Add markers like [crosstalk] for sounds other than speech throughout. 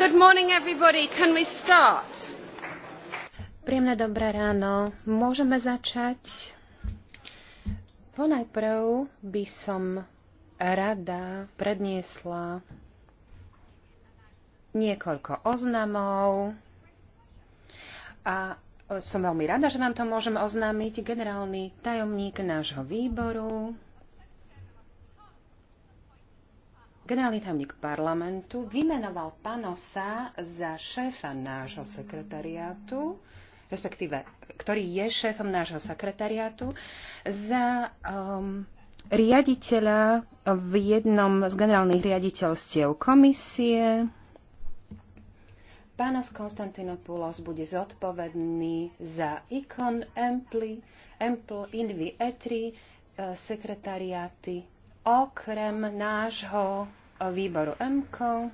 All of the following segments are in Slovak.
Good morning everybody. Can we start? Príjemné dobré ráno. Môžeme začať? Ponajprv by som rada predniesla niekoľko oznamov a som veľmi rada, že vám to môžem oznámiť generálny tajomník nášho výboru, Generálny tajomník parlamentu vymenoval Panosa za šéfa nášho sekretariátu, respektíve, ktorý je šéfom nášho sekretariátu, za um, riaditeľa v jednom z generálnych riaditeľstiev komisie. Pános Konstantinopoulos bude zodpovedný za ikon Empli, Empl, Invi Etri, eh, sekretariáty, okrem nášho výboru MK.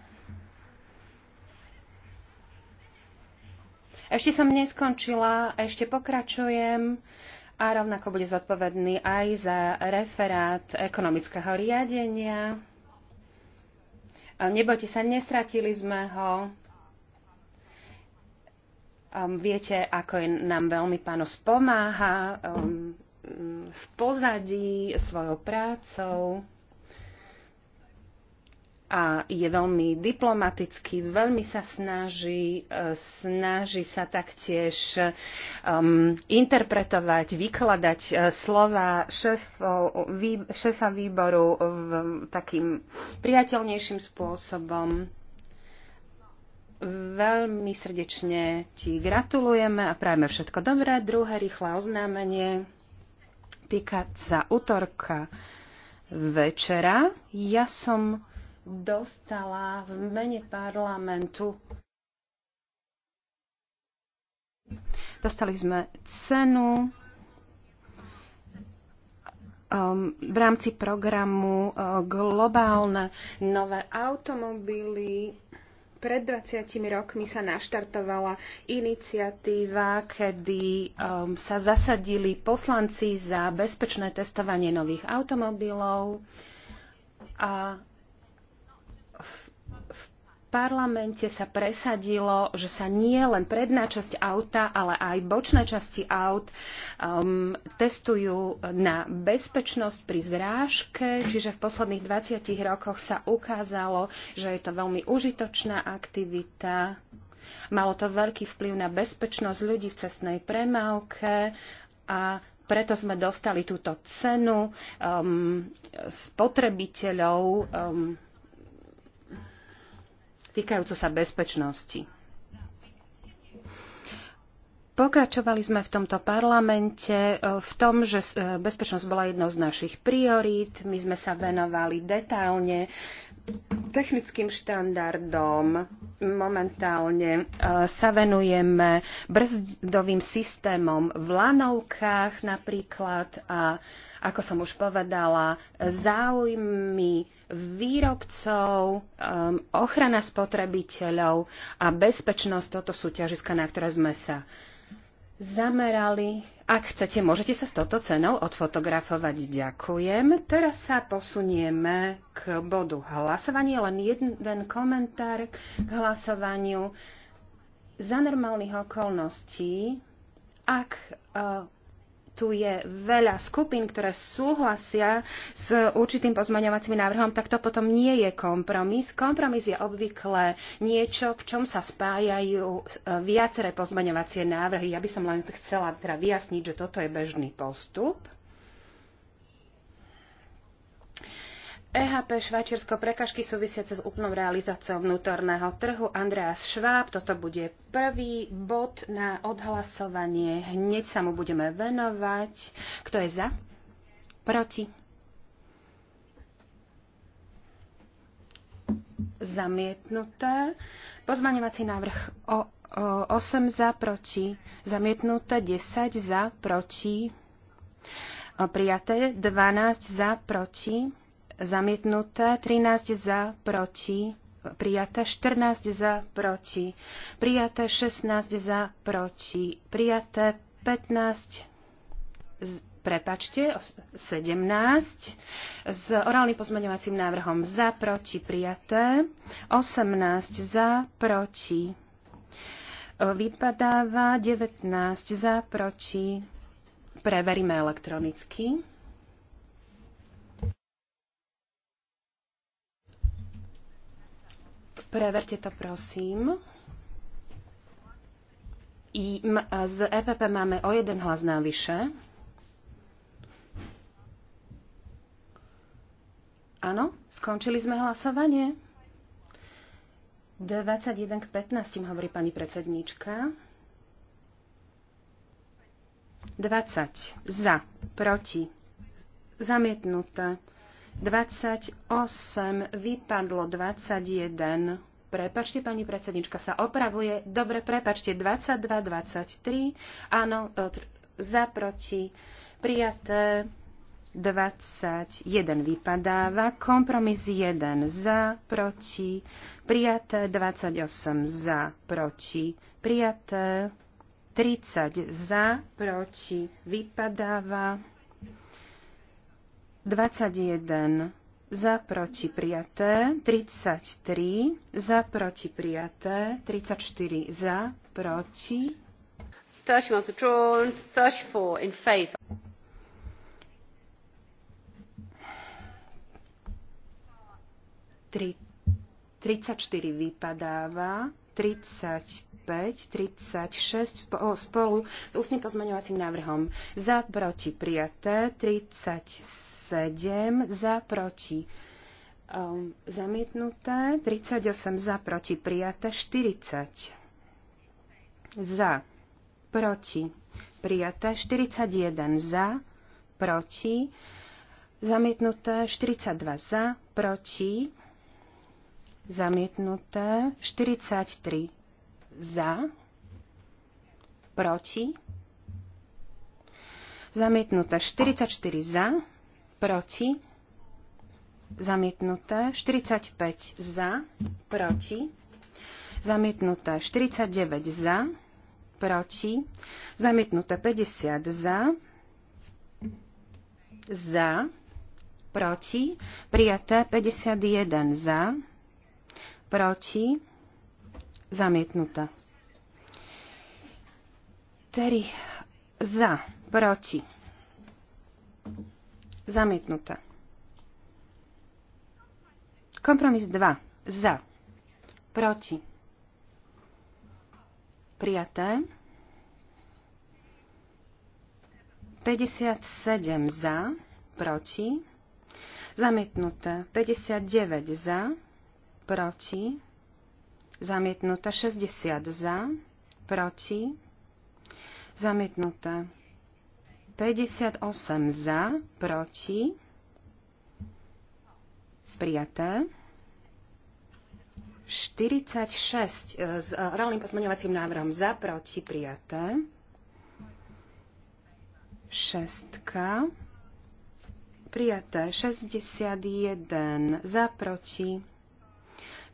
Ešte som neskončila, ešte pokračujem a rovnako bude zodpovedný aj za referát ekonomického riadenia. Nebojte sa, nestratili sme ho. Um, viete, ako je nám veľmi páno spomáha um, v pozadí svojou prácou a je veľmi diplomatický, veľmi sa snaží, e, snaží sa taktiež um, interpretovať, vykladať e, slova šéfo, vý, šéfa výboru v, takým priateľnejším spôsobom. Veľmi srdečne ti gratulujeme a prajeme všetko dobré. Druhé rýchle oznámenie týka sa útorka večera. Ja som dostala v mene parlamentu. Dostali sme cenu um, v rámci programu uh, Globálne nové automobily. Pred 20 rokmi sa naštartovala iniciatíva, kedy um, sa zasadili poslanci za bezpečné testovanie nových automobilov a parlamente sa presadilo, že sa nie len predná časť auta, ale aj bočné časti aut um, testujú na bezpečnosť pri zrážke, čiže v posledných 20 rokoch sa ukázalo, že je to veľmi užitočná aktivita. Malo to veľký vplyv na bezpečnosť ľudí v cestnej premávke a preto sme dostali túto cenu um, spotrebiteľov um, týkajúco sa bezpečnosti. Pokračovali sme v tomto parlamente e, v tom, že e, bezpečnosť bola jednou z našich priorít. My sme sa venovali detailne technickým štandardom momentálne e, sa venujeme brzdovým systémom v lanovkách napríklad a ako som už povedala, záujmy výrobcov, e, ochrana spotrebiteľov a bezpečnosť, toto sú ťažiska, na ktoré sme sa zamerali. Ak chcete, môžete sa s touto cenou odfotografovať. Ďakujem. Teraz sa posunieme k bodu hlasovania, Len jeden komentár k hlasovaniu. Za normálnych okolností, ak e, tu je veľa skupín, ktoré súhlasia s určitým pozmaňovacím návrhom, tak to potom nie je kompromis. Kompromis je obvykle niečo, v čom sa spájajú e, viaceré pozmaňovacie návrhy. Ja by som len chcela teda vyjasniť, že toto je bežný postup. EHP Švajčiarsko prekažky súvisiace s úplnou realizáciou vnútorného trhu. Andreas Schwab, toto bude prvý bod na odhlasovanie. Hneď sa mu budeme venovať. Kto je za? Proti? Zamietnuté. Pozmaňovací návrh o, o 8 za, proti. Zamietnuté 10 za, proti. O prijaté 12 za, proti zamietnuté, 13 za, proti, prijaté, 14 za, proti, prijaté, 16 za, proti, prijaté, 15, z, prepačte, 17, s orálnym pozmeňovacím návrhom za, proti, prijaté, 18 za, proti, vypadáva, 19 za, proti, preveríme elektronicky. Preverte to, prosím. I z EPP máme o jeden hlas navyše. Áno, skončili sme hlasovanie. 21 k 15, hovorí pani predsedníčka. 20 za, proti, zamietnuté. 28 vypadlo 21. Prepačte, pani predsednička sa opravuje. Dobre, prepačte, 22, 23. Áno, e, za proti prijaté 21 vypadáva. Kompromis 1 za proti prijaté 28 za proti prijaté 30 za proti vypadáva. 21 za proti prijaté, 33 za proti prijaté, 34 za proti. 31 was withdrawn, 34 in favor. Tri, 34 vypadáva, 35, 36 spolu s ústnym pozmeňovacím návrhom za proti prijaté, 37 7 um, za proti zamietnuté, 38 za proti prijaté, 40 za proti prijaté, 41 za proti zamietnuté, 42 za proti zamietnuté, 43 za proti zamietnuté, 44 za proti, zamietnuté, 45 za, proti, zamietnuté, 49 za, proti, zamietnuté, 50 za, za, proti, prijaté, 51 za, proti, zamietnuté. Tedy za, proti, Zamietnuté. Kompromis 2. Za. Proti. Prijaté. 57 za. Proti. Zamietnuté. 59 za. Proti. Zamietnuté. 60 za. Proti. Zamietnuté. 58 za, proti, prijaté. 46 e, s e, rolným pozmeňovacím návrhom za, proti, prijaté. Šestka. Prijaté 61 za, proti,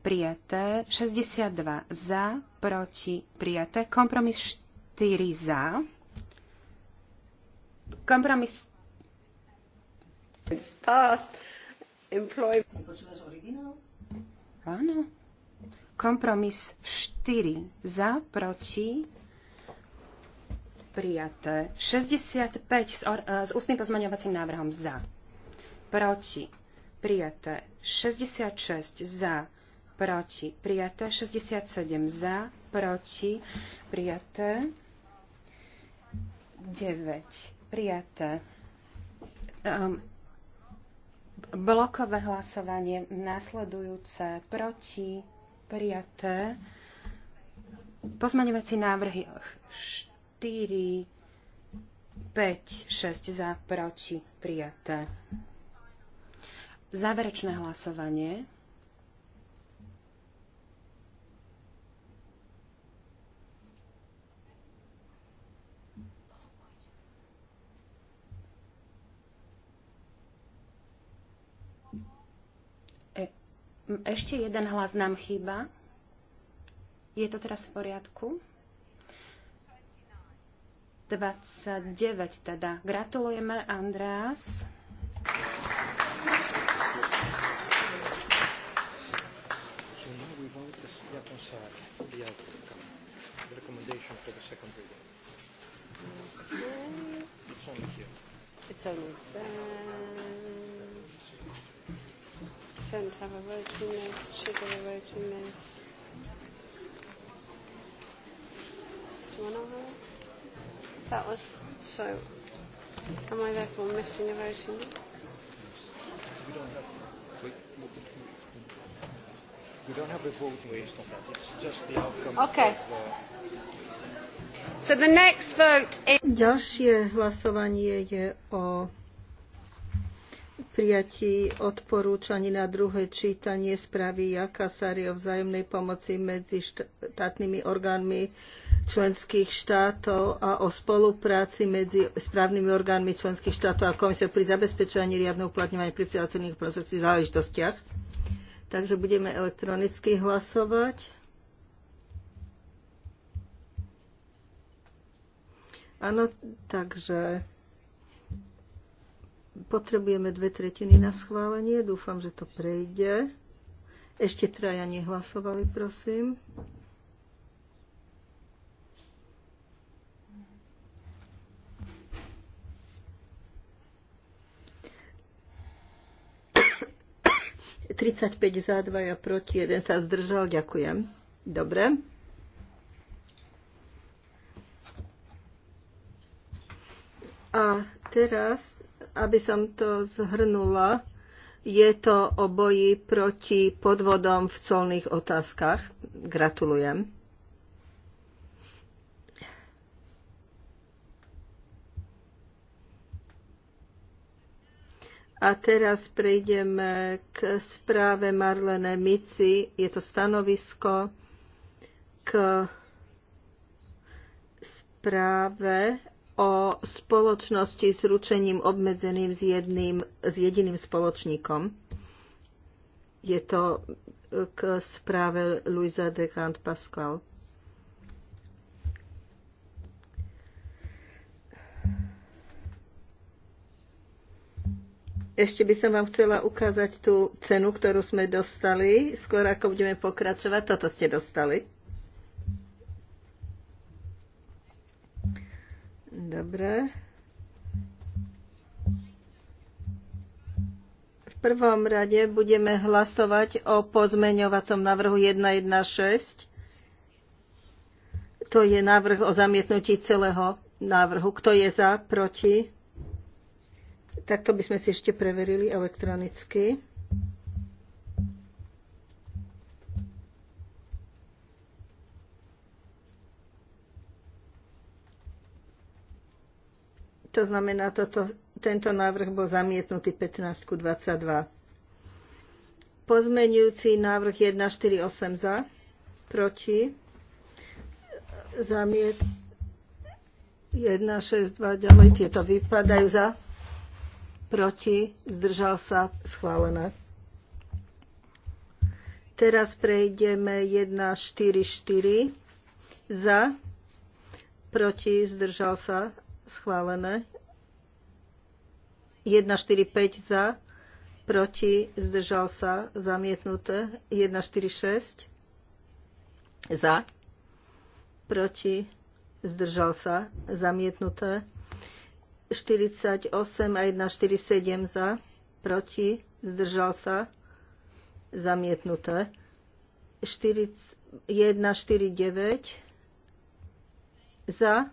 prijaté 62 za, proti, prijaté. Kompromis 4 za, Kompromis. Past, employment. Áno. Kompromis 4 za, proti, prijaté. 65 s, or, eh, s ústnym pozmaňovacím návrhom za, proti, prijaté. 66 za, proti, prijaté. 67 za, proti, prijaté. 9 prijaté. Um, blokové hlasovanie následujúce proti prijaté. Pozmaňovací návrhy 4, 5, 6 za proti prijaté. Záverečné hlasovanie. Ešte jeden hlas nám chýba. Je to teraz v poriadku? 29 teda. Gratulujeme, Andreas. It's only here. It's only there don't have a vote in minutes. Should have a vote in minutes. Do you want to have it? That was so. Am I therefore missing a vote in minutes? We don't have. a voting based on that. It's just the outcome okay. of uh, the... So the next vote is... Ďalšie hlasovanie je o prijatí odporúčaní na druhé čítanie správy Jakasari o vzájomnej pomoci medzi štátnymi orgánmi členských štátov a o spolupráci medzi správnymi orgánmi členských štátov a komisiou pri zabezpečovaní riadneho uplatňovania pri celacovných procesných záležitostiach. Takže budeme elektronicky hlasovať. Áno, takže Potrebujeme dve tretiny na schválenie. Dúfam, že to prejde. Ešte traja nehlasovali, prosím. Tridsaťpäť za, dvaja proti, jeden sa zdržal. Ďakujem. Dobre. A teraz aby som to zhrnula, je to o boji proti podvodom v colných otázkach. Gratulujem. A teraz prejdeme k správe Marlene Mici. Je to stanovisko k správe o spoločnosti s ručením obmedzeným s, jedným, s jediným spoločníkom. Je to e, k správe Luisa de Grand Pascal. Ešte by som vám chcela ukázať tú cenu, ktorú sme dostali. Skôr ako budeme pokračovať, toto ste dostali. Dobre. V prvom rade budeme hlasovať o pozmeňovacom návrhu 116. To je návrh o zamietnutí celého návrhu. Kto je za, proti? Takto by sme si ešte preverili elektronicky. To znamená, toto, tento návrh bol zamietnutý 15 ku 22. Pozmeňujúci návrh 148 za, proti, zamiet 162 ďalej, tieto vypadajú za, proti, zdržal sa, schválené. Teraz prejdeme 144 za, proti, zdržal sa, schválené. 1, 4, 5 za, proti, zdržal sa, zamietnuté. 1, 4, 6 za, proti, zdržal sa, zamietnuté. 48 a 1, 4, 7 za, proti, zdržal sa, zamietnuté. 4, 1, 4, 9 za,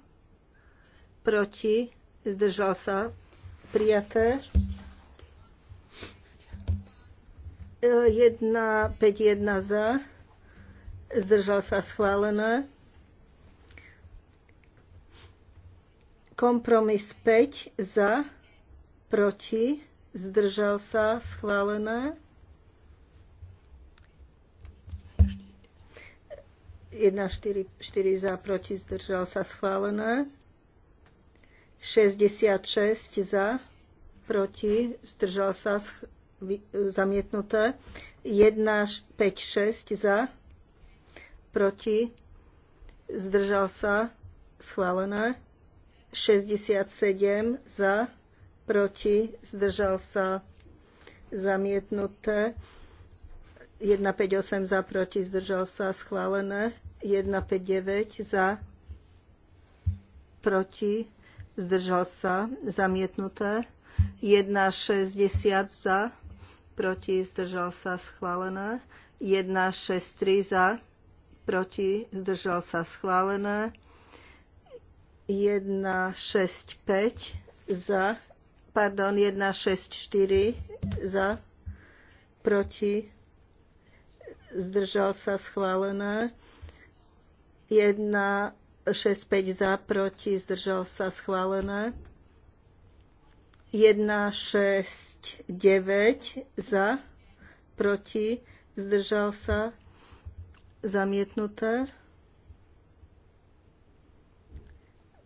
proti, zdržal sa, prijaté. 1, 5, 1 za, zdržal sa, schválené. Kompromis 5 za, proti, zdržal sa, schválené. Jedna 4, 4 za, proti, zdržal sa, schválené. 66 za, proti, zdržal sa zamietnuté. 1, 5, 6 za, proti, zdržal sa schválené. 67 za, proti, zdržal sa zamietnuté. 1, 5, 8 za, proti, zdržal sa schválené. 1, 5, 9 za, proti, zdržal sa, zdržal sa, zamietnuté. 1,60 za, proti, zdržal sa, schválené. 1,63 za, proti, zdržal sa, schválené. 1,65 za, pardon, 1,64 za, proti, zdržal sa, schválené. 1, 6-5 za, proti, zdržal sa schválené. 1, 6, 9 za, proti, zdržal sa zamietnuté.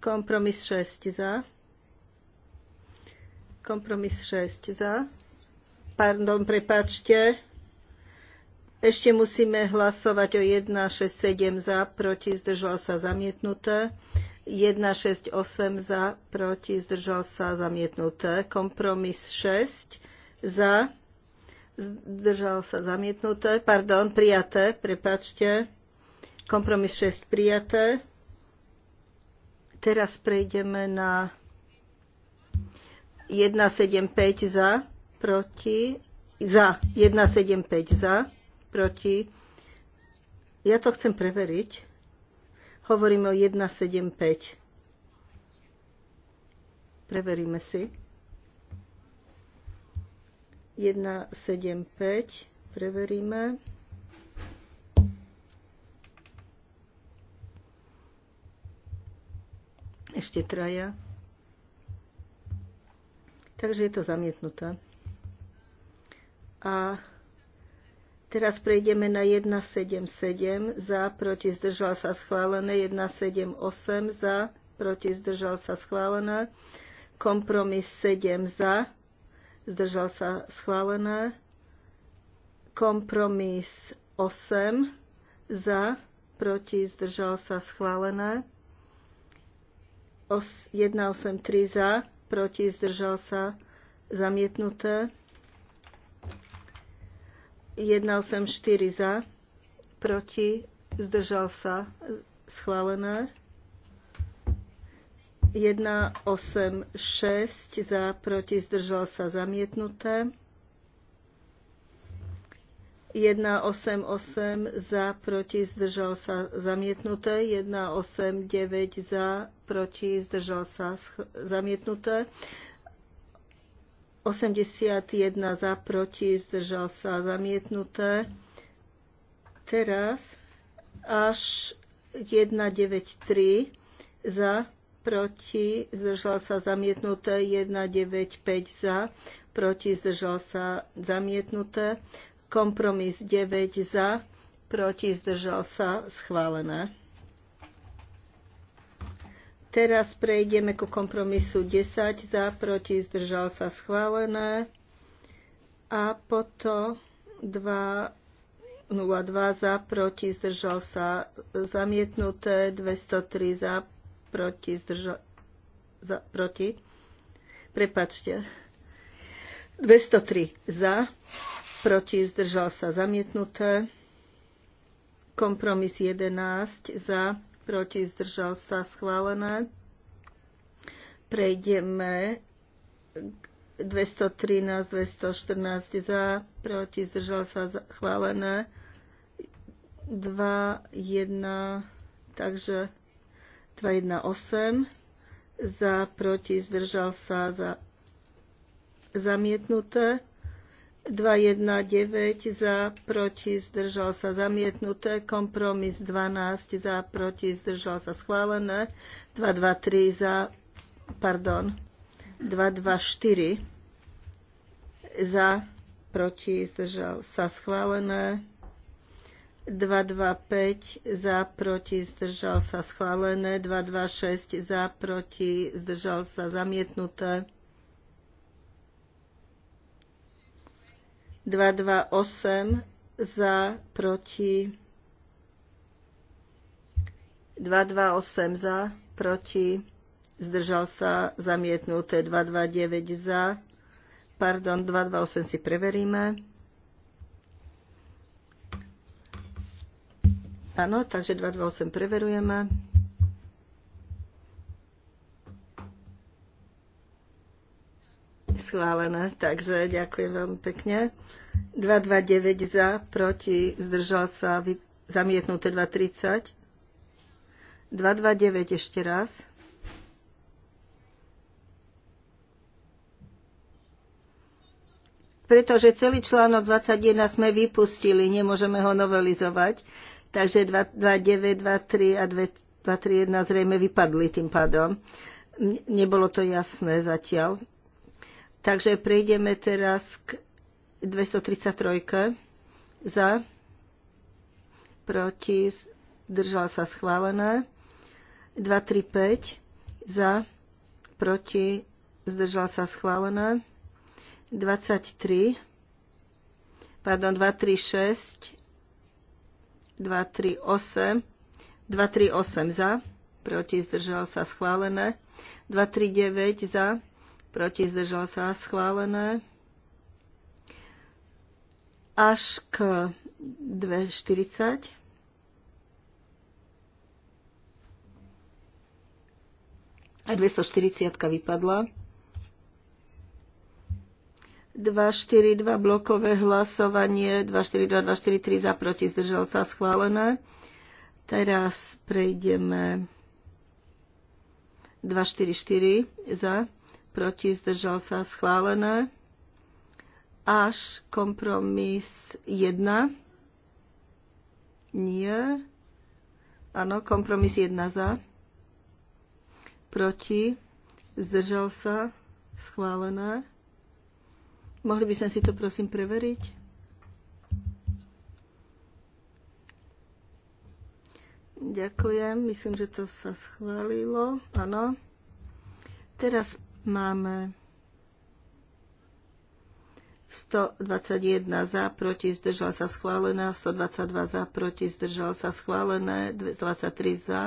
Kompromis 6 za. Kompromis 6 za. Pardon, prepačte. Ešte musíme hlasovať o 167 za, proti, zdržal sa zamietnuté. 168 za, proti, zdržal sa zamietnuté. Kompromis 6 za, zdržal sa zamietnuté. Pardon, prijaté, prepačte. Kompromis 6 prijaté. Teraz prejdeme na 175 za, proti, za, 175 za, proti. Ja to chcem preveriť. Hovoríme o 175. Preveríme si. 175. Preveríme. Ešte traja. Takže je to zamietnuté. A Teraz prejdeme na 177 za, proti zdržal sa schválené, 178 za, proti zdržal sa schválené, kompromis 7 za, zdržal sa schválené, kompromis 8 za, proti zdržal sa schválené, 183 za, proti zdržal sa zamietnuté, 184 za, proti, zdržal sa, schválené. 186 za, proti, zdržal sa, zamietnuté. 188 za, proti, zdržal sa, zamietnuté. 189 za, proti, zdržal sa, zamietnuté. 81 za, proti, zdržal sa zamietnuté. Teraz až 193 za, proti, zdržal sa zamietnuté, 195 za, proti, zdržal sa zamietnuté, kompromis 9 za, proti, zdržal sa schválené. Teraz prejdeme ku kompromisu 10 za, proti, zdržal sa schválené. A potom 2, 2 za, proti, zdržal sa zamietnuté, 203 za, proti, zdržal za, proti. Prepačte. 203 za, proti, zdržal sa zamietnuté. Kompromis 11 za, proti, zdržal sa, schválené. Prejdeme 213, 214 za, proti, zdržal sa, schválené. 2, 1, takže 2, 1, 8 za, proti, zdržal sa, za, zamietnuté. 219 za, proti, zdržal sa zamietnuté. Kompromis 12 za, proti, zdržal sa schválené. 223 za, pardon, 224 za, proti, zdržal sa schválené. 225 za, proti, zdržal sa schválené, 226 za, proti, zdržal sa zamietnuté, 228 za, proti 228 za, proti zdržal sa zamietnuté 229 za, pardon, 228 si preveríme. Áno, takže 228 preverujeme. schválené, takže ďakujem veľmi pekne. 229 za, proti, zdržal sa, vy, zamietnuté 230. 229 ešte raz. Pretože celý článok 21 sme vypustili, nemôžeme ho novelizovať, takže 229, 23 a 231 zrejme vypadli tým pádom. Nebolo to jasné zatiaľ. Takže prejdeme teraz k 233. Za, proti, Držala sa schválené. 235. Za, proti, zdržala sa schválené. 23. Pardon, 236. 238. 238 za, proti, zdržal sa schválené. 239 za, proti zdržal sa schválené až k 240. A 240 vypadla. 242 blokové hlasovanie, 242, 243 za proti, zdržal sa schválené. Teraz prejdeme 244 za proti, zdržal sa, schválené. Až kompromis 1. Nie. Áno, kompromis 1 za. Proti. Zdržal sa. Schválené. Mohli by sme si to prosím preveriť? Ďakujem. Myslím, že to sa schválilo. Áno. Teraz Máme 121 za, proti, zdržal sa schválené, 122 za, proti, zdržal sa schválené, 23 za,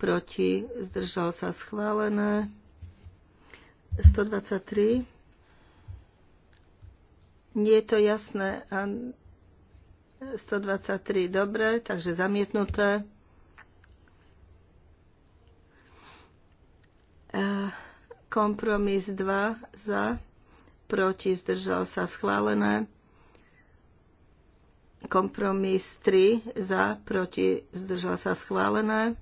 proti, zdržal sa schválené, 123. Nie je to jasné. 123, dobre, takže zamietnuté. Uh. Kompromis 2 za, proti zdržal sa schválené. Kompromis 3 za, proti zdržal sa schválené.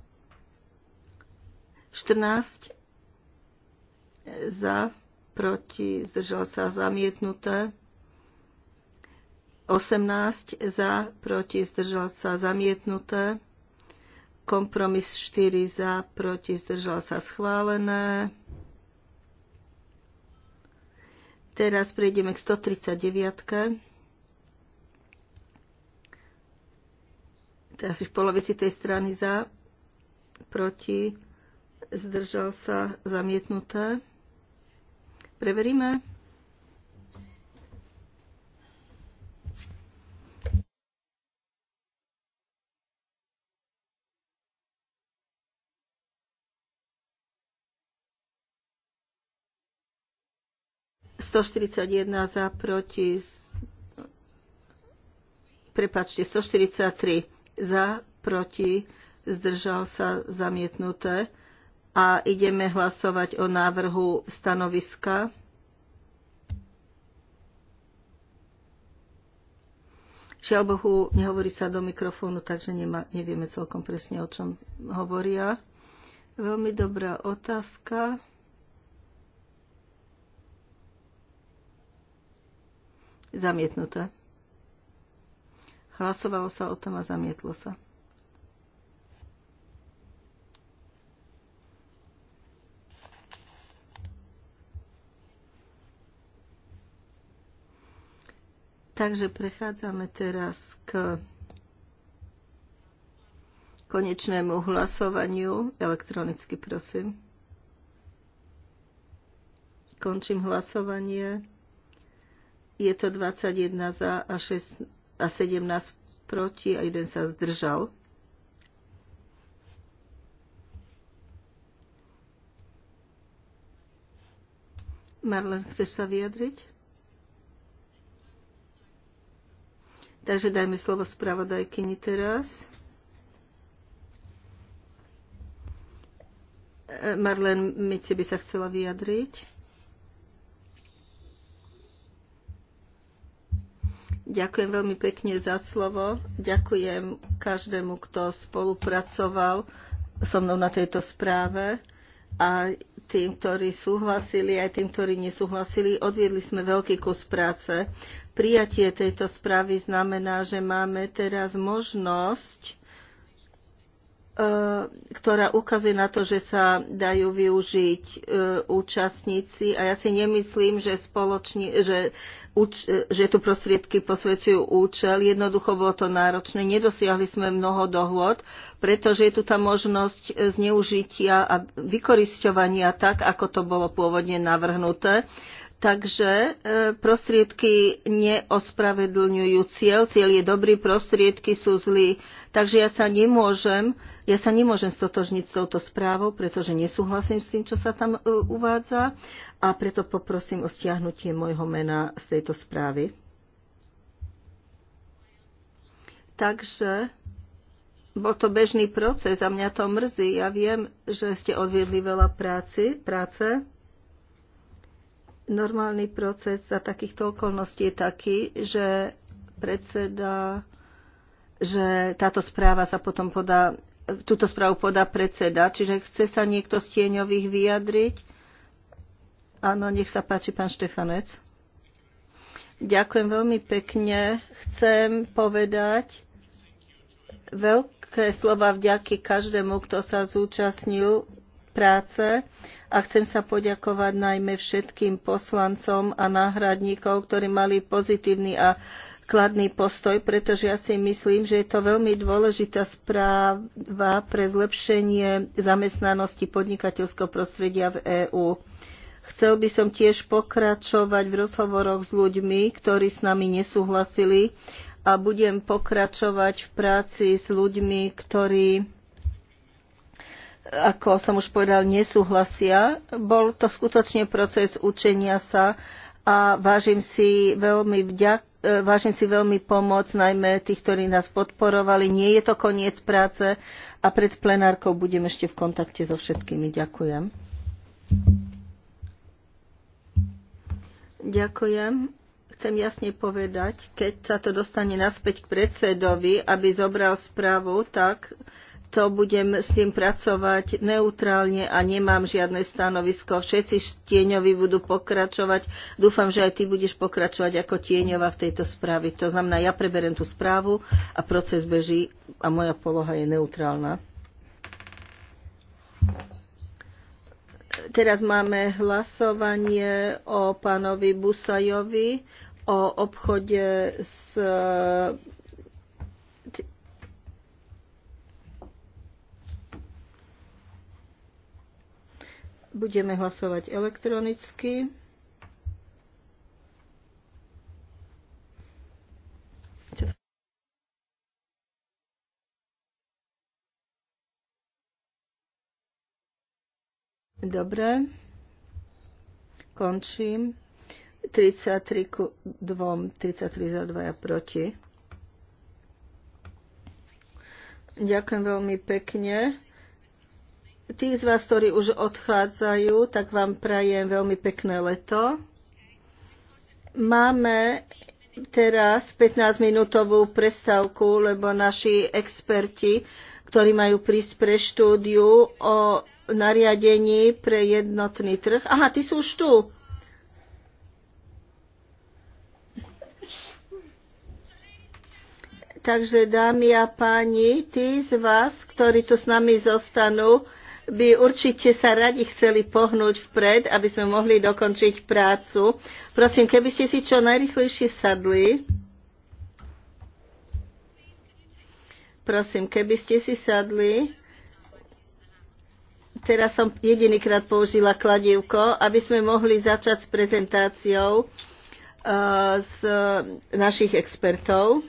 14 za, proti zdržal sa zamietnuté. 18 za, proti zdržal sa zamietnuté. Kompromis 4 za, proti zdržal sa schválené. Teraz prejdeme k 139. To je asi v polovici tej strany za, proti, zdržal sa, zamietnuté. Preveríme. 141 za proti prepačte, 143 za proti zdržal sa zamietnuté a ideme hlasovať o návrhu stanoviska. Žiaľ Bohu, nehovorí sa do mikrofónu, takže nema, nevieme celkom presne, o čom hovoria. Veľmi dobrá otázka. Zamietnuté. Hlasovalo sa o tom a zamietlo sa. Takže prechádzame teraz k konečnému hlasovaniu. Elektronicky prosím. Končím hlasovanie. Je to 21 za a, 6, a 17 proti a jeden sa zdržal. Marlen, chceš sa vyjadriť? Takže dajme slovo spravodajkyni teraz. Marlen Mici by sa chcela vyjadriť. Ďakujem veľmi pekne za slovo. Ďakujem každému, kto spolupracoval so mnou na tejto správe a tým, ktorí súhlasili, aj tým, ktorí nesúhlasili. Odviedli sme veľký kus práce. Prijatie tejto správy znamená, že máme teraz možnosť E, ktorá ukazuje na to, že sa dajú využiť e, účastníci a ja si nemyslím, že, spoločne, že, uč, e, že tu prostriedky posvedčujú účel. Jednoducho bolo to náročné, nedosiahli sme mnoho dohôd, pretože je tu tá možnosť zneužitia a vykorisťovania tak, ako to bolo pôvodne navrhnuté. Takže e, prostriedky neospravedlňujú cieľ, cieľ je dobrý, prostriedky sú zlí. Takže ja sa nemôžem, ja sa nemôžem stotožniť s touto správou, pretože nesúhlasím s tým, čo sa tam e, uvádza a preto poprosím o stiahnutie môjho mena z tejto správy. Takže bol to bežný proces a mňa to mrzí. Ja viem, že ste odviedli veľa práci, práce, práce normálny proces za takýchto okolností je taký, že predseda, že táto správa sa potom podá, túto správu podá predseda, čiže chce sa niekto z tieňových vyjadriť. Áno, nech sa páči, pán Štefanec. Ďakujem veľmi pekne. Chcem povedať veľké slova vďaky každému, kto sa zúčastnil práce a chcem sa poďakovať najmä všetkým poslancom a náhradníkov, ktorí mali pozitívny a kladný postoj, pretože ja si myslím, že je to veľmi dôležitá správa pre zlepšenie zamestnanosti podnikateľského prostredia v EÚ. Chcel by som tiež pokračovať v rozhovoroch s ľuďmi, ktorí s nami nesúhlasili a budem pokračovať v práci s ľuďmi, ktorí ako som už povedal, nesúhlasia. Bol to skutočne proces učenia sa a vážim si veľmi vďak, e, vážim si veľmi pomoc, najmä tých, ktorí nás podporovali. Nie je to koniec práce a pred plenárkou budem ešte v kontakte so všetkými. Ďakujem. Ďakujem chcem jasne povedať, keď sa to dostane naspäť k predsedovi, aby zobral správu, tak to budem s tým pracovať neutrálne a nemám žiadne stanovisko. Všetci tieňovi budú pokračovať. Dúfam, že aj ty budeš pokračovať ako tieňova v tejto správe. To znamená, ja preberem tú správu a proces beží a moja poloha je neutrálna. Teraz máme hlasovanie o pánovi Busajovi o obchode s Budeme hlasovať elektronicky. Dobre. Končím. 33 ku 2, 33 za 2 a proti. Ďakujem veľmi pekne. Tých z vás, ktorí už odchádzajú, tak vám prajem veľmi pekné leto. Máme teraz 15-minútovú prestávku, lebo naši experti, ktorí majú prísť pre štúdiu o nariadení pre jednotný trh. Aha, ty sú už tu. Takže dámy a páni, tí z vás, ktorí tu s nami zostanú, by určite sa radi chceli pohnúť vpred, aby sme mohli dokončiť prácu. Prosím, keby ste si čo najrychlejšie sadli. Prosím, keby ste si sadli. Teraz som jedinýkrát použila kladivko, aby sme mohli začať s prezentáciou eh, z našich expertov.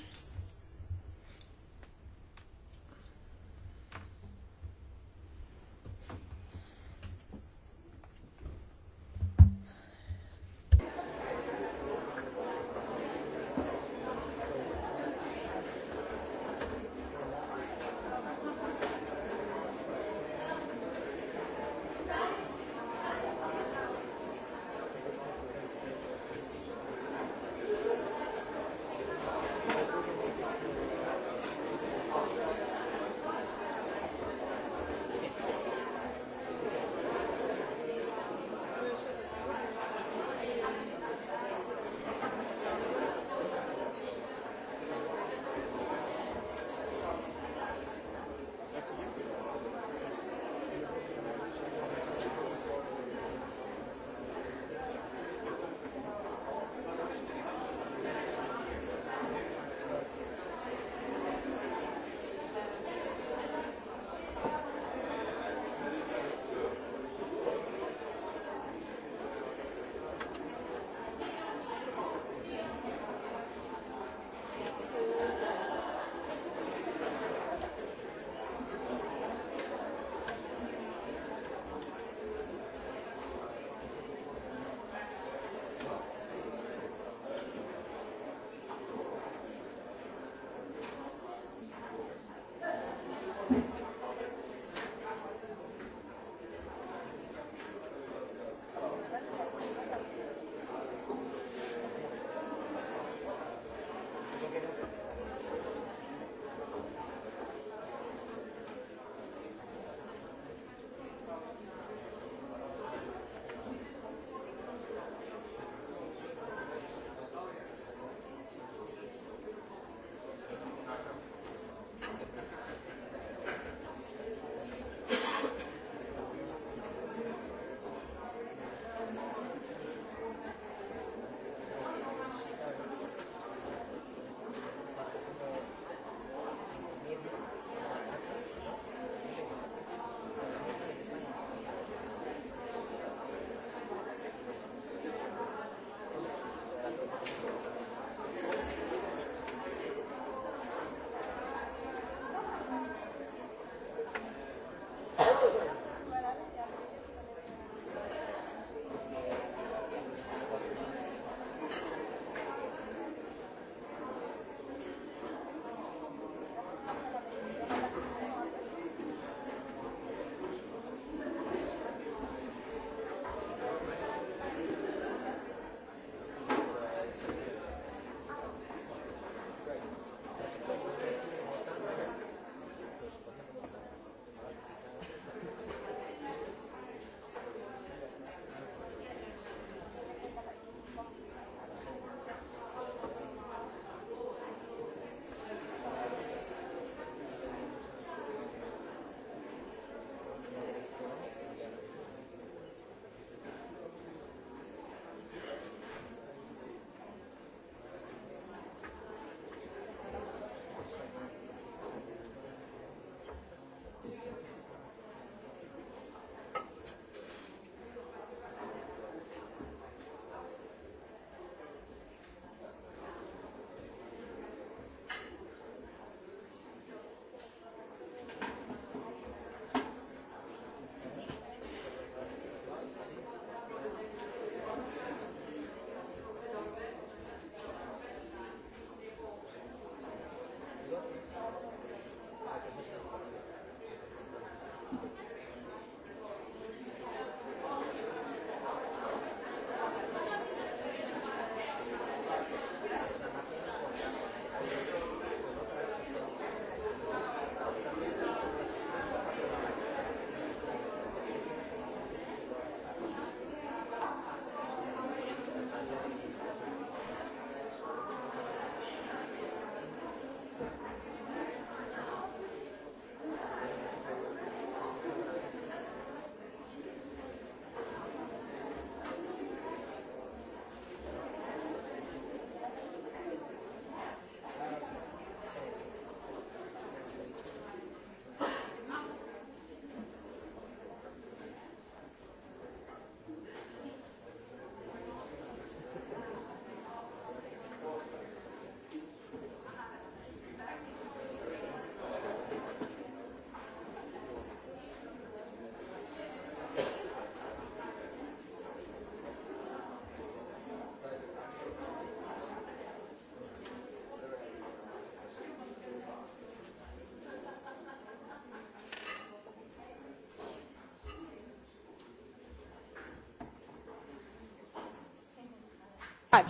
Um,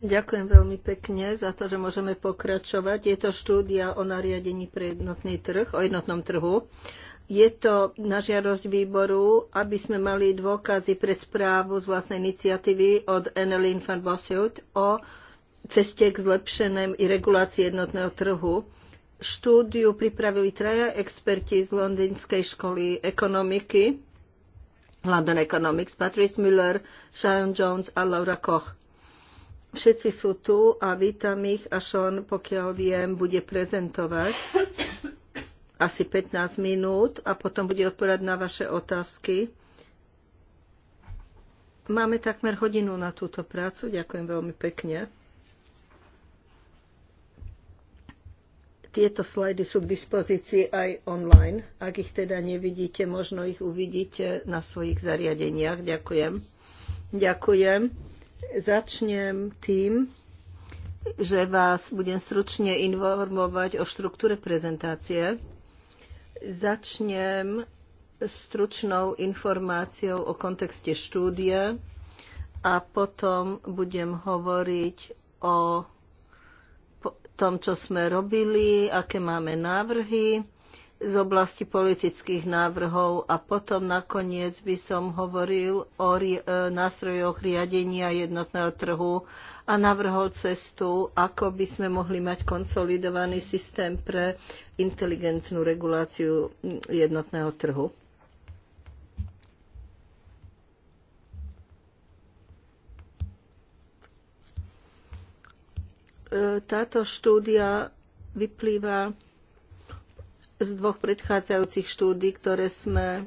Ďakujem veľmi pekne za to, že môžeme pokračovať. Je to štúdia o nariadení pre jednotný trh, o jednotnom trhu. Je to na žiadosť výboru, aby sme mali dôkazy pre správu z vlastnej iniciatívy od Annelien van Bossut o ceste k i regulácii jednotného trhu. Štúdiu pripravili traja experti z Londýnskej školy ekonomiky London Economics, Patrice Müller, Sharon Jones a Laura Koch. Všetci sú tu a vítam ich a Sean, pokiaľ viem, bude prezentovať [coughs] asi 15 minút a potom bude odpovedať na vaše otázky. Máme takmer hodinu na túto prácu. Ďakujem veľmi pekne. Tieto slajdy sú k dispozícii aj online. Ak ich teda nevidíte, možno ich uvidíte na svojich zariadeniach. Ďakujem. Ďakujem. Začnem tým, že vás budem stručne informovať o štruktúre prezentácie. Začnem stručnou informáciou o kontexte štúdie a potom budem hovoriť o tom, čo sme robili, aké máme návrhy z oblasti politických návrhov a potom nakoniec by som hovoril o ri- e, nástrojoch riadenia jednotného trhu a navrhol cestu, ako by sme mohli mať konsolidovaný systém pre inteligentnú reguláciu jednotného trhu. E, táto štúdia vyplýva z dvoch predchádzajúcich štúdí, ktoré sme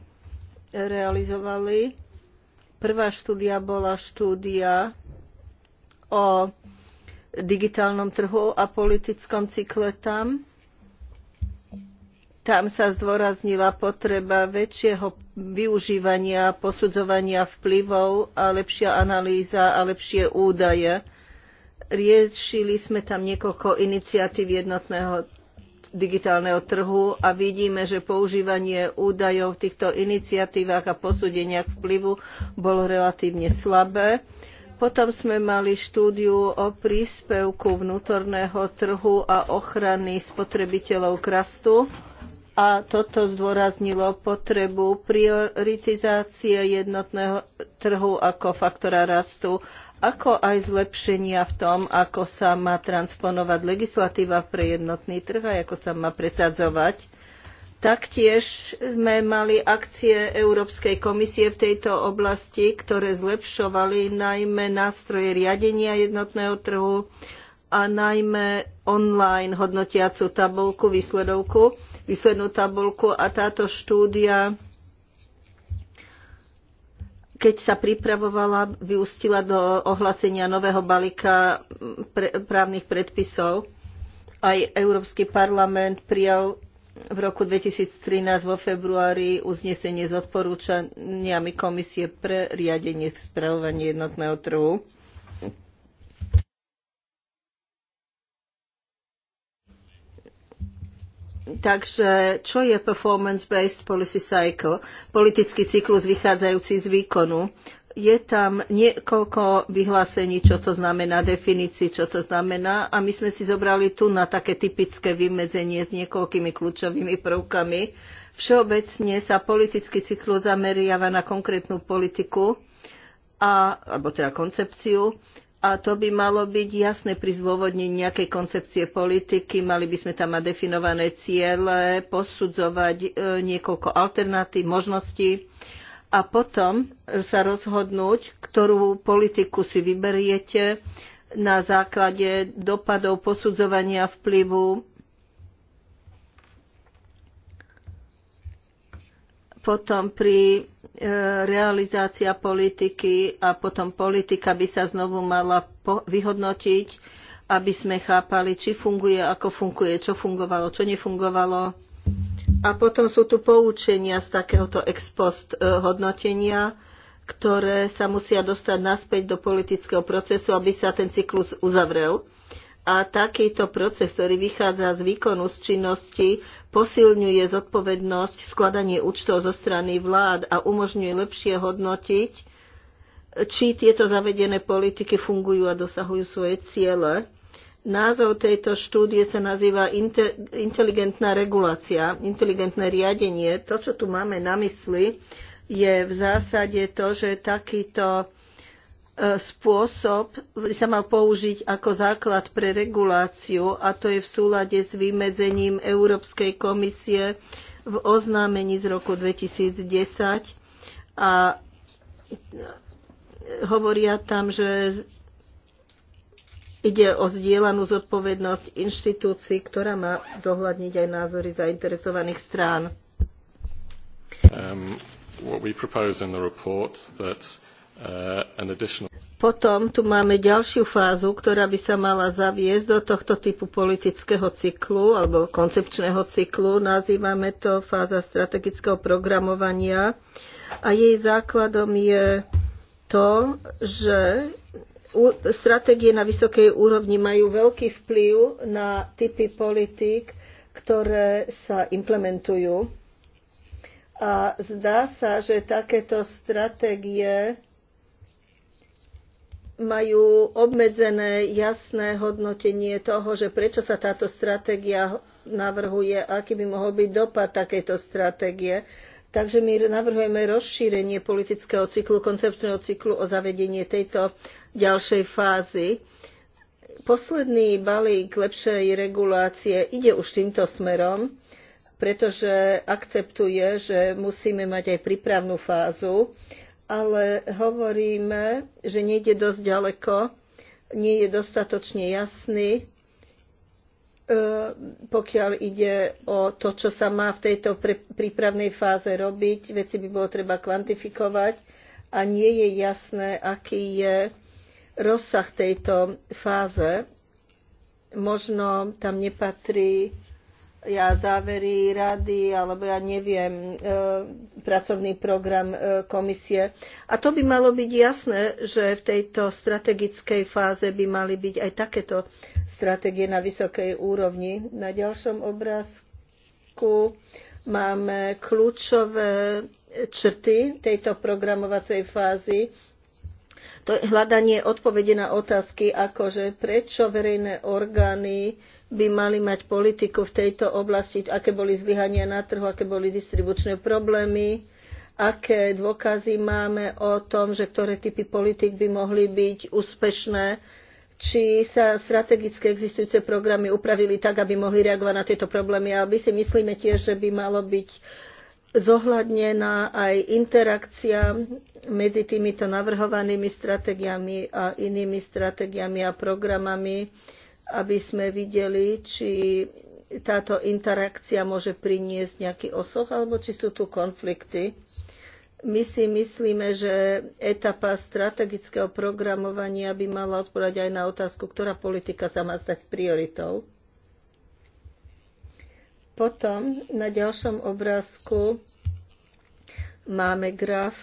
realizovali. Prvá štúdia bola štúdia o digitálnom trhu a politickom cykle tam. Tam sa zdôraznila potreba väčšieho využívania, posudzovania vplyvov a lepšia analýza a lepšie údaje riešili sme tam niekoľko iniciatív jednotného digitálneho trhu a vidíme, že používanie údajov v týchto iniciatívach a posúdeniach vplyvu bolo relatívne slabé. Potom sme mali štúdiu o príspevku vnútorného trhu a ochrany spotrebiteľov krastu a toto zdôraznilo potrebu prioritizácie jednotného trhu ako faktora rastu ako aj zlepšenia v tom, ako sa má transponovať legislatíva pre jednotný trh a ako sa má presadzovať. Taktiež sme mali akcie Európskej komisie v tejto oblasti, ktoré zlepšovali najmä nástroje riadenia jednotného trhu a najmä online hodnotiacu tabulku, výsledovku, výslednú tabulku a táto štúdia keď sa pripravovala, vyústila do ohlásenia nového balíka právnych predpisov. Aj Európsky parlament prijal v roku 2013 vo februári uznesenie s odporúčaniami Komisie pre riadenie spravovanie jednotného trhu. Takže čo je performance-based policy cycle? Politický cyklus vychádzajúci z výkonu. Je tam niekoľko vyhlásení, čo to znamená, definícií, čo to znamená a my sme si zobrali tu na také typické vymedzenie s niekoľkými kľúčovými prvkami. Všeobecne sa politický cyklus zameriava na konkrétnu politiku a, alebo teda koncepciu a to by malo byť jasné pri zdôvodnení nejakej koncepcie politiky. Mali by sme tam mať definované ciele, posudzovať e, niekoľko alternatív, možností a potom sa rozhodnúť, ktorú politiku si vyberiete na základe dopadov posudzovania vplyvu potom pri e, realizácia politiky a potom politika by sa znovu mala vyhodnotiť, aby sme chápali, či funguje, ako funguje, čo fungovalo, čo nefungovalo. A potom sú tu poučenia z takéhoto ex post e, hodnotenia, ktoré sa musia dostať naspäť do politického procesu, aby sa ten cyklus uzavrel. A takýto proces, ktorý vychádza z výkonu, z činnosti, posilňuje zodpovednosť skladanie účtov zo strany vlád a umožňuje lepšie hodnotiť, či tieto zavedené politiky fungujú a dosahujú svoje ciele. Názov tejto štúdie sa nazýva inteligentná regulácia, inteligentné riadenie. To, čo tu máme na mysli, je v zásade to, že takýto E, spôsob by sa mal použiť ako základ pre reguláciu a to je v súlade s vymedzením Európskej komisie v oznámení z roku 2010 a hovoria tam, že ide o zdieľanú zodpovednosť inštitúcií, ktorá má zohľadniť aj názory zainteresovaných strán. Um, what we propose in the report that Uh, Potom tu máme ďalšiu fázu, ktorá by sa mala zaviesť do tohto typu politického cyklu alebo koncepčného cyklu. Nazývame to fáza strategického programovania a jej základom je to, že stratégie na vysokej úrovni majú veľký vplyv na typy politik, ktoré sa implementujú. A zdá sa, že takéto stratégie majú obmedzené jasné hodnotenie toho, že prečo sa táto stratégia navrhuje, aký by mohol byť dopad takejto stratégie. Takže my navrhujeme rozšírenie politického cyklu, koncepčného cyklu o zavedenie tejto ďalšej fázy. Posledný balík lepšej regulácie ide už týmto smerom, pretože akceptuje, že musíme mať aj prípravnú fázu ale hovoríme, že nejde dosť ďaleko, nie je dostatočne jasný, e, pokiaľ ide o to, čo sa má v tejto prípravnej fáze robiť. Veci by bolo treba kvantifikovať a nie je jasné, aký je rozsah tejto fáze. Možno tam nepatrí ja závery rady, alebo ja neviem, e, pracovný program e, komisie. A to by malo byť jasné, že v tejto strategickej fáze by mali byť aj takéto stratégie na vysokej úrovni. Na ďalšom obrázku máme kľúčové črty tejto programovacej fázy. To je hľadanie odpovede na otázky, akože prečo verejné orgány by mali mať politiku v tejto oblasti, aké boli zlyhania na trhu, aké boli distribučné problémy, aké dôkazy máme o tom, že ktoré typy politik by mohli byť úspešné, či sa strategické existujúce programy upravili tak, aby mohli reagovať na tieto problémy. A my si myslíme tiež, že by malo byť zohľadnená aj interakcia medzi týmito navrhovanými stratégiami a inými stratégiami a programami, aby sme videli, či táto interakcia môže priniesť nejaký osoch, alebo či sú tu konflikty. My si myslíme, že etapa strategického programovania by mala odpovedať aj na otázku, ktorá politika sa má stať prioritou. Potom na ďalšom obrázku máme graf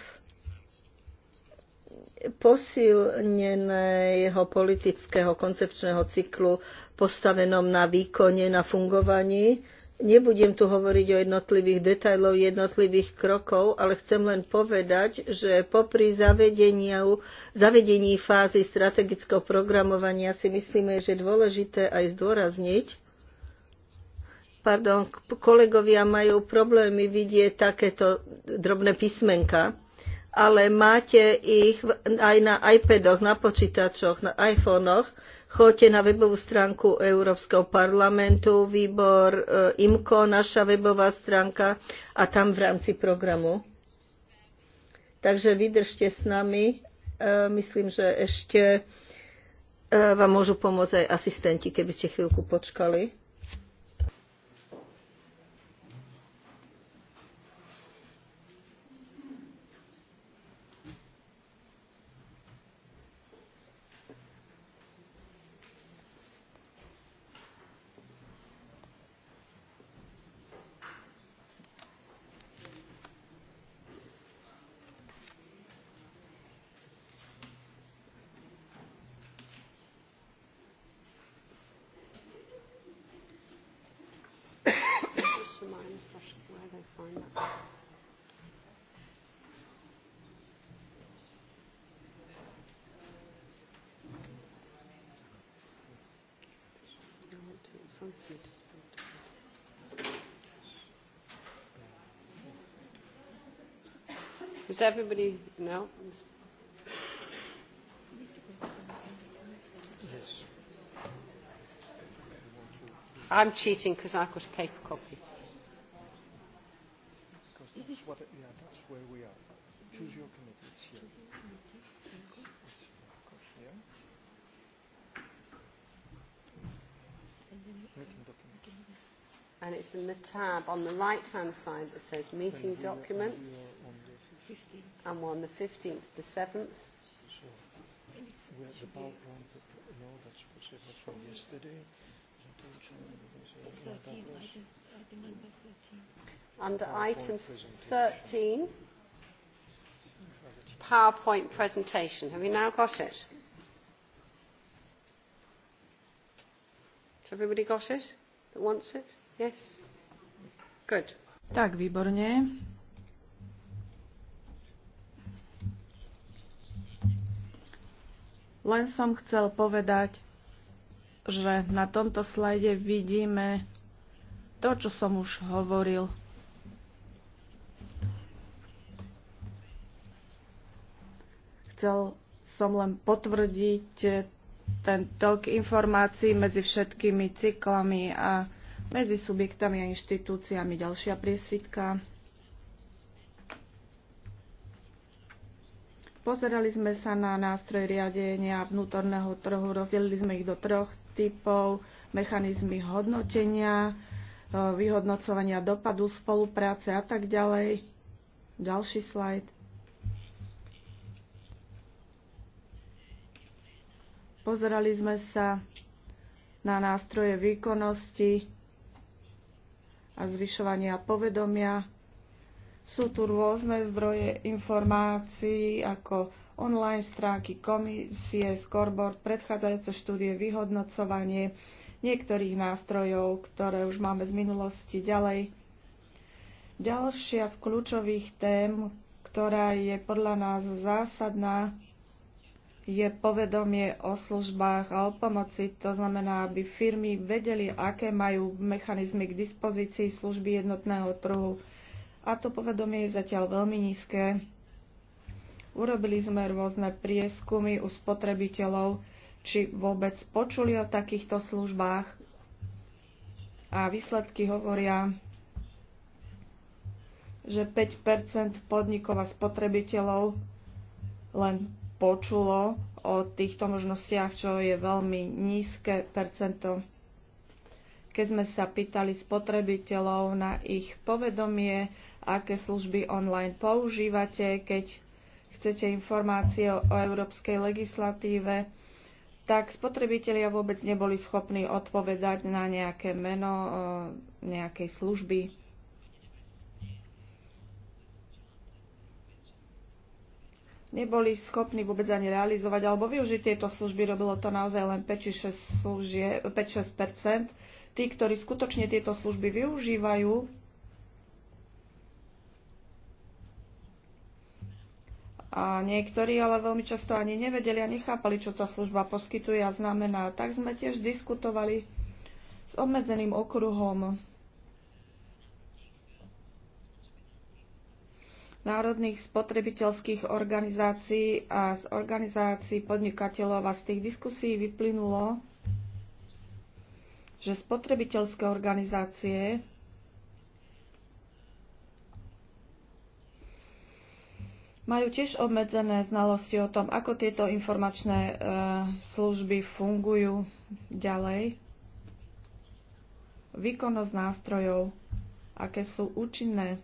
posilneného politického koncepčného cyklu postavenom na výkone, na fungovaní. Nebudem tu hovoriť o jednotlivých detajlov jednotlivých krokov, ale chcem len povedať, že popri zavedení fázy strategického programovania si myslíme, že je dôležité aj zdôrazniť, pardon, kolegovia majú problémy vidieť takéto drobné písmenka, ale máte ich aj na iPadoch, na počítačoch, na iPhonech. Choďte na webovú stránku Európskeho parlamentu, výbor e, IMCO, naša webová stránka a tam v rámci programu. Takže vydržte s nami. E, myslím, že ešte e, vám môžu pomôcť aj asistenti, keby ste chvíľku počkali. Is everybody no? I'm cheating because I've got a paper copy. Because that's what, yeah, that's where we are. Choose your committee. It's here. It's here. document. And it's in the tab on the right-hand side that says meeting documents. Your, and one the 15th, the 7th. So, we have the PowerPoint, no, that's, that's from yesterday. Under item 13, PowerPoint presentation. Have you now got it? Has everybody got it that wants it? Yes? Good. Tak, výborne. Len som chcel povedať, že na tomto slajde vidíme to, čo som už hovoril. Chcel som len potvrdiť ten tok informácií medzi všetkými cyklami a medzi subjektami a inštitúciami. Ďalšia priesvitka. Pozerali sme sa na nástroj riadenia vnútorného trhu, rozdelili sme ich do troch typov, mechanizmy hodnotenia, e, vyhodnocovania dopadu, spolupráce a tak ďalej. Ďalší slajd. Pozerali sme sa na nástroje výkonnosti a zvyšovania povedomia sú tu rôzne zdroje informácií ako online stránky komisie, scoreboard, predchádzajúce štúdie, vyhodnocovanie niektorých nástrojov, ktoré už máme z minulosti ďalej. Ďalšia z kľúčových tém, ktorá je podľa nás zásadná, je povedomie o službách a o pomoci. To znamená, aby firmy vedeli, aké majú mechanizmy k dispozícii služby jednotného trhu a to povedomie je zatiaľ veľmi nízke. Urobili sme rôzne prieskumy u spotrebiteľov, či vôbec počuli o takýchto službách a výsledky hovoria, že 5 podnikov a spotrebiteľov len počulo o týchto možnostiach, čo je veľmi nízke percento. Keď sme sa pýtali spotrebiteľov na ich povedomie aké služby online používate, keď chcete informácie o európskej legislatíve, tak spotrebitelia vôbec neboli schopní odpovedať na nejaké meno nejakej služby. Neboli schopní vôbec ani realizovať alebo využiť tieto služby. Robilo to naozaj len 5-6%. Tí, ktorí skutočne tieto služby využívajú, A niektorí ale veľmi často ani nevedeli a nechápali, čo tá služba poskytuje a znamená. Tak sme tiež diskutovali s obmedzeným okruhom národných spotrebiteľských organizácií a z organizácií podnikateľov a z tých diskusí vyplynulo, že spotrebiteľské organizácie majú tiež obmedzené znalosti o tom, ako tieto informačné e, služby fungujú ďalej, výkonnosť nástrojov, aké sú účinné.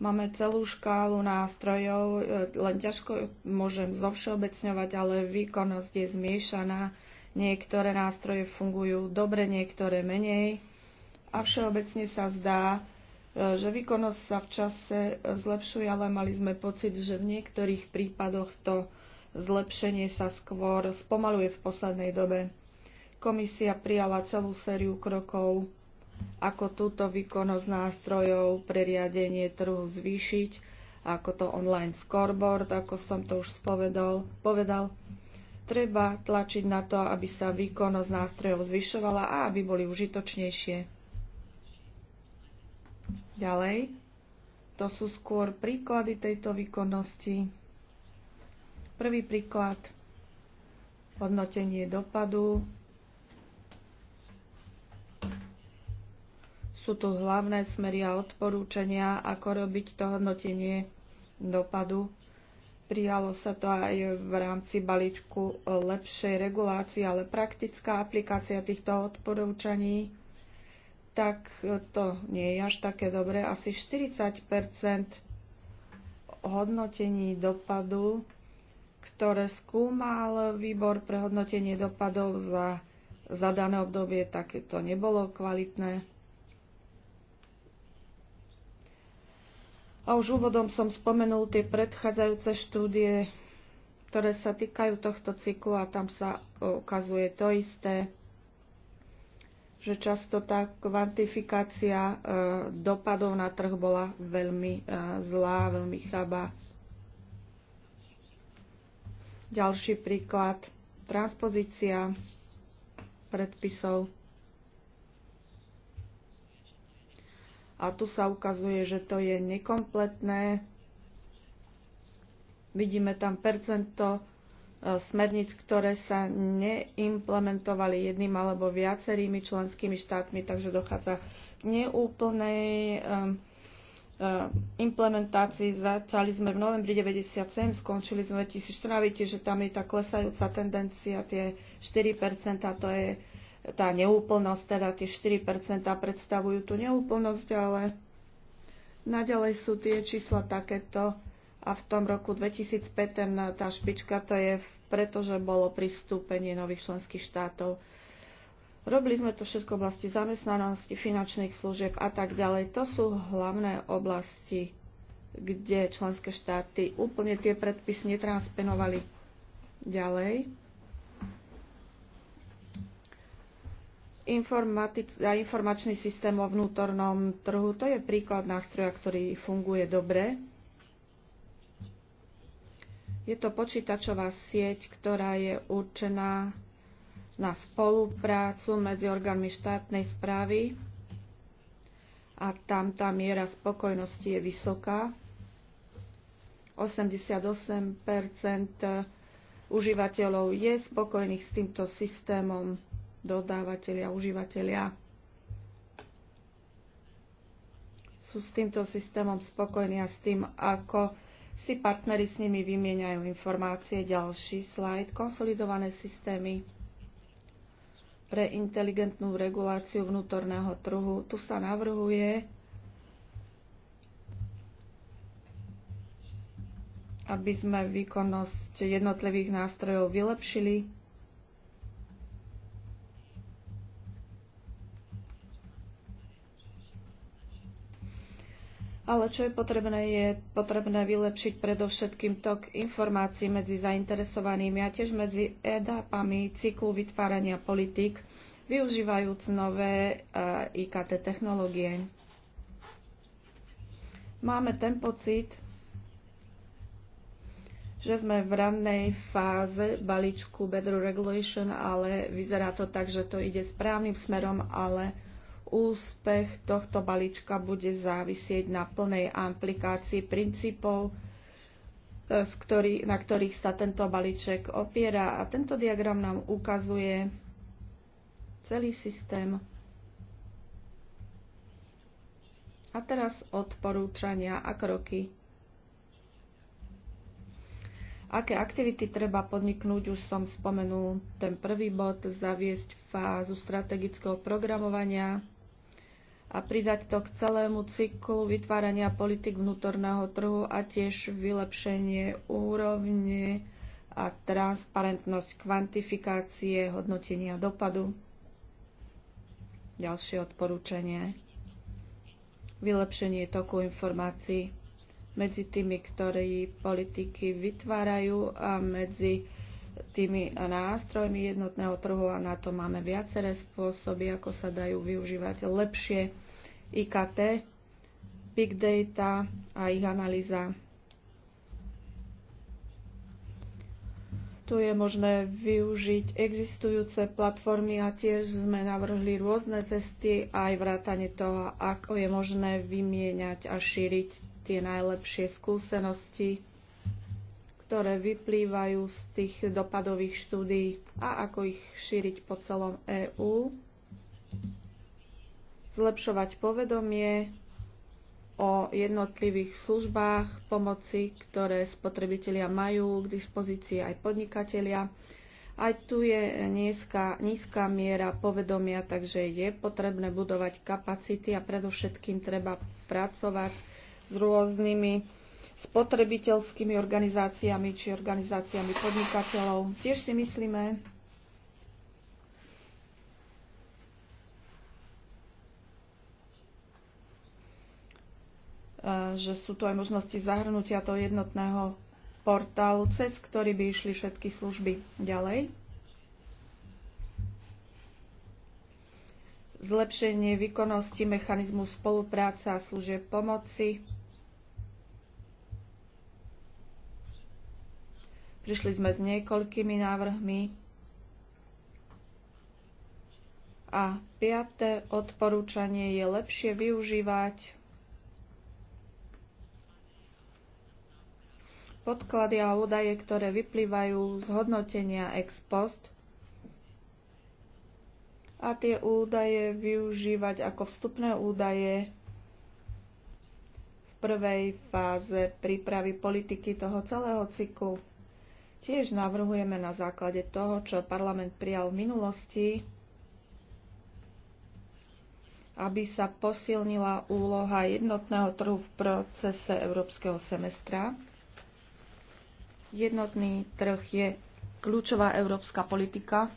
Máme celú škálu nástrojov, e, len ťažko môžem zovšeobecňovať, ale výkonnosť je zmiešaná. Niektoré nástroje fungujú dobre, niektoré menej. A všeobecne sa zdá, E, že výkonnosť sa v čase e, zlepšuje, ale mali sme pocit, že v niektorých prípadoch to zlepšenie sa skôr spomaluje v poslednej dobe. Komisia prijala celú sériu krokov, ako túto výkonnosť nástrojov pre riadenie trhu zvýšiť, ako to online scoreboard, ako som to už spovedal, povedal. Treba tlačiť na to, aby sa výkonnosť nástrojov zvyšovala a aby boli užitočnejšie. Ďalej, to sú skôr príklady tejto výkonnosti. Prvý príklad, hodnotenie dopadu. Sú tu hlavné smery a odporúčania, ako robiť to hodnotenie dopadu. Prijalo sa to aj v rámci balíčku lepšej regulácie, ale praktická aplikácia týchto odporúčaní tak to nie je až také dobré. Asi 40 hodnotení dopadu, ktoré skúmal výbor pre hodnotenie dopadov za, za dané obdobie, tak to nebolo kvalitné. A už úvodom som spomenul tie predchádzajúce štúdie, ktoré sa týkajú tohto cyklu a tam sa ukazuje to isté že často tá kvantifikácia e, dopadov na trh bola veľmi e, zlá, veľmi chabá. Ďalší príklad, transpozícia predpisov. A tu sa ukazuje, že to je nekompletné. Vidíme tam percento smerníc, ktoré sa neimplementovali jedným alebo viacerými členskými štátmi, takže dochádza k neúplnej um, um, implementácii. Začali sme v novembri 1997, skončili sme v 2014, vidíte, že tam je tá klesajúca tendencia, tie 4%, to je tá neúplnosť, teda tie 4% predstavujú tú neúplnosť, ale naďalej sú tie čísla takéto a v tom roku 2005 ten, tá špička to je preto, že bolo pristúpenie nových členských štátov. Robili sme to všetko v oblasti zamestnanosti, finančných služieb a tak ďalej. To sú hlavné oblasti, kde členské štáty úplne tie predpisy netransponovali ďalej. Informačný systém o vnútornom trhu, to je príklad nástroja, ktorý funguje dobre je to počítačová sieť, ktorá je určená na spoluprácu medzi orgánmi štátnej správy a tam tá miera spokojnosti je vysoká. 88 užívateľov je spokojných s týmto systémom dodávateľia, užívateľia. Sú s týmto systémom spokojní a s tým, ako si partnery s nimi vymieňajú informácie. Ďalší slajd. Konsolidované systémy pre inteligentnú reguláciu vnútorného trhu. Tu sa navrhuje, aby sme výkonnosť jednotlivých nástrojov vylepšili Ale čo je potrebné, je potrebné vylepšiť predovšetkým tok informácií medzi zainteresovanými a tiež medzi EDAPami cyklu vytvárania politik, využívajúc nové IKT eh, technológie. Máme ten pocit, že sme v rannej fáze balíčku Better Regulation, ale vyzerá to tak, že to ide správnym smerom, ale Úspech tohto balíčka bude závisieť na plnej aplikácii princípov, e, na ktorých sa tento balíček opiera. A tento diagram nám ukazuje celý systém. A teraz odporúčania a kroky. Aké aktivity treba podniknúť, už som spomenul ten prvý bod, zaviesť fázu strategického programovania, a pridať to k celému cyklu vytvárania politik vnútorného trhu a tiež vylepšenie úrovne a transparentnosť kvantifikácie hodnotenia dopadu. Ďalšie odporúčanie. Vylepšenie toku informácií medzi tými, ktorí politiky vytvárajú a medzi tými nástrojmi jednotného trhu a na to máme viaceré spôsoby, ako sa dajú využívať lepšie IKT, big data a ich analýza. Tu je možné využiť existujúce platformy a tiež sme navrhli rôzne cesty aj vrátane toho, ako je možné vymieňať a šíriť tie najlepšie skúsenosti, ktoré vyplývajú z tých dopadových štúdií a ako ich šíriť po celom EÚ zlepšovať povedomie o jednotlivých službách pomoci, ktoré spotrebitelia majú k dispozícii aj podnikatelia. Aj tu je nízka, nízka miera povedomia, takže je potrebné budovať kapacity a predovšetkým treba pracovať s rôznymi spotrebiteľskými organizáciami či organizáciami podnikateľov. Tiež si myslíme, Eh, že sú tu aj možnosti zahrnutia toho jednotného portálu, cez ktorý by išli všetky služby ďalej. Zlepšenie výkonnosti mechanizmu spolupráca a služieb pomoci. Prišli sme s niekoľkými návrhmi. A piaté odporúčanie je lepšie využívať podklady a údaje, ktoré vyplývajú z hodnotenia ex post a tie údaje využívať ako vstupné údaje v prvej fáze prípravy politiky toho celého cyklu. Tiež navrhujeme na základe toho, čo parlament prijal v minulosti, aby sa posilnila úloha jednotného trhu v procese európskeho semestra Jednotný trh je kľúčová európska politika.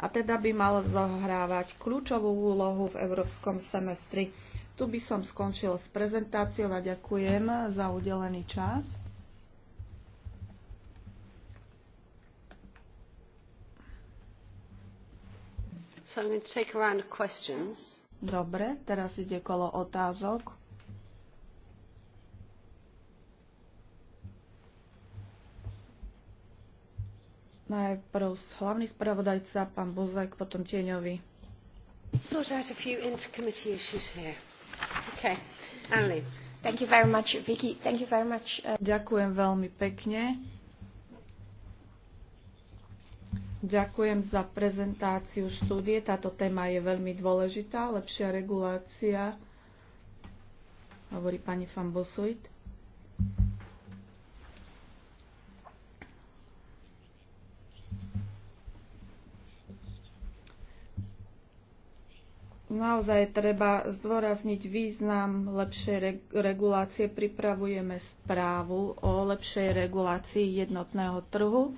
A teda by mal zohrávať kľúčovú úlohu v európskom semestri. Tu by som skončil s prezentáciou a ďakujem za udelený čas. So I'm going to take questions. Dobre, teraz ide kolo otázok. Najprv hlavný spravodajca, pán Bozek, potom Tieňovi. Sort out a few intercommittee issues here. Okay. Anne. Thank you very much, Vicky. Thank you very much. Uh... Ďakujem veľmi pekne. Ďakujem za prezentáciu štúdie. Táto téma je veľmi dôležitá. Lepšia regulácia, hovorí pani Fambosuit. Naozaj treba zdôrazniť význam lepšej regulácie. Pripravujeme správu o lepšej regulácii jednotného trhu.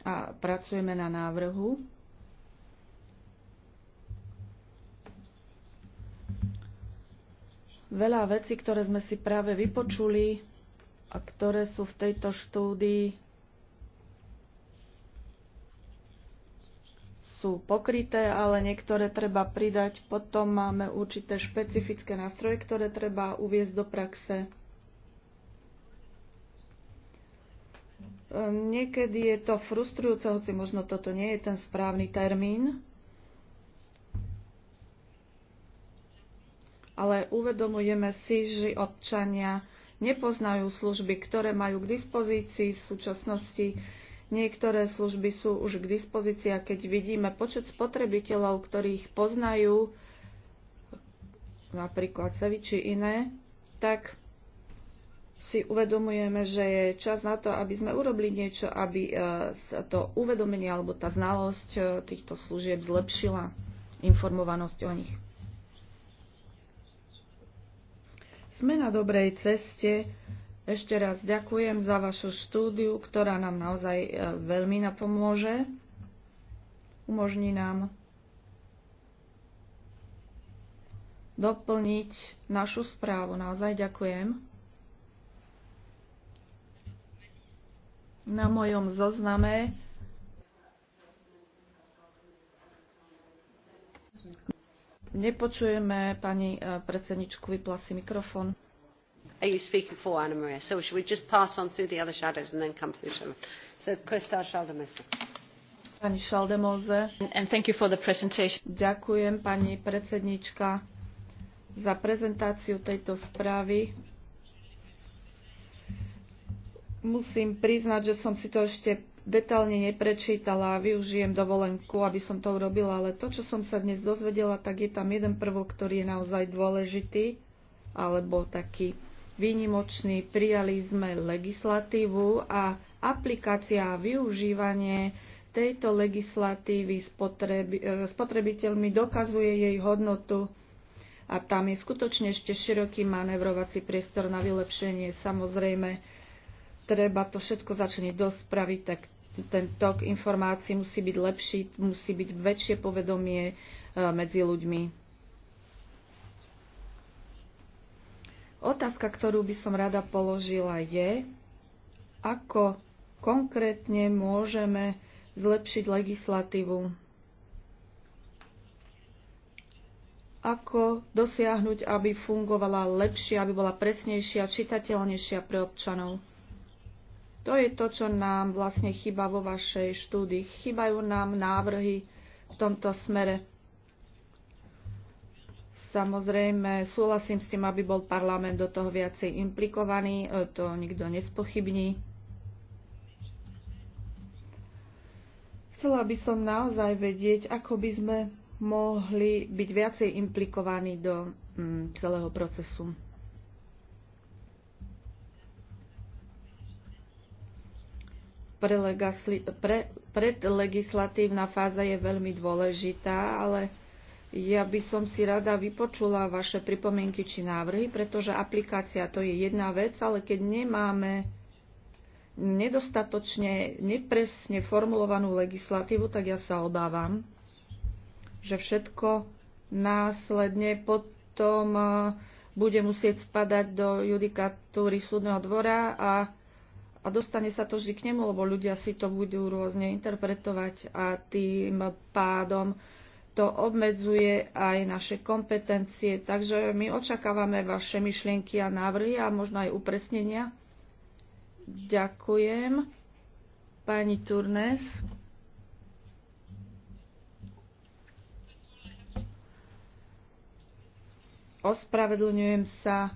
A pracujeme na návrhu. Veľa vecí, ktoré sme si práve vypočuli a ktoré sú v tejto štúdii sú pokryté, ale niektoré treba pridať. Potom máme určité špecifické nástroje, ktoré treba uviezť do praxe. Ehm, niekedy je to frustrujúce, hoci možno toto nie je ten správny termín, ale uvedomujeme si, že občania nepoznajú služby, ktoré majú k dispozícii v súčasnosti Niektoré služby sú už k dispozícii a keď vidíme počet spotrebiteľov, ktorých poznajú, napríklad Sevi či iné, tak si uvedomujeme, že je čas na to, aby sme urobili niečo, aby e, sa to uvedomenie alebo tá znalosť e, týchto služieb zlepšila informovanosť o nich. Sme na dobrej ceste ešte raz ďakujem za vašu štúdiu, ktorá nám naozaj e, veľmi napomôže. Umožní nám doplniť našu správu. Naozaj ďakujem. Na mojom zozname nepočujeme pani e, predsedničku, vyplasí mikrofón. Are you speaking for Anna Maria? So should we just pass on through the other shadows and then come to the some? So christa Schaldemose. Pani Schaldemose. And thank you for the presentation. Ďakujem pani predsednička za prezentáciu tejto správy. Musím priznať, že som si to ešte detálne neprečítala a využijem dovolenku, aby som to urobila, ale to, čo som sa dnes dozvedela, tak je tam jeden prvok, ktorý je naozaj dôležitý, alebo taký výnimočný. Prijali sme legislatívu a aplikácia a využívanie tejto legislatívy spotrebi- e, spotrebiteľmi dokazuje jej hodnotu a tam je skutočne ešte široký manevrovací priestor na vylepšenie. Samozrejme, treba to všetko začne dospraviť, tak ten tok informácií musí byť lepší, musí byť väčšie povedomie e, medzi ľuďmi. Otázka, ktorú by som rada položila, je, ako konkrétne môžeme zlepšiť legislatívu. Ako dosiahnuť, aby fungovala lepšie, aby bola presnejšia, čitateľnejšia pre občanov. To je to, čo nám vlastne chýba vo vašej štúdii. Chýbajú nám návrhy v tomto smere. Samozrejme, súhlasím s tým, aby bol parlament do toho viacej implikovaný, e, to nikto nespochybní. Chcela by som naozaj vedieť, ako by sme mohli byť viacej implikovaní do mm, celého procesu. Predlegislatívna fáza je veľmi dôležitá, ale ja by som si rada vypočula vaše pripomienky či návrhy, pretože aplikácia to je jedna vec, ale keď nemáme nedostatočne, nepresne formulovanú legislatívu, tak ja sa obávam, že všetko následne potom eh, bude musieť spadať do judikatúry súdneho dvora a, a dostane sa to vždy k nemu, lebo ľudia si to budú rôzne interpretovať a tým pádom to obmedzuje aj naše kompetencie. Takže my očakávame vaše myšlienky a návrhy a možno aj upresnenia. Ďakujem. Pani Turnes. Ospravedlňujem sa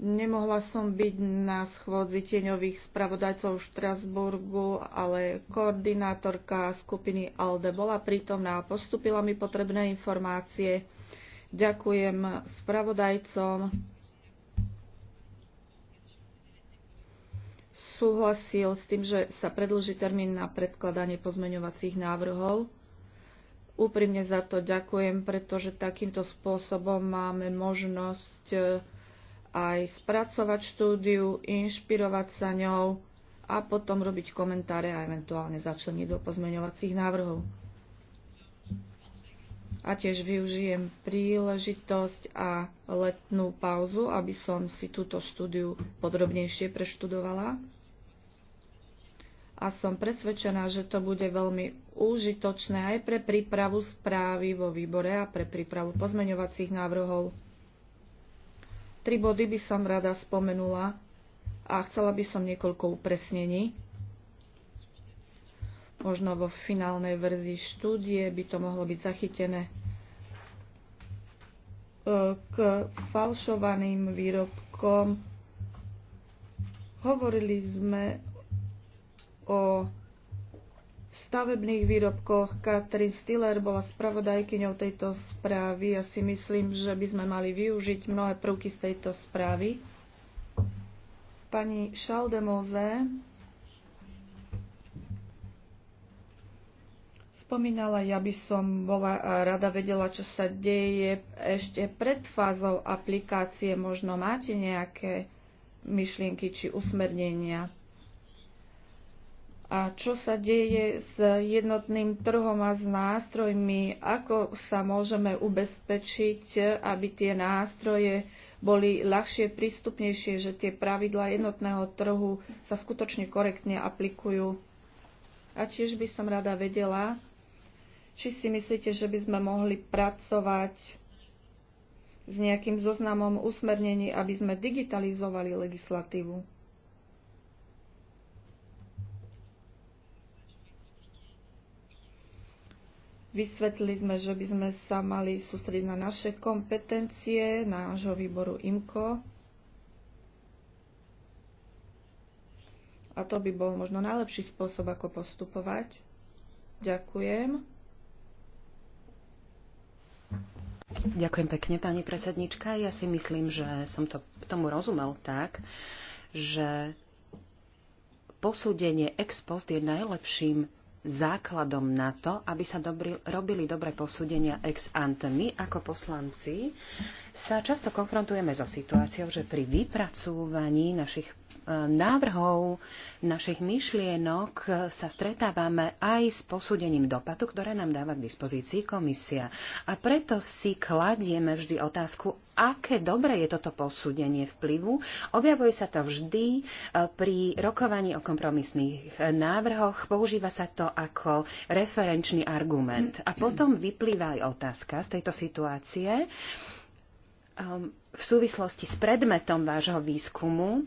Nemohla som byť na schôdzi tieňových spravodajcov v Štrasburgu, ale koordinátorka skupiny ALDE bola prítomná a postupila mi potrebné informácie. Ďakujem spravodajcom. Súhlasil s tým, že sa predlží termín na predkladanie pozmeňovacích návrhov. Úprimne za to ďakujem, pretože takýmto spôsobom máme možnosť eh, aj spracovať štúdiu, inšpirovať sa ňou a potom robiť komentáre a eventuálne začleniť do pozmeňovacích návrhov. A tiež využijem príležitosť a letnú pauzu, aby som si túto štúdiu podrobnejšie preštudovala. A som presvedčená, že to bude veľmi užitočné aj pre prípravu správy vo výbore a pre prípravu pozmeňovacích návrhov. Tri body by som rada spomenula a chcela by som niekoľko upresnení. Možno vo finálnej verzii štúdie by to mohlo byť zachytené e, k falšovaným výrobkom. Hovorili sme o stavebných výrobkoch. Katrin Stiller bola spravodajkyňou tejto správy. Ja si myslím, že by sme mali využiť mnohé prvky z tejto správy. Pani Šaldemoze spomínala, ja by som bola rada vedela, čo sa deje ešte pred fázou aplikácie. Možno máte nejaké myšlienky či usmernenia a čo sa deje s jednotným trhom a s nástrojmi, ako sa môžeme ubezpečiť, aby tie nástroje boli ľahšie prístupnejšie, že tie pravidlá jednotného trhu sa skutočne korektne aplikujú. A tiež by som rada vedela, či si myslíte, že by sme mohli pracovať s nejakým zoznamom usmernení, aby sme digitalizovali legislatívu. Vysvetlili sme, že by sme sa mali sústrediť na naše kompetencie, nášho výboru IMCO. A to by bol možno najlepší spôsob, ako postupovať. Ďakujem. Ďakujem pekne, pani predsednička. Ja si myslím, že som to tomu rozumel tak, že posúdenie ex post je najlepším základom na to, aby sa dobrý, robili dobré posúdenia ex ante. My ako poslanci sa často konfrontujeme so situáciou, že pri vypracúvaní našich návrhov, našich myšlienok sa stretávame aj s posúdením dopadu, ktoré nám dáva k dispozícii komisia. A preto si kladieme vždy otázku, aké dobre je toto posúdenie vplyvu. Objavuje sa to vždy e, pri rokovaní o kompromisných návrhoch, používa sa to ako referenčný argument. A potom vyplýva aj otázka z tejto situácie e, v súvislosti s predmetom vášho výskumu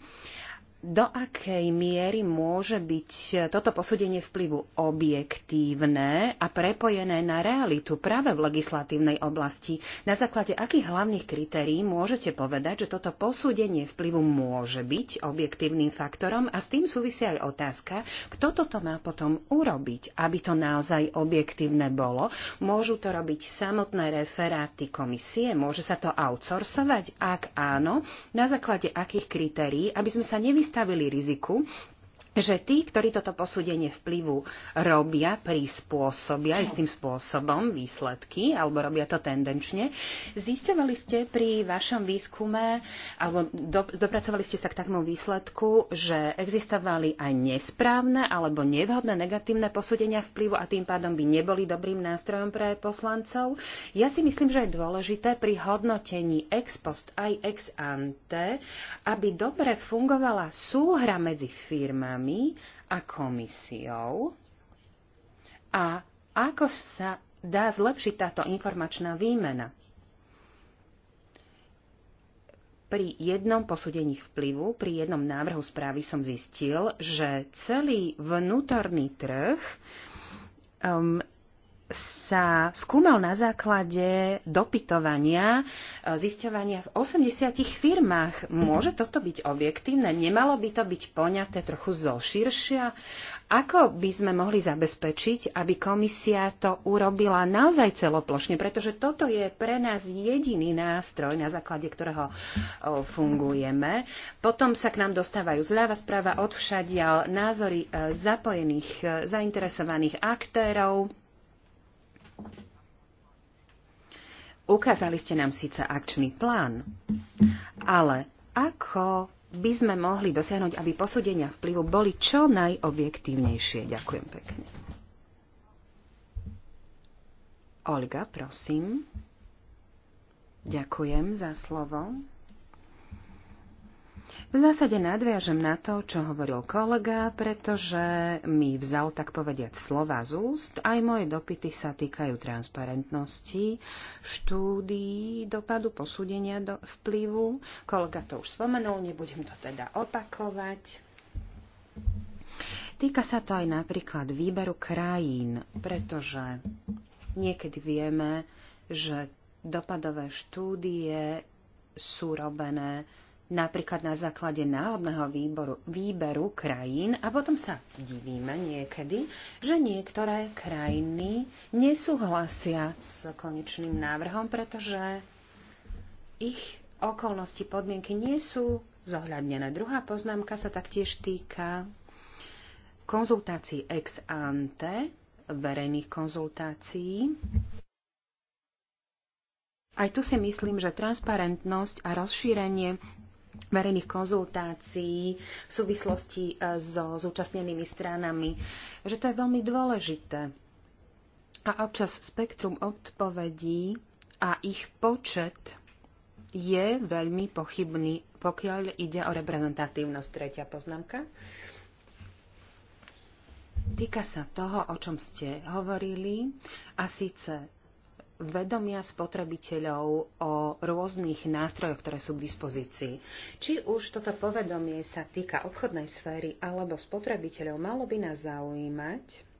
do akej miery môže byť toto posúdenie vplyvu objektívne a prepojené na realitu práve v legislatívnej oblasti? Na základe akých hlavných kritérií môžete povedať, že toto posúdenie vplyvu môže byť objektívnym faktorom a s tým súvisia aj otázka, kto toto má potom urobiť, aby to naozaj objektívne bolo? Môžu to robiť samotné referáty komisie? Môže sa to outsourcovať? Ak áno, na základe akých kritérií, aby sme sa nevystavili vystavili riziku, že tí, ktorí toto posúdenie vplyvu robia, prispôsobia istým spôsobom výsledky, alebo robia to tendenčne, zistovali ste pri vašom výskume, alebo do, dopracovali ste sa k takému výsledku, že existovali aj nesprávne alebo nevhodné negatívne posúdenia vplyvu a tým pádom by neboli dobrým nástrojom pre poslancov. Ja si myslím, že je dôležité pri hodnotení ex post aj ex ante, aby dobre fungovala súhra medzi firmami, vami a komisiou a ako sa dá zlepšiť táto informačná výmena. Pri jednom posúdení vplyvu, pri jednom návrhu správy som zistil, že celý vnútorný trh um, sa skúmal na základe dopytovania, e, zisťovania v 80 firmách. Môže toto byť objektívne? Nemalo by to byť poňaté trochu zoširšia? Ako by sme mohli zabezpečiť, aby komisia to urobila naozaj celoplošne? Pretože toto je pre nás jediný nástroj, na základe ktorého fungujeme. Potom sa k nám dostávajú zľava správa odvšadial názory e, zapojených, e, zainteresovaných aktérov, Ukázali ste nám síce akčný plán, ale ako by sme mohli dosiahnuť, aby posúdenia vplyvu boli čo najobjektívnejšie? Ďakujem pekne. Olga, prosím. Ďakujem za slovo. V zásade nadviažem na to, čo hovoril kolega, pretože mi vzal tak povediať slova z úst. Aj moje dopity sa týkajú transparentnosti, štúdií, dopadu posúdenia do vplyvu. Kolega to už spomenul, nebudem to teda opakovať. Týka sa to aj napríklad výberu krajín, pretože niekedy vieme, že dopadové štúdie sú robené napríklad na základe náhodného výboru, výberu krajín a potom sa divíme niekedy, že niektoré krajiny nesúhlasia s konečným návrhom, pretože ich okolnosti, podmienky nie sú zohľadnené. Druhá poznámka sa taktiež týka konzultácií ex ante, verejných konzultácií. Aj tu si myslím, že transparentnosť a rozšírenie verejných konzultácií v súvislosti e, so zúčastnenými stranami, že to je veľmi dôležité. A občas spektrum odpovedí a ich počet je veľmi pochybný, pokiaľ ide o reprezentatívnosť. Tretia poznámka. Týka sa toho, o čom ste hovorili, a síce vedomia spotrebiteľov o rôznych nástrojoch, ktoré sú k dispozícii. Či už toto povedomie sa týka obchodnej sféry alebo spotrebiteľov, malo by nás zaujímať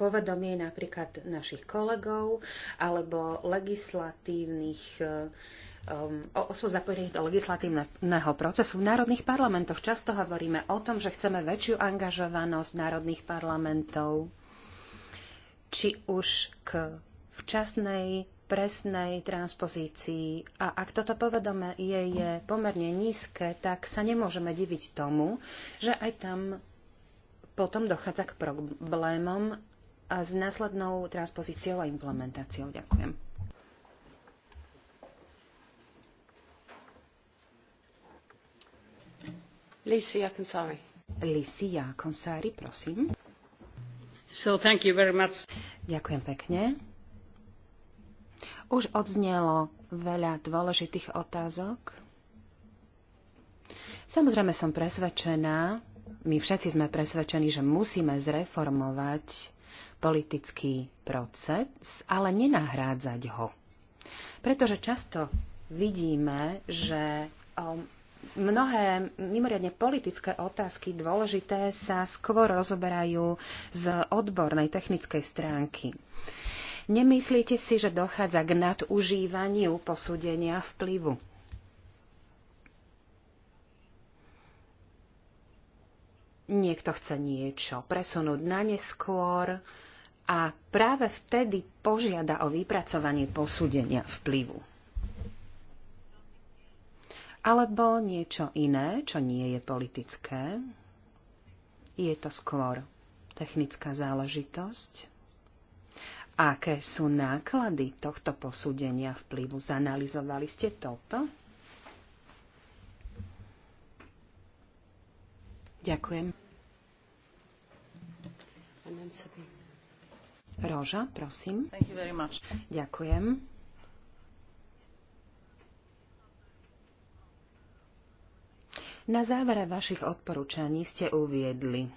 povedomie napríklad našich kolegov alebo legislatívnych um, osôb zapojených do legislatívneho procesu. V národných parlamentoch často hovoríme o tom, že chceme väčšiu angažovanosť národných parlamentov či už k včasnej, presnej transpozícii. A ak toto povedome je, je pomerne nízke, tak sa nemôžeme diviť tomu, že aj tam potom dochádza k problémom a s následnou transpozíciou a implementáciou. Ďakujem. Lisi Jakonsári. Lisi Jakonsári, prosím. Ďakujem pekne. Už odznelo veľa dôležitých otázok. Samozrejme som presvedčená, my všetci sme presvedčení, že musíme zreformovať politický proces, ale nenahrádzať ho. Pretože často vidíme, že um, mnohé mimoriadne politické otázky dôležité sa skôr rozoberajú z odbornej technickej stránky. Nemyslíte si, že dochádza k nadužívaniu posúdenia vplyvu? Niekto chce niečo presunúť na neskôr a práve vtedy požiada o vypracovanie posúdenia vplyvu alebo niečo iné, čo nie je politické. Je to skôr technická záležitosť. Aké sú náklady tohto posúdenia vplyvu? Zanalizovali ste toto? Ďakujem. Roža, prosím. Ďakujem. Na závere vašich odporúčaní ste uviedli.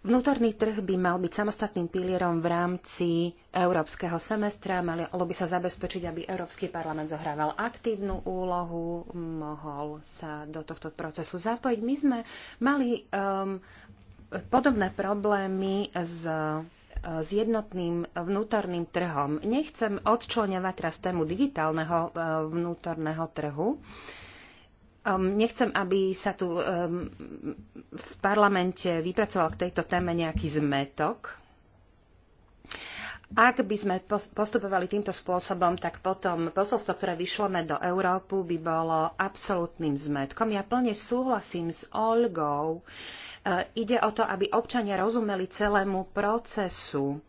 Vnútorný trh by mal byť samostatným pilierom v rámci európskeho semestra, malo by sa zabezpečiť, aby Európsky parlament zohrával aktívnu úlohu, mohol sa do tohto procesu zapojiť. My sme mali um, podobné problémy s s jednotným vnútorným trhom. Nechcem odčlenovať teraz tému digitálneho uh, vnútorného trhu, Um, nechcem, aby sa tu um, v parlamente vypracoval k tejto téme nejaký zmetok. Ak by sme postupovali týmto spôsobom, tak potom posolstvo, ktoré vyšleme do Európu, by bolo absolútnym zmetkom. Ja plne súhlasím s Olgou. E, ide o to, aby občania rozumeli celému procesu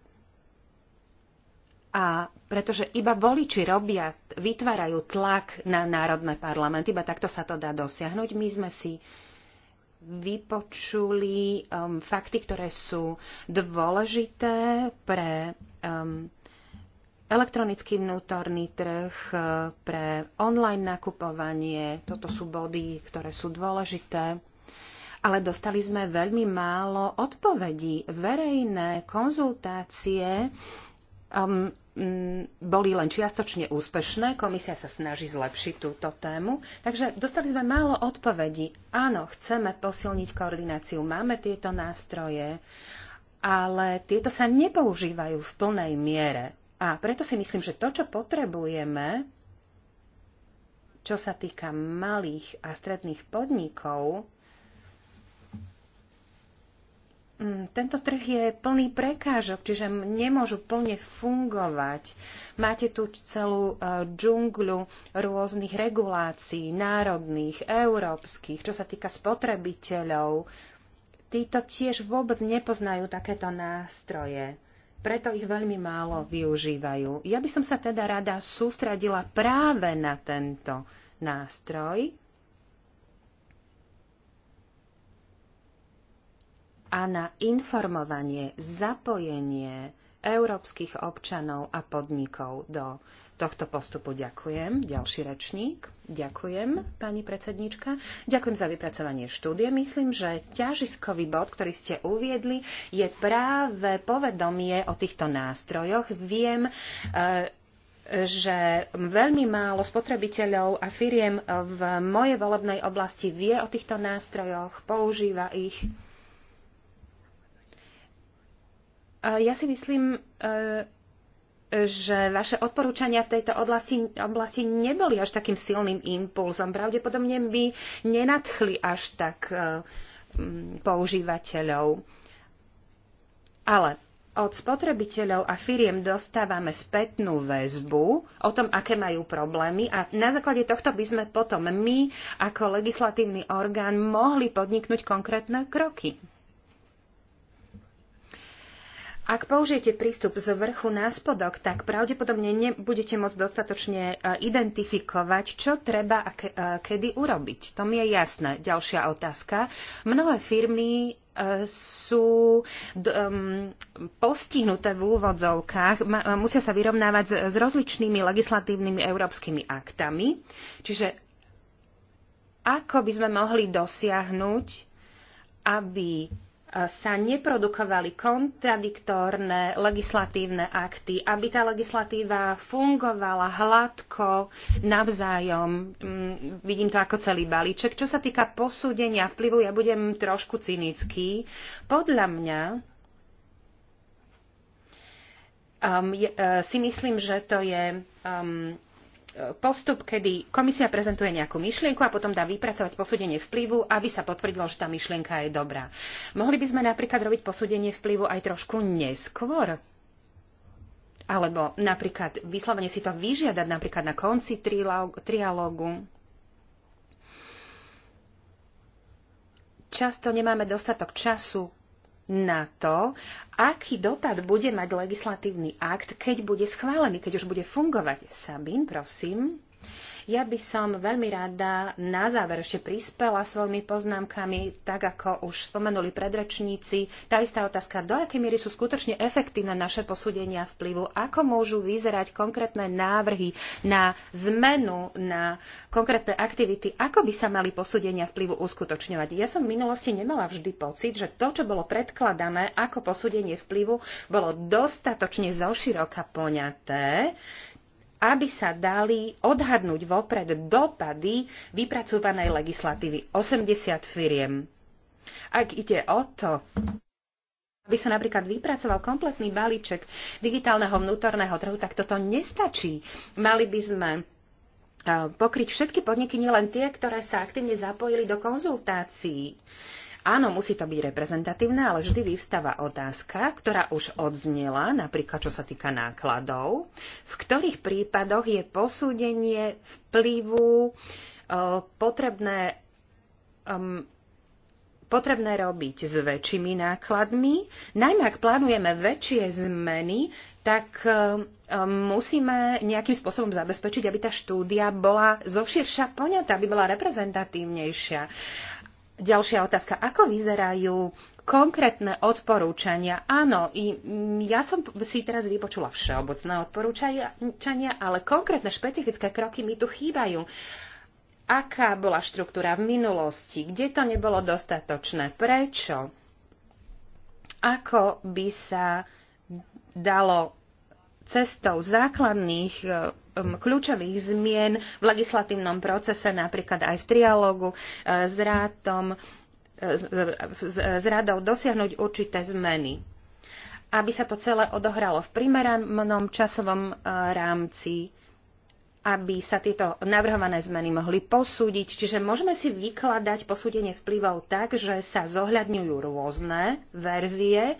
a pretože iba voliči robia, vytvárajú tlak na národné parlamenty, iba takto sa to dá dosiahnuť. My sme si vypočuli um, fakty, ktoré sú dôležité pre um, elektronický vnútorný trh, uh, pre online nakupovanie. Toto sú body, ktoré sú dôležité. Ale dostali sme veľmi málo odpovedí. Verejné konzultácie um, Mm, boli len čiastočne úspešné. Komisia sa snaží zlepšiť túto tému. Takže dostali sme málo odpovedí. Áno, chceme posilniť koordináciu, máme tieto nástroje, ale tieto sa nepoužívajú v plnej miere. A preto si myslím, že to, čo potrebujeme, čo sa týka malých a stredných podnikov, Mm, tento trh je plný prekážok, čiže nemôžu plne fungovať. Máte tu celú e, džungľu rôznych regulácií, národných, európskych, čo sa týka spotrebiteľov. Títo tiež vôbec nepoznajú takéto nástroje, preto ich veľmi málo využívajú. Ja by som sa teda rada sústredila práve na tento nástroj, a na informovanie, zapojenie európskych občanov a podnikov do tohto postupu. Ďakujem. Ďalší rečník. Ďakujem, pani predsednička. Ďakujem za vypracovanie štúdie. Myslím, že ťažiskový bod, ktorý ste uviedli, je práve povedomie o týchto nástrojoch. Viem, e, že veľmi málo spotrebiteľov a firiem v mojej volebnej oblasti vie o týchto nástrojoch, používa ich Ja si myslím, e, že vaše odporúčania v tejto oblasti, oblasti neboli až takým silným impulzom. Pravdepodobne by nenadchli až tak e, používateľov. Ale od spotrebiteľov a firiem dostávame spätnú väzbu o tom, aké majú problémy a na základe tohto by sme potom my ako legislatívny orgán mohli podniknúť konkrétne kroky. Ak použijete prístup z vrchu na spodok, tak pravdepodobne nebudete môcť dostatočne e, identifikovať, čo treba a e, kedy urobiť. To mi je jasné. Ďalšia otázka. Mnohé firmy e, sú postihnuté v úvodzovkách, musia sa vyrovnávať s, s rozličnými legislatívnymi európskymi aktami. Čiže ako by sme mohli dosiahnuť, aby sa neprodukovali kontradiktórne legislatívne akty, aby tá legislatíva fungovala hladko navzájom. Mm, vidím to ako celý balíček. Čo sa týka posúdenia vplyvu, ja budem trošku cynický. Podľa mňa um, je, uh, si myslím, že to je um, postup, kedy komisia prezentuje nejakú myšlienku a potom dá vypracovať posúdenie vplyvu, aby sa potvrdilo, že tá myšlienka je dobrá. Mohli by sme napríklad robiť posúdenie vplyvu aj trošku neskôr? Alebo napríklad vyslovene si to vyžiadať napríklad na konci trialógu? Často nemáme dostatok času na to, aký dopad bude mať legislatívny akt, keď bude schválený, keď už bude fungovať. Sabín, prosím. Uh, ja by som veľmi rada na záver ešte prispela svojimi poznámkami, tak ako už spomenuli predrečníci, tá istá otázka, do akej miery sú skutočne efektívne naše posúdenia vplyvu, ako môžu vyzerať konkrétne návrhy na zmenu, na konkrétne aktivity, ako by sa mali posúdenia vplyvu uskutočňovať. Ja som v minulosti nemala vždy pocit, že to, čo bolo predkladané ako posúdenie vplyvu, bolo dostatočne zoširoka poňaté, aby sa dali odhadnúť vopred dopady vypracovanej legislatívy 80 firiem. Ak ide o to, aby sa napríklad vypracoval kompletný balíček digitálneho vnútorného trhu, tak toto nestačí. Mali by sme e, pokryť všetky podniky, nielen tie, ktoré sa aktívne zapojili do konzultácií. Áno, musí to byť reprezentatívne, ale vždy vyvstáva otázka, ktorá už odznela, napríklad čo sa týka nákladov, v ktorých prípadoch je posúdenie vplyvu e, potrebné, um, potrebné robiť s väčšími nákladmi. Najmä ak plánujeme väčšie zmeny, tak e, e, musíme nejakým spôsobom zabezpečiť, aby tá štúdia bola zovširša poňatá, aby bola reprezentatívnejšia. Ďalšia otázka. Ako vyzerajú konkrétne odporúčania? Áno, i, ja som si teraz vypočula všeobecné odporúčania, ale konkrétne špecifické kroky mi tu chýbajú. Aká bola štruktúra v minulosti? Kde to nebolo dostatočné? Prečo? Ako by sa dalo cestou základných e, kľúčových zmien v legislatívnom procese, napríklad aj v trialógu e, s rátom, e, s e, rádou dosiahnuť určité zmeny aby sa to celé odohralo v primeranom časovom rámci, aby sa tieto navrhované zmeny mohli posúdiť. Čiže môžeme si vykladať posúdenie vplyvov tak, že sa zohľadňujú rôzne verzie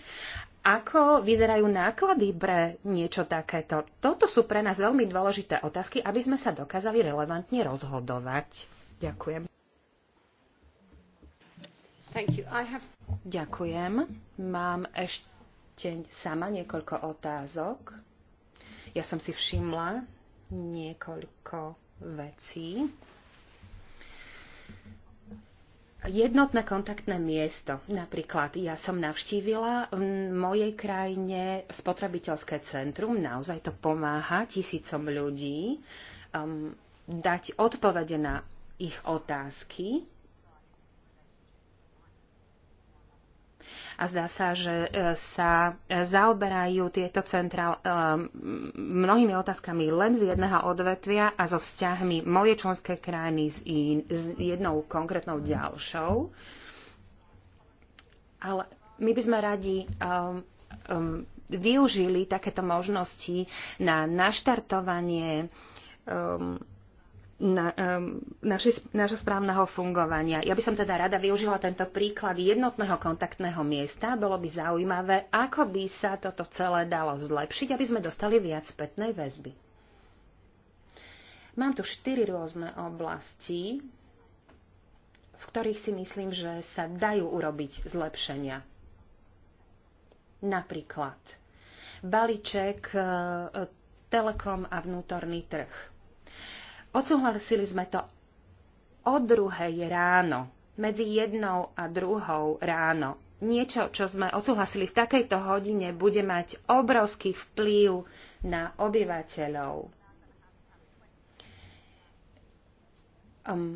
ako vyzerajú náklady pre niečo takéto? Toto sú pre nás veľmi dôležité otázky, aby sme sa dokázali relevantne rozhodovať. Ďakujem. Have... Ďakujem. Mám ešte sama niekoľko otázok. Ja som si všimla niekoľko vecí. Jednotné kontaktné miesto. Napríklad ja som navštívila v mojej krajine spotrebiteľské centrum. Naozaj to pomáha tisícom ľudí um, dať odpovede na ich otázky a zdá sa, že e, sa e, zaoberajú tieto centra e, mnohými otázkami len z jedného odvetvia a so vzťahmi moje členské krajiny s, in, s jednou konkrétnou ďalšou. Ale my by sme radi um, um, využili takéto možnosti na naštartovanie um, na, um, naši, správneho fungovania. Ja by som teda rada využila tento príklad jednotného kontaktného miesta. Bolo by zaujímavé, ako by sa toto celé dalo zlepšiť, aby sme dostali viac spätnej väzby. Mám tu štyri rôzne oblasti, v ktorých si myslím, že sa dajú urobiť zlepšenia. Napríklad balíček eh, telekom a vnútorný trh Odsúhlasili sme to o druhej ráno, medzi jednou a druhou ráno. Niečo, čo sme odsúhlasili v takejto hodine, bude mať obrovský vplyv na obyvateľov. Um,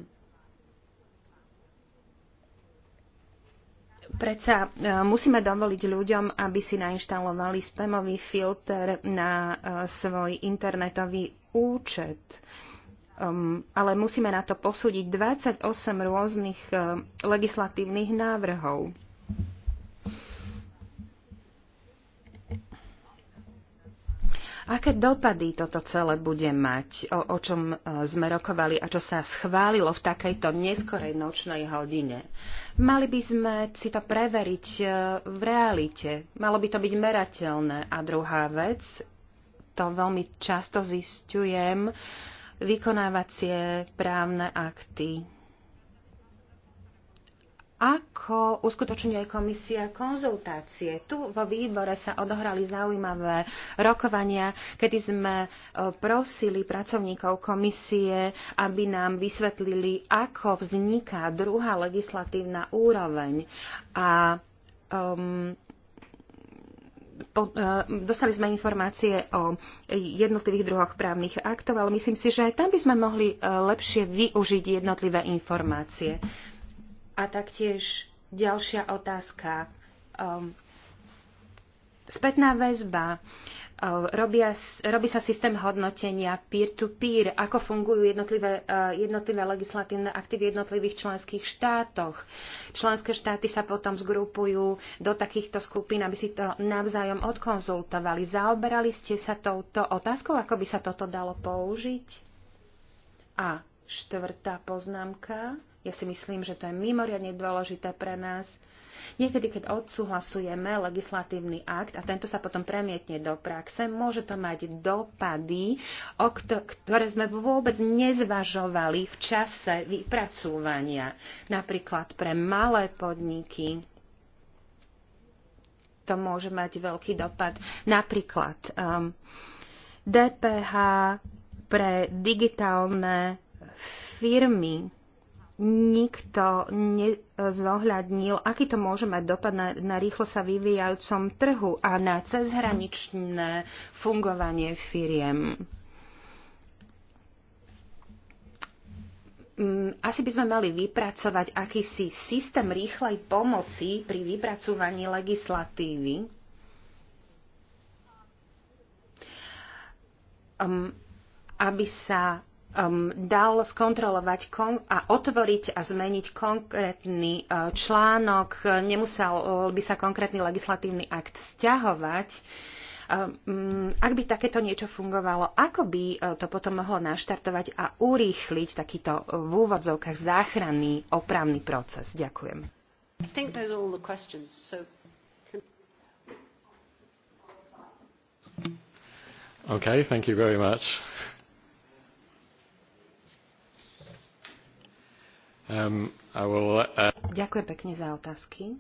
Predsa uh, musíme dovoliť ľuďom, aby si nainštalovali spamový filter na uh, svoj internetový účet. Um, ale musíme na to posúdiť 28 rôznych uh, legislatívnych návrhov. Aké dopady toto celé bude mať, o, o čom uh, sme rokovali a čo sa schválilo v takejto neskorej nočnej hodine? Mali by sme si to preveriť uh, v realite. Malo by to byť merateľné. A druhá vec, to veľmi často zistujem, uh, vykonávacie právne akty. Ako uskutočňuje komisia konzultácie? Tu vo výbore sa odohrali zaujímavé rokovania, kedy sme e, prosili pracovníkov komisie, aby nám vysvetlili, ako vzniká druhá legislatívna úroveň. A um, po, e, dostali sme informácie o jednotlivých druhoch právnych aktov, ale myslím si, že aj tam by sme mohli e, lepšie využiť jednotlivé informácie. A taktiež ďalšia otázka. Ehm, spätná väzba. Uh, Robia, robí sa systém hodnotenia peer-to-peer, -peer, ako fungujú jednotlivé, e, jednotlivé legislatívne akty v jednotlivých členských štátoch. Členské štáty sa potom zgrupujú do takýchto skupín, aby si to navzájom odkonzultovali. Zaoberali ste sa touto otázkou, ako by sa toto dalo použiť? A štvrtá poznámka, ja si myslím, že to je mimoriadne dôležité pre nás, Niekedy, keď odsúhlasujeme legislatívny akt a tento sa potom premietne do praxe, môže to mať dopady, o ktoré sme vôbec nezvažovali v čase vypracúvania. Napríklad pre malé podniky to môže mať veľký dopad. Napríklad um, DPH pre digitálne firmy nikto nezohľadnil, aký to môže mať dopad na, na rýchlo sa vyvíjajúcom trhu a na cezhraničné fungovanie firiem. Mm, asi by sme mali vypracovať akýsi systém rýchlej pomoci pri vypracovaní legislatívy. Um, aby sa um, dal skontrolovať kon- a otvoriť a zmeniť konkrétny uh, článok, nemusel uh, by sa konkrétny legislatívny akt stiahovať. Um, ak by takéto niečo fungovalo, ako by uh, to potom mohlo naštartovať a urýchliť takýto uh, v úvodzovkách záchranný opravný proces? Ďakujem. I think those are all the questions. So Okay, thank you very much. Um, uh, Ďakujem pekne za otázky.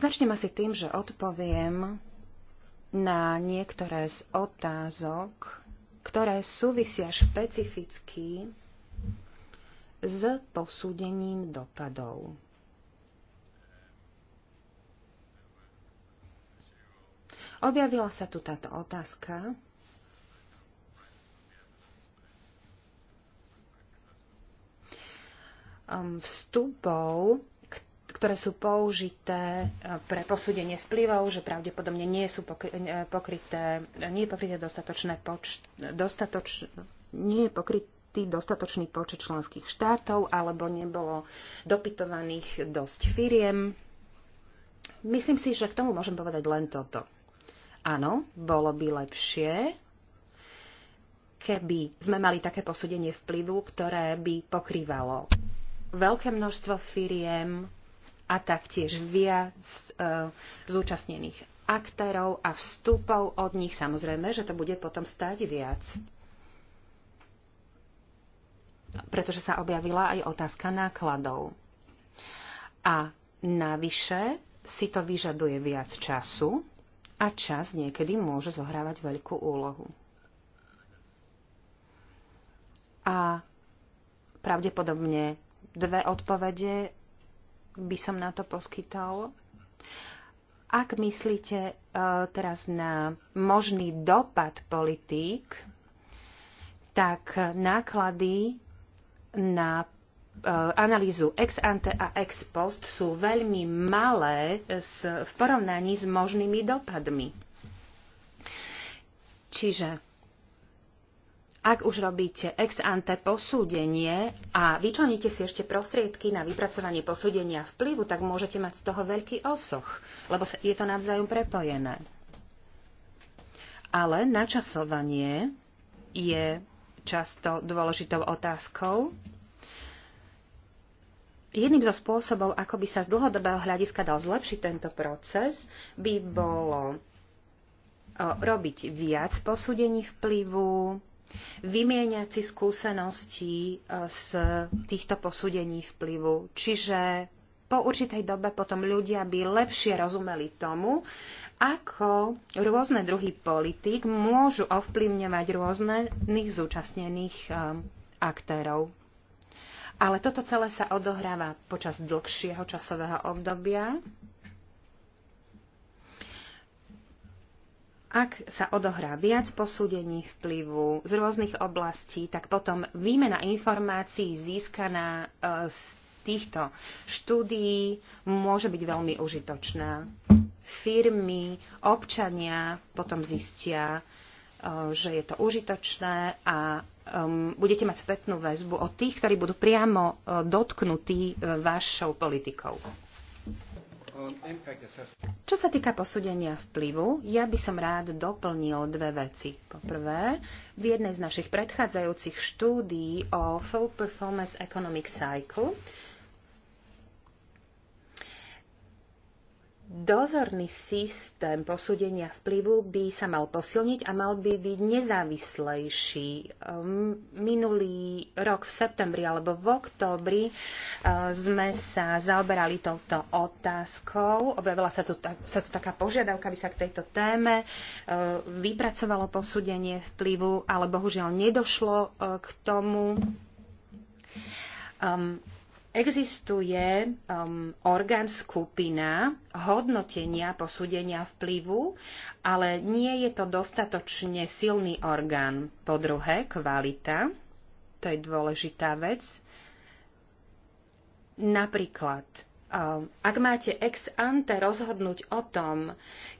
Začnem asi tým, že odpoviem na niektoré z otázok, ktoré súvisia špecificky s posúdením dopadov. Objavila sa tu táto otázka, Um, vstupov, ktoré sú použité uh, pre posúdenie vplyvov, že pravdepodobne nie sú e, pokryté, nie je pokryté dostatočné poč, dostatoč, nie je pokrytý dostatočný počet členských štátov alebo nebolo dopytovaných dosť firiem. Myslím si, že k tomu môžem povedať len toto. Áno, bolo by lepšie, keby sme mali také posúdenie vplyvu, ktoré by pokrývalo veľké množstvo firiem a taktiež viac e, zúčastnených aktérov a vstupov od nich. Samozrejme, že to bude potom stáť viac. Pretože sa objavila aj otázka nákladov. A navyše si to vyžaduje viac času a čas niekedy môže zohrávať veľkú úlohu. A pravdepodobne dve odpovede by som na to poskytol. Ak myslíte e, teraz na možný dopad politík, tak náklady na e, analýzu ex ante a ex post sú veľmi malé v porovnaní s možnými dopadmi. Čiže ak už robíte ex ante posúdenie a vyčleníte si ešte prostriedky na vypracovanie posúdenia vplyvu, tak môžete mať z toho veľký osoch, lebo je to navzájom prepojené. Ale načasovanie je často dôležitou otázkou. Jedným zo spôsobov, ako by sa z dlhodobého hľadiska dal zlepšiť tento proces, by bolo robiť viac posúdení vplyvu, vymieňať si skúsenosti e, z týchto posúdení vplyvu. Čiže po určitej dobe potom ľudia by lepšie rozumeli tomu, ako rôzne druhy politik môžu ovplyvňovať rôznych zúčastnených e, aktérov. Ale toto celé sa odohráva počas dlhšieho časového obdobia ak sa odohrá viac posúdení vplyvu z rôznych oblastí, tak potom výmena informácií získaná e, z týchto štúdií môže byť veľmi užitočná. Firmy, občania potom zistia, e, že je to užitočné a budete mať spätnú väzbu od tých, ktorí budú priamo e, dotknutí vašou politikou. Čo sa týka posúdenia vplyvu, ja by som rád doplnil dve veci. Po prvé, v jednej z našich predchádzajúcich štúdií o Full Performance Economic Cycle dozorný systém posúdenia vplyvu by sa mal posilniť a mal by byť nezávislejší. Ehm, minulý rok v septembri alebo v oktobri ehm, sme sa zaoberali touto otázkou. Objavila sa tu, sa tu taká požiadavka, aby sa k tejto téme ehm, vypracovalo posúdenie vplyvu, ale bohužiaľ nedošlo k tomu existuje um, orgán skupina hodnotenia posúdenia vplyvu, ale nie je to dostatočne silný orgán. Po druhé, kvalita. To je dôležitá vec. Napríklad, um, ak máte ex ante rozhodnúť o tom,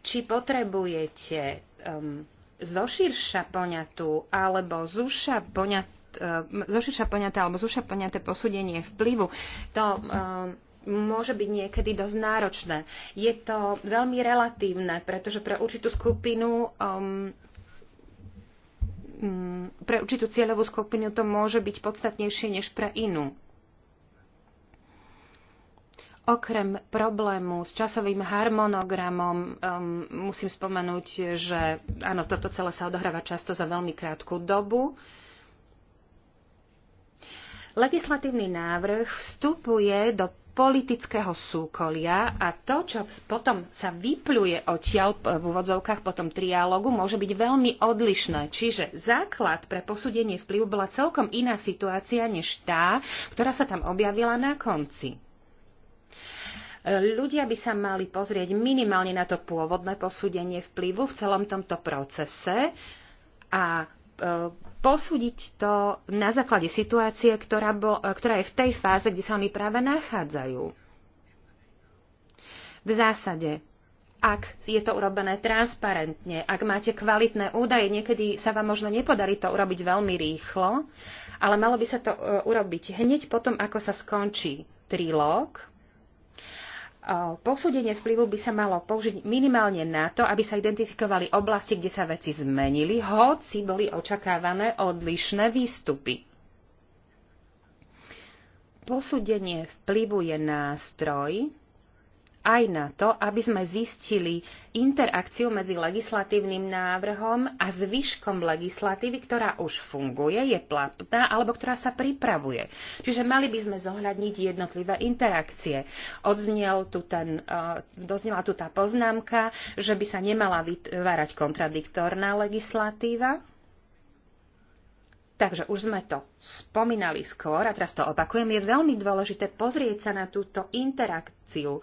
či potrebujete um, zoširša poňatú alebo zuša poňatú E, zošiša poňaté alebo zošiša poňaté posúdenie vplyvu, to e, môže byť niekedy dosť náročné. Je to veľmi relatívne, pretože pre určitú skupinu um, pre určitú cieľovú skupinu to môže byť podstatnejšie než pre inú. Okrem problému s časovým harmonogramom um, musím spomenúť, že áno, toto celé sa odohráva často za veľmi krátku dobu. Legislatívny návrh vstupuje do politického súkolia a to, čo potom sa vypluje odtiaľ v úvodzovkách potom triálogu, môže byť veľmi odlišné. Čiže základ pre posúdenie vplyvu bola celkom iná situácia než tá, ktorá sa tam objavila na konci. E, ľudia by sa mali pozrieť minimálne na to pôvodné posúdenie vplyvu v celom tomto procese a posúdiť to na základe situácie, ktorá, bo, ktorá je v tej fáze, kde sa oni práve nachádzajú. V zásade, ak je to urobené transparentne, ak máte kvalitné údaje, niekedy sa vám možno nepodarí to urobiť veľmi rýchlo, ale malo by sa to e, urobiť hneď potom, ako sa skončí trilóg, Posúdenie vplyvu by sa malo použiť minimálne na to, aby sa identifikovali oblasti, kde sa veci zmenili, hoci boli očakávané odlišné výstupy. Posúdenie vplyvu je nástroj, aj na to, aby sme zistili interakciu medzi legislatívnym návrhom a zvyškom legislatívy, ktorá už funguje, je platná alebo ktorá sa pripravuje. Čiže mali by sme zohľadniť jednotlivé interakcie. Odznel tu ten, eh, doznela tu tá poznámka, že by sa nemala vytvárať kontradiktorná legislatíva, Takže už sme to spomínali skôr a teraz to opakujem, je veľmi dôležité pozrieť sa na túto interakciu. Uh,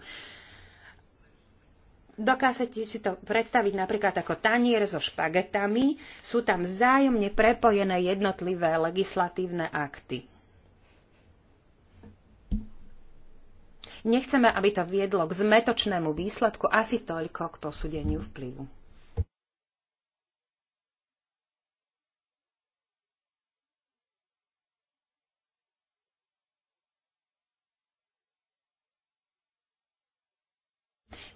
Dokážete si to predstaviť napríklad ako tanier so špagetami, sú tam vzájomne prepojené jednotlivé legislatívne akty. Nechceme, aby to viedlo k zmetočnému výsledku, asi toľko k posúdeniu vplyvu.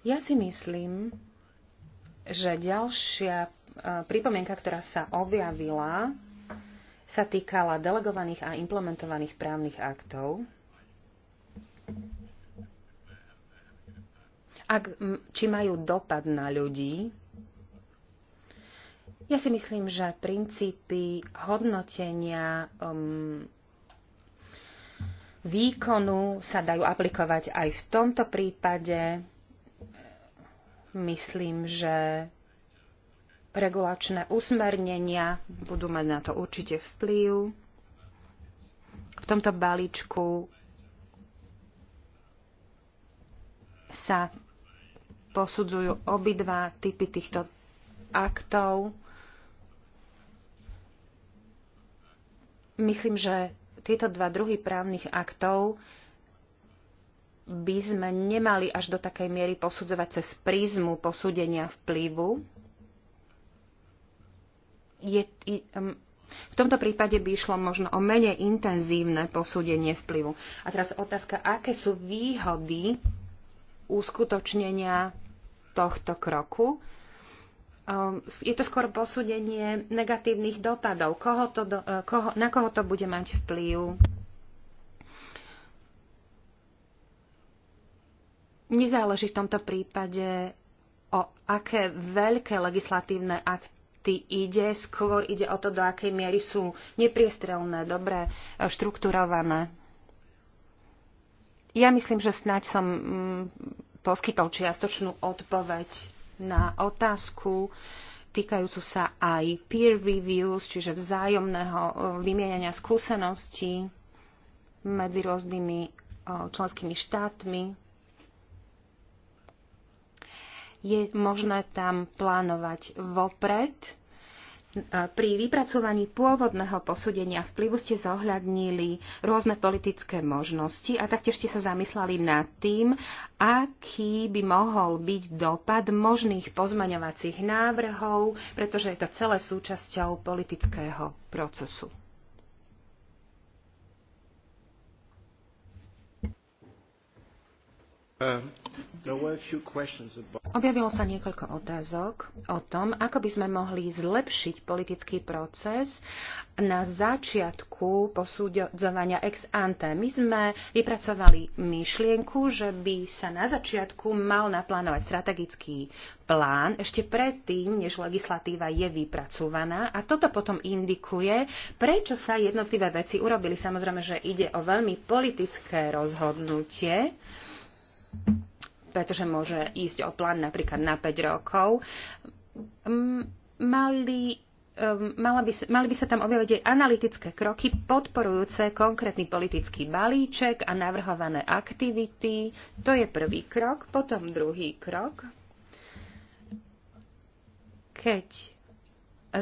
Ja si myslím, že ďalšia e, pripomienka, ktorá sa objavila, sa týkala delegovaných a implementovaných právnych aktov. Ak, či majú dopad na ľudí, ja si myslím, že princípy hodnotenia um, výkonu sa dajú aplikovať aj v tomto prípade. Myslím, že regulačné usmernenia budú mať na to určite vplyv. V tomto balíčku sa posudzujú obidva typy týchto aktov. Myslím, že tieto dva druhy právnych aktov by sme nemali až do takej miery posudzovať cez prízmu posúdenia vplyvu. Je, v tomto prípade by išlo možno o menej intenzívne posúdenie vplyvu. A teraz otázka, aké sú výhody uskutočnenia tohto kroku? je to skôr posúdenie negatívnych dopadov. Koho to, e, koho, na koho to bude mať vplyv? Nezáleží v tomto prípade o aké veľké legislatívne akty ide, skôr ide o to, do akej miery sú nepriestrelné, dobre štrukturované. Ja myslím, že snáď som mm, poskytol čiastočnú odpoveď na otázku týkajúcu sa aj peer reviews, čiže vzájomného e, vymienania skúseností medzi rôznymi e, členskými štátmi je možné tam plánovať vopred. Pri vypracovaní pôvodného posúdenia vplyvu ste zohľadnili rôzne politické možnosti a taktiež ste sa zamysleli nad tým, aký by mohol byť dopad možných pozmaňovacích návrhov, pretože je to celé súčasťou politického procesu. Uh. Objavilo sa niekoľko otázok o tom, ako by sme mohli zlepšiť politický proces na začiatku posúdzovania ex ante. My sme vypracovali myšlienku, že by sa na začiatku mal naplánovať strategický plán ešte predtým, než legislatíva je vypracovaná a toto potom indikuje, prečo sa jednotlivé veci urobili. Samozrejme, že ide o veľmi politické rozhodnutie pretože môže ísť o plán napríklad na 5 rokov. Mali mala by, mali by sa tam objaviť aj analytické kroky podporujúce konkrétny politický balíček a navrhované aktivity. To je prvý krok. Potom druhý krok. Keď E,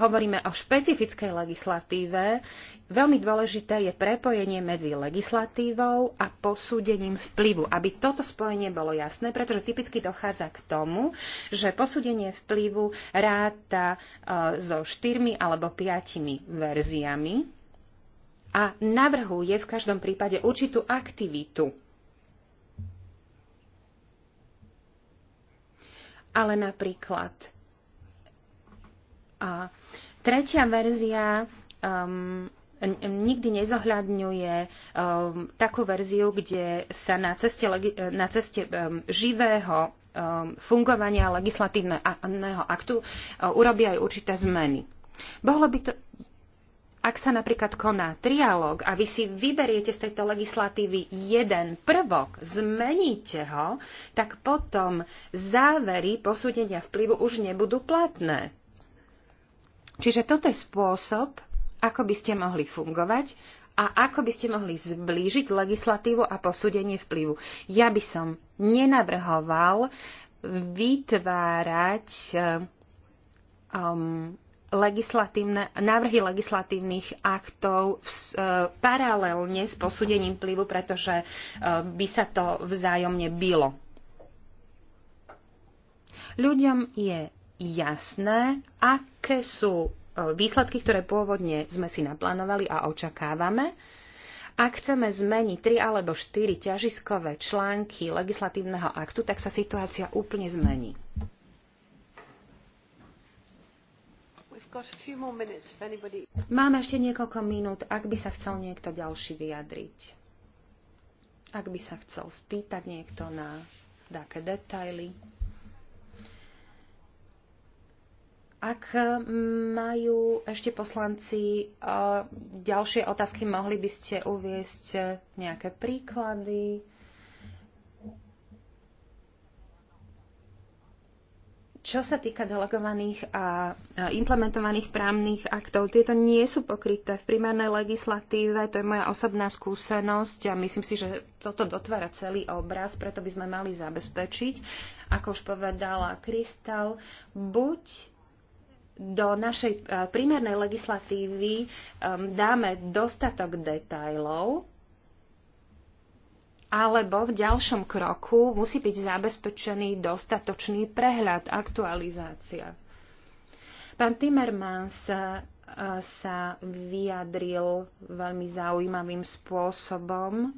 hovoríme o špecifickej legislatíve, veľmi dôležité je prepojenie medzi legislatívou a posúdením vplyvu. Aby toto spojenie bolo jasné, pretože typicky dochádza k tomu, že posúdenie vplyvu ráta e, so štyrmi alebo piatimi verziami a navrhuje v každom prípade určitú aktivitu ale napríklad a tretia verzia um, nikdy nezohľadňuje um, takú verziu, kde sa na ceste, na ceste um, živého um, fungovania legislatívneho aktu um, uh, urobia aj určité zmeny. Bolo by to, ak sa napríklad koná trialog, a vy si vyberiete z tejto legislatívy jeden prvok, zmeníte ho, tak potom závery posúdenia vplyvu už nebudú platné Čiže toto je spôsob, ako by ste mohli fungovať a ako by ste mohli zblížiť legislatívu a posúdenie vplyvu. Ja by som nenavrhoval vytvárať eh, um, legislatívne, návrhy legislatívnych aktov v, uh, paralelne s posúdením vplyvu, pretože uh, by sa to vzájomne bylo. Ľuďom je jasné, aké sú e, výsledky, ktoré pôvodne sme si naplánovali a očakávame. Ak chceme zmeniť tri alebo štyri ťažiskové články legislatívneho aktu, tak sa situácia úplne zmení. Máme ešte niekoľko minút, ak by sa chcel niekto ďalší vyjadriť. Ak by sa chcel spýtať niekto na také detaily. Ak eh, majú ešte poslanci eh, ďalšie otázky, mohli by ste uviesť eh, nejaké príklady? Čo sa týka delegovaných a implementovaných právnych aktov, tieto nie sú pokryté v primárnej legislatíve, to je moja osobná skúsenosť a myslím si, že toto dotvára celý obraz, preto by sme mali zabezpečiť, ako už povedala Kristal, buď do našej e, primárnej legislatívy e, dáme dostatok detajlov, alebo v ďalšom kroku musí byť zabezpečený dostatočný prehľad, aktualizácia. Pán Timmermans e, sa vyjadril veľmi zaujímavým spôsobom.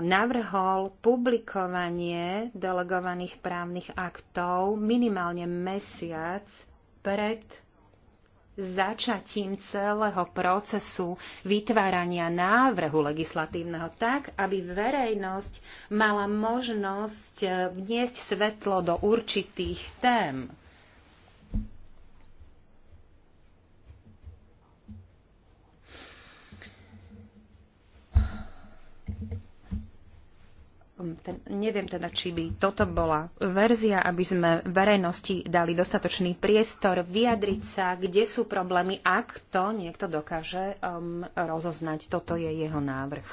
Navrhol publikovanie delegovaných právnych aktov minimálne mesiac pred začatím celého procesu vytvárania návrhu legislatívneho tak, aby verejnosť mala možnosť vniesť svetlo do určitých tém. Hm, ten, neviem teda, či by toto bola verzia, aby sme verejnosti dali dostatočný priestor vyjadriť sa, kde sú problémy, ak to niekto dokáže um, rozoznať. Toto je jeho návrh.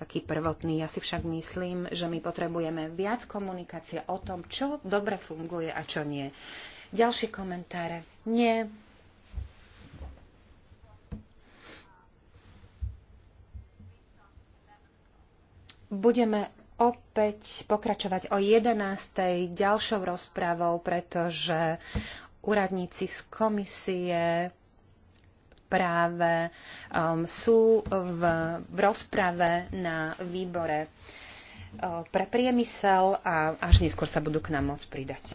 Taký prvotný. Ja si však myslím, že my potrebujeme viac komunikácie o tom, čo dobre funguje a čo nie. Ďalšie komentáre. Nie, budeme opäť pokračovať o 11. ďalšou rozpravou, pretože úradníci z komisie práve um, sú v, v rozprave na výbore uh, pre priemysel a až neskôr sa budú k nám môcť pridať.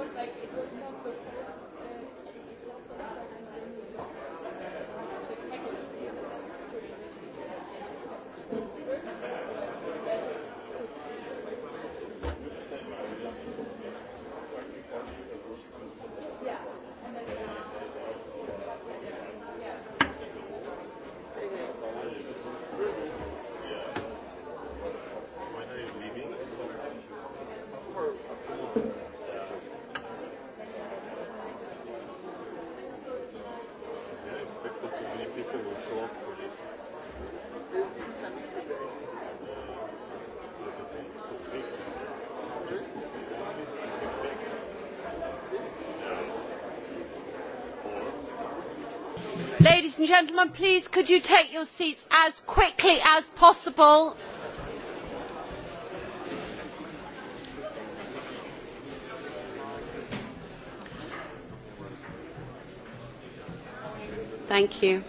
work like and gentlemen please could you take your seats as quickly as possible? thank you.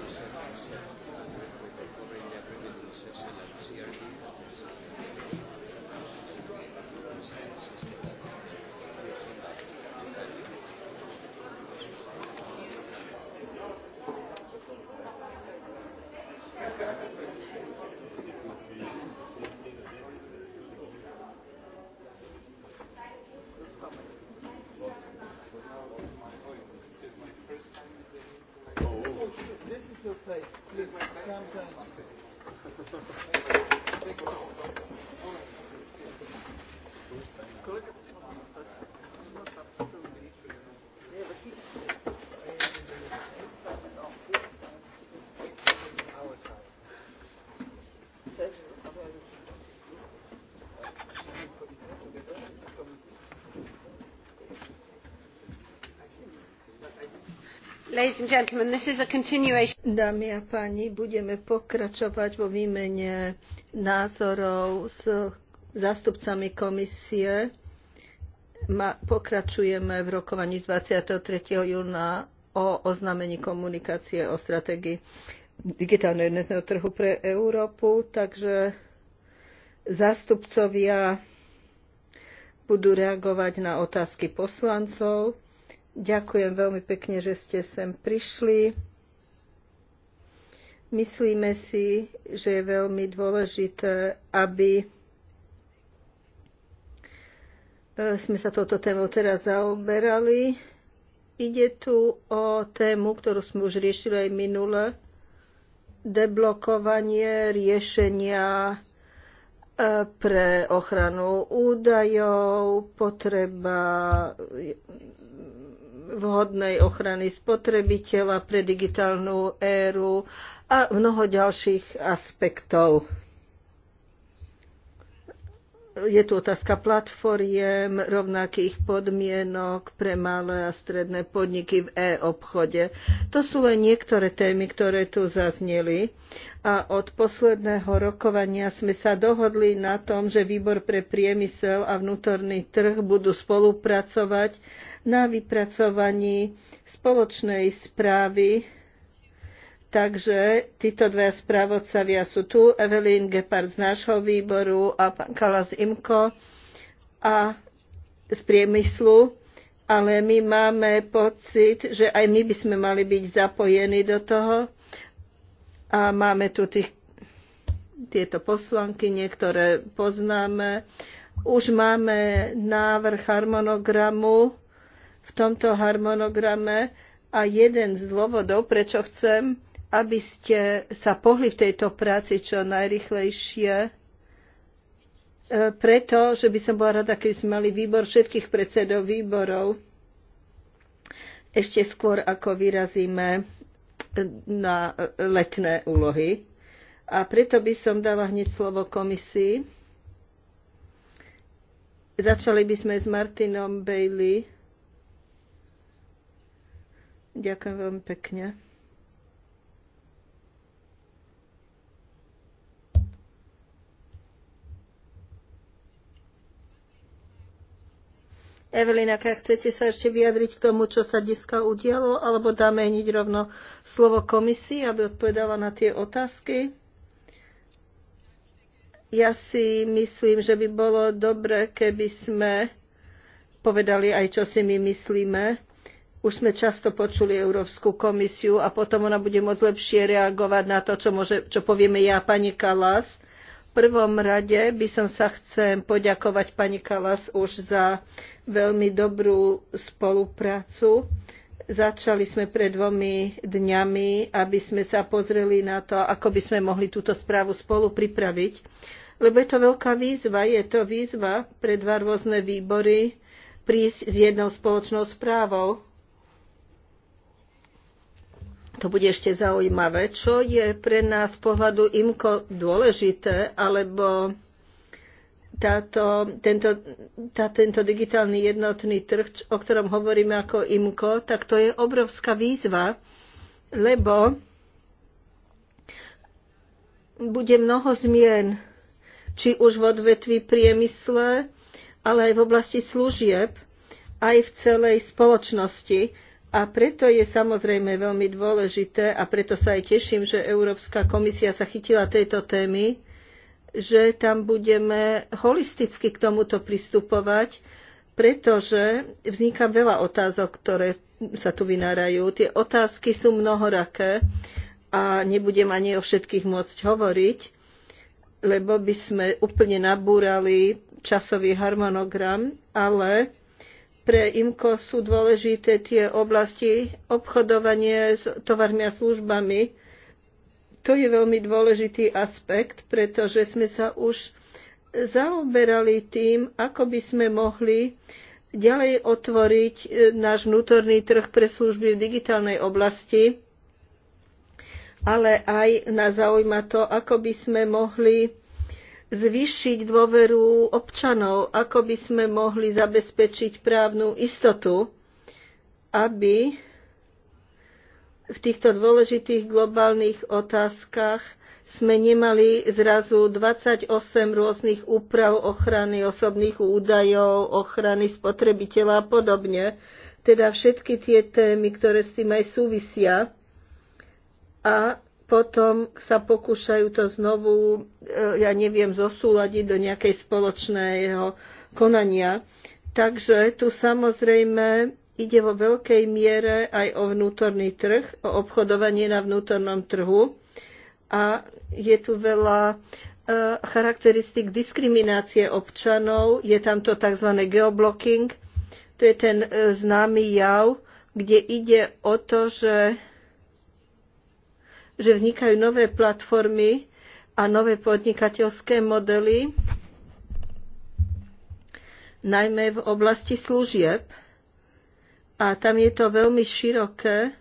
Dámy a páni, budeme pokračovať vo výmene názorov s zástupcami komisie. pokračujeme v rokovaní z 23. júna o oznámení komunikácie o stratégii digitálneho jednotného trhu pre Európu. Takže zástupcovia budú reagovať na otázky poslancov Ďakujem veľmi pekne, že ste sem prišli. Myslíme si, že je veľmi dôležité, aby e, sme sa touto témou teraz zaoberali. Ide tu o tému, ktorú sme už riešili aj minule, deblokovanie riešenia e, pre ochranu údajov, potreba vhodnej ochrany spotrebiteľa pre digitálnu éru a mnoho ďalších aspektov. Je tu otázka platformiem, rovnakých podmienok pre malé a stredné podniky v e-obchode. To sú len niektoré témy, ktoré tu zazneli. A od posledného rokovania sme sa dohodli na tom, že výbor pre priemysel a vnútorný trh budú spolupracovať na vypracovaní spoločnej správy. Takže títo dve správodcavia sú tu, Evelyn Gepard z nášho výboru a pán Kalas Imko a z priemyslu ale my máme pocit, že aj my by sme mali byť zapojení do toho. A máme tu tých, tieto poslanky, niektoré poznáme. Už máme návrh harmonogramu v tomto harmonograme a jeden z dôvodov, prečo chcem, aby ste sa pohli v tejto práci čo najrychlejšie, e, preto, že by som bola rada, keby sme mali výbor všetkých predsedov výborov ešte skôr, ako vyrazíme e, na letné úlohy. A preto by som dala hneď slovo komisii. Začali by sme s Martinom Bailey Ďakujem veľmi pekne. Evelina, ak chcete sa ešte vyjadriť k tomu, čo sa dneska udialo, alebo dáme hneď rovno slovo komisii, aby odpovedala na tie otázky. Ja si myslím, že by bolo dobre, keby sme povedali aj, čo si my myslíme už sme často počuli Európsku komisiu a potom ona bude môcť lepšie reagovať na to, čo, môže, čo povieme ja pani Kalas. V prvom rade by som sa chcem poďakovať pani Kalas už za veľmi dobrú spoluprácu. Začali sme pred dvomi dňami, aby sme sa pozreli na to, ako by sme mohli túto správu spolu pripraviť. Lebo je to veľká výzva, je to výzva pre dva rôzne výbory prísť s jednou spoločnou správou to bude ešte zaujímavé, čo je pre nás z pohľadu IMKO dôležité, alebo táto, tento, tá, tento digitálny jednotný trh, o ktorom hovoríme ako IMKO, tak to je obrovská výzva, lebo bude mnoho zmien, či už v odvetví priemysle, ale aj v oblasti služieb, aj v celej spoločnosti a preto je samozrejme veľmi dôležité, a preto sa aj teším, že Európska komisia sa chytila tejto témy, že tam budeme holisticky k tomuto pristupovať, pretože vzniká veľa otázok, ktoré sa tu vynárajú. Tie otázky sú mnohoraké a nebudem ani o všetkých môcť hovoriť, lebo by sme úplne nabúrali časový harmonogram, ale pre IMCO sú dôležité tie oblasti obchodovanie s tovarmi a službami. To je veľmi dôležitý aspekt, pretože sme sa už zaoberali tým, ako by sme mohli ďalej otvoriť e, náš vnútorný trh pre služby v digitálnej oblasti, ale aj na zaujíma to, ako by sme mohli zvýšiť dôveru občanov, ako by sme mohli zabezpečiť právnu istotu, aby v týchto dôležitých globálnych otázkach sme nemali zrazu 28 rôznych úprav ochrany osobných údajov, ochrany spotrebiteľa a podobne. Teda všetky tie témy, ktoré s tým aj súvisia. A potom sa pokúšajú to znovu, e, ja neviem, zosúľadiť do nejakej spoločného konania. Takže tu samozrejme ide vo veľkej miere aj o vnútorný trh, o obchodovanie na vnútornom trhu a je tu veľa e, charakteristik diskriminácie občanov. Je tam to tzv. geoblocking, to je ten e, známy jav, kde ide o to, že že vznikajú nové platformy a nové podnikateľské modely, najmä v oblasti služieb. A tam je to veľmi široké.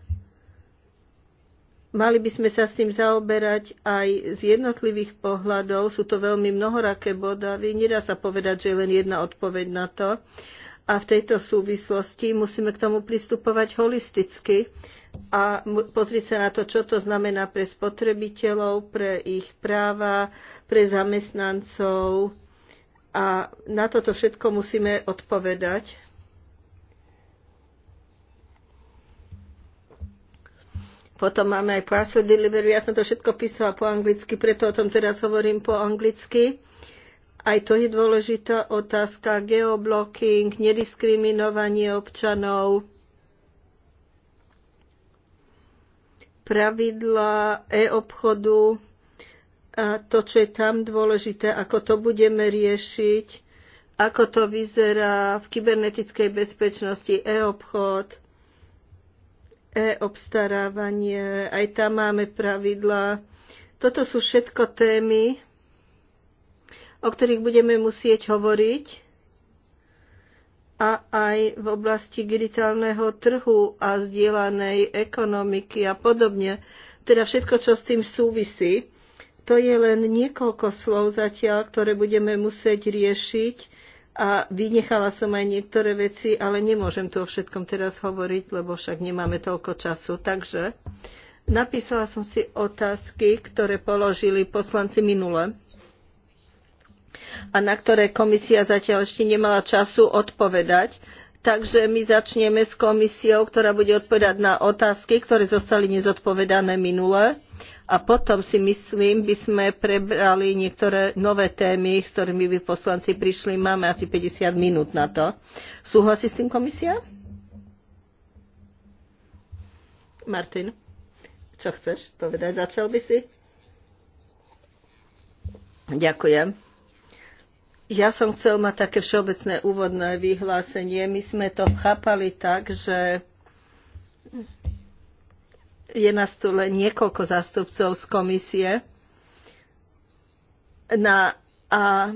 Mali by sme sa s tým zaoberať aj z jednotlivých pohľadov. Sú to veľmi mnohoraké bodavy. Nedá sa povedať, že je len jedna odpoveď na to a v tejto súvislosti musíme k tomu pristupovať holisticky a pozrieť sa na to, čo to znamená pre spotrebiteľov, pre ich práva, pre zamestnancov. A na toto všetko musíme odpovedať. Potom máme aj parcel delivery. Ja som to všetko písala po anglicky, preto o tom teraz hovorím po anglicky. Aj to je dôležitá otázka. Geoblocking, nediskriminovanie občanov, pravidla e-obchodu a to, čo je tam dôležité, ako to budeme riešiť, ako to vyzerá v kybernetickej bezpečnosti, e-obchod, e-obstarávanie, aj tam máme pravidla. Toto sú všetko témy, o ktorých budeme musieť hovoriť a aj v oblasti digitálneho trhu a zdieľanej ekonomiky a podobne. Teda všetko, čo s tým súvisí. To je len niekoľko slov zatiaľ, ktoré budeme musieť riešiť a vynechala som aj niektoré veci, ale nemôžem tu o všetkom teraz hovoriť, lebo však nemáme toľko času. Takže napísala som si otázky, ktoré položili poslanci minule a na ktoré komisia zatiaľ ešte nemala času odpovedať. Takže my začneme s komisiou, ktorá bude odpovedať na otázky, ktoré zostali nezodpovedané minule. A potom si myslím, by sme prebrali niektoré nové témy, s ktorými by poslanci prišli. Máme asi 50 minút na to. Súhlasí s tým komisia? Martin, čo chceš povedať? Začal by si? Ďakujem. Ja som chcel mať také všeobecné úvodné vyhlásenie. My sme to chápali tak, že je na stole niekoľko zástupcov z komisie na, a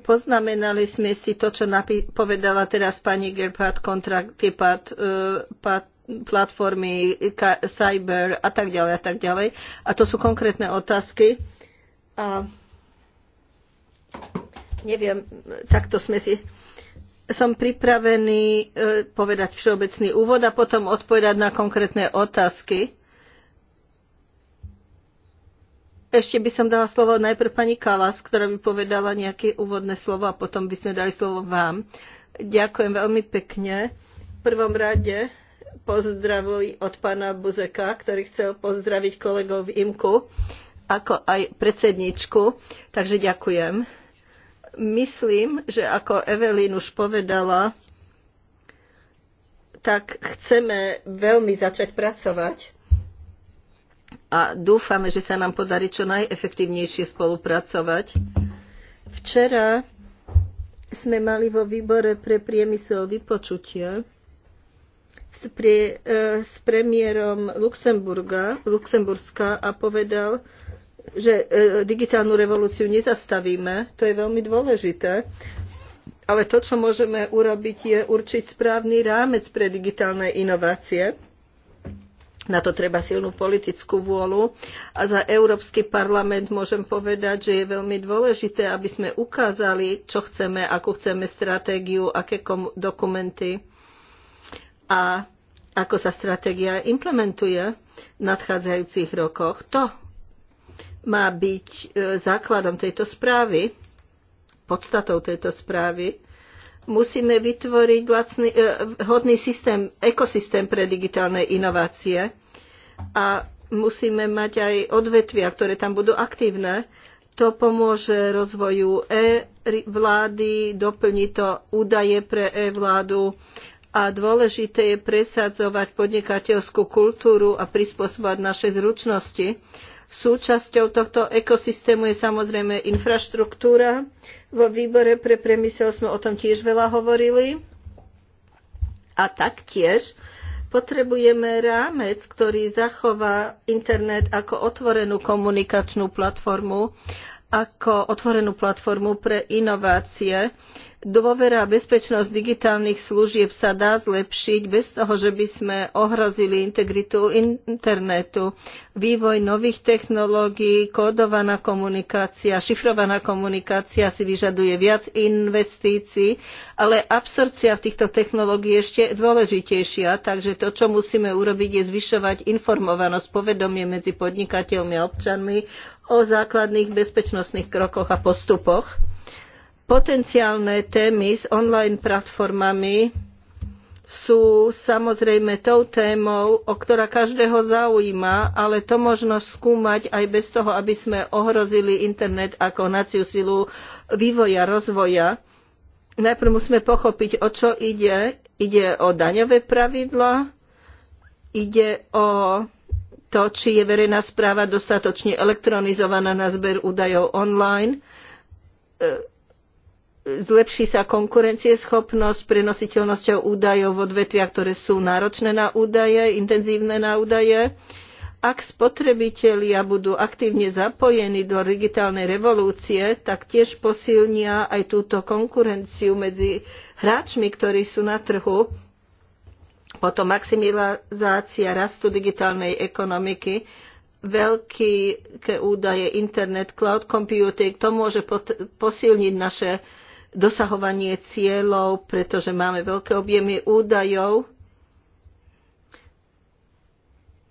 poznamenali sme si to, čo napi- povedala teraz pani Gerhard, kontrakty, pat, e, pat, platformy, ka- cyber a tak ďalej a tak ďalej. A to sú konkrétne otázky. A Neviem, takto sme si... Som pripravený e, povedať všeobecný úvod a potom odpovedať na konkrétne otázky. Ešte by som dala slovo najprv pani Kalas, ktorá by povedala nejaké úvodné slovo a potom by sme dali slovo vám. Ďakujem veľmi pekne. V prvom rade pozdravuj od pána Buzeka, ktorý chcel pozdraviť kolegov v IMKU, ako aj predsedničku. Takže ďakujem. Myslím, že ako Evelyn už povedala, tak chceme veľmi začať pracovať a dúfame, že sa nám podarí čo najefektívnejšie spolupracovať. Včera sme mali vo výbore pre priemysel vypočutie s, pre, e, s premiérom Luxemburga, Luxemburska a povedal, že e, digitálnu revolúciu nezastavíme, to je veľmi dôležité. Ale to, čo môžeme urobiť, je určiť správny rámec pre digitálne inovácie. Na to treba silnú politickú vôľu. A za Európsky parlament môžem povedať, že je veľmi dôležité, aby sme ukázali, čo chceme, akú chceme stratégiu, aké dokumenty a ako sa stratégia implementuje v nadchádzajúcich rokoch. To má byť e, základom tejto správy, podstatou tejto správy. Musíme vytvoriť lacný, e, hodný systém, ekosystém pre digitálne inovácie a musíme mať aj odvetvia, ktoré tam budú aktívne. To pomôže rozvoju e-vlády, doplní to údaje pre e-vládu a dôležité je presadzovať podnikateľskú kultúru a prispôsobovať naše zručnosti. Súčasťou tohto ekosystému je samozrejme infraštruktúra. Vo výbore pre priemysel sme o tom tiež veľa hovorili. A taktiež potrebujeme rámec, ktorý zachová internet ako otvorenú komunikačnú platformu ako otvorenú platformu pre inovácie. Dôvera a bezpečnosť digitálnych služieb sa dá zlepšiť bez toho, že by sme ohrozili integritu internetu. Vývoj nových technológií, kódovaná komunikácia, šifrovaná komunikácia si vyžaduje viac investícií, ale absorpcia v týchto technológií ešte dôležitejšia, takže to, čo musíme urobiť, je zvyšovať informovanosť, povedomie medzi podnikateľmi a občanmi o základných bezpečnostných krokoch a postupoch. Potenciálne témy s online platformami sú samozrejme tou témou, o ktorá každého zaujíma, ale to možno skúmať aj bez toho, aby sme ohrozili internet ako naciu silu vývoja, rozvoja. Najprv musíme pochopiť, o čo ide. Ide o daňové pravidla, ide o to, či je verejná správa dostatočne elektronizovaná na zber údajov online, e, zlepší sa konkurencieschopnosť prenositeľnosťou údajov v odvetviach, ktoré sú náročné na údaje, intenzívne na údaje. Ak spotrebitelia budú aktívne zapojení do digitálnej revolúcie, tak tiež posilnia aj túto konkurenciu medzi hráčmi, ktorí sú na trhu potom maximizácia rastu digitálnej ekonomiky, veľké údaje, internet, cloud computing, to môže posilniť naše dosahovanie cieľov, pretože máme veľké objemy údajov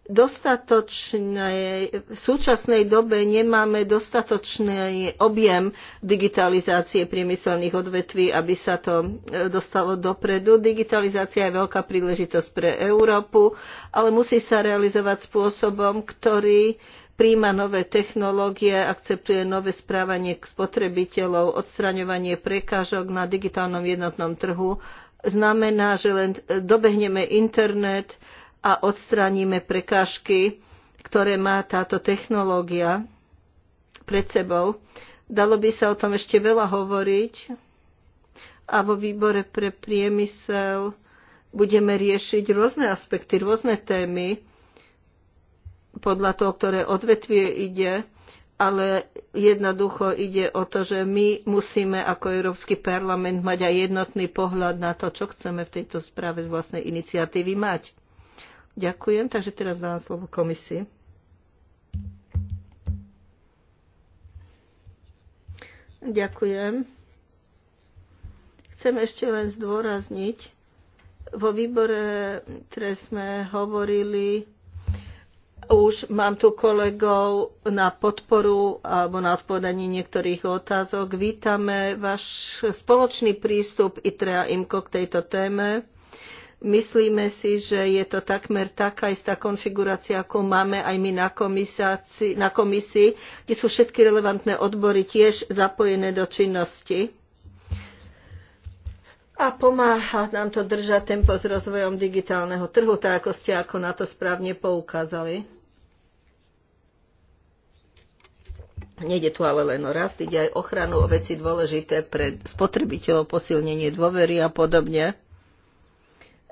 dostatočnej, v súčasnej dobe nemáme dostatočný objem digitalizácie priemyselných odvetví, aby sa to e, dostalo dopredu. Digitalizácia je veľká príležitosť pre Európu, ale musí sa realizovať spôsobom, ktorý príjma nové technológie, akceptuje nové správanie k spotrebiteľov, odstraňovanie prekážok na digitálnom jednotnom trhu. Znamená, že len dobehneme internet, a odstránime prekážky, ktoré má táto technológia pred sebou. Dalo by sa o tom ešte veľa hovoriť a vo výbore pre priemysel budeme riešiť rôzne aspekty, rôzne témy podľa toho, ktoré odvetvie ide, ale jednoducho ide o to, že my musíme ako Európsky parlament mať aj jednotný pohľad na to, čo chceme v tejto správe z vlastnej iniciatívy mať. Ďakujem, takže teraz dávam slovo komisii. Ďakujem. Chcem ešte len zdôrazniť, vo výbore, ktoré sme hovorili, už mám tu kolegov na podporu alebo na odpovedanie niektorých otázok. Vítame váš spoločný prístup ITRE a IMKO k tejto téme Myslíme si, že je to takmer taká istá konfigurácia, ako máme aj my na, na komisii, kde sú všetky relevantné odbory tiež zapojené do činnosti. A pomáha nám to držať tempo s rozvojom digitálneho trhu, tak ako ste ako na to správne poukázali. Nejde tu ale len o rast, ide aj ochranu o veci dôležité pre spotrebiteľov, posilnenie dôvery a podobne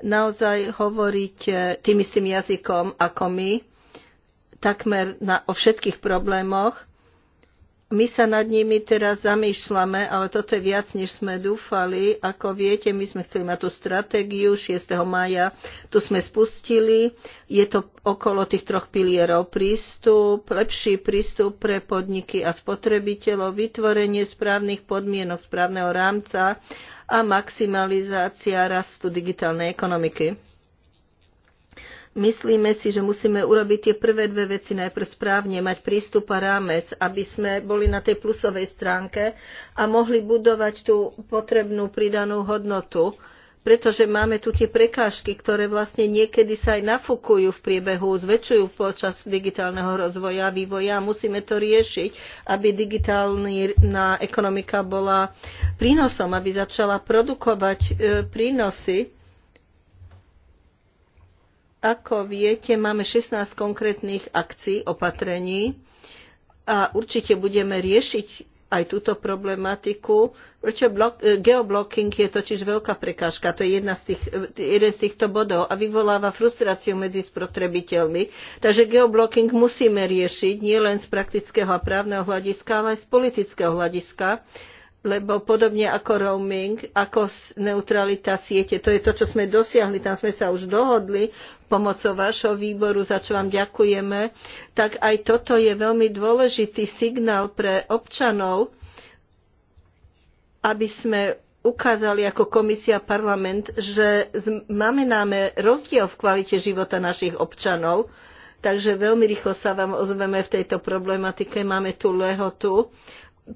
naozaj hovoríte tým istým jazykom ako my, takmer na, o všetkých problémoch my sa nad nimi teraz zamýšľame, ale toto je viac, než sme dúfali. Ako viete, my sme chceli mať tú stratégiu 6. maja, tu sme spustili. Je to okolo tých troch pilierov prístup, lepší prístup pre podniky a spotrebiteľov, vytvorenie správnych podmienok, správneho rámca a maximalizácia rastu digitálnej ekonomiky. Myslíme si, že musíme urobiť tie prvé dve veci najprv správne, mať prístup a rámec, aby sme boli na tej plusovej stránke a mohli budovať tú potrebnú pridanú hodnotu, pretože máme tu tie prekážky, ktoré vlastne niekedy sa aj nafúkujú v priebehu, zväčšujú počas digitálneho rozvoja, a vývoja a musíme to riešiť, aby digitálna ekonomika bola prínosom, aby začala produkovať e, prínosy ako viete, máme 16 konkrétnych akcií, opatrení a určite budeme riešiť aj túto problematiku. Prečo blok, eh, geoblocking je totiž veľká prekážka, to je jedna z tých, eh, jeden z týchto bodov a vyvoláva frustráciu medzi spotrebiteľmi. Takže geoblocking musíme riešiť nielen z praktického a právneho hľadiska, ale aj z politického hľadiska lebo podobne ako roaming, ako neutralita siete, to je to, čo sme dosiahli, tam sme sa už dohodli pomocou vášho výboru, za čo vám ďakujeme, tak aj toto je veľmi dôležitý signál pre občanov, aby sme ukázali ako komisia parlament, že máme náme rozdiel v kvalite života našich občanov, Takže veľmi rýchlo sa vám ozveme v tejto problematike. Máme tu lehotu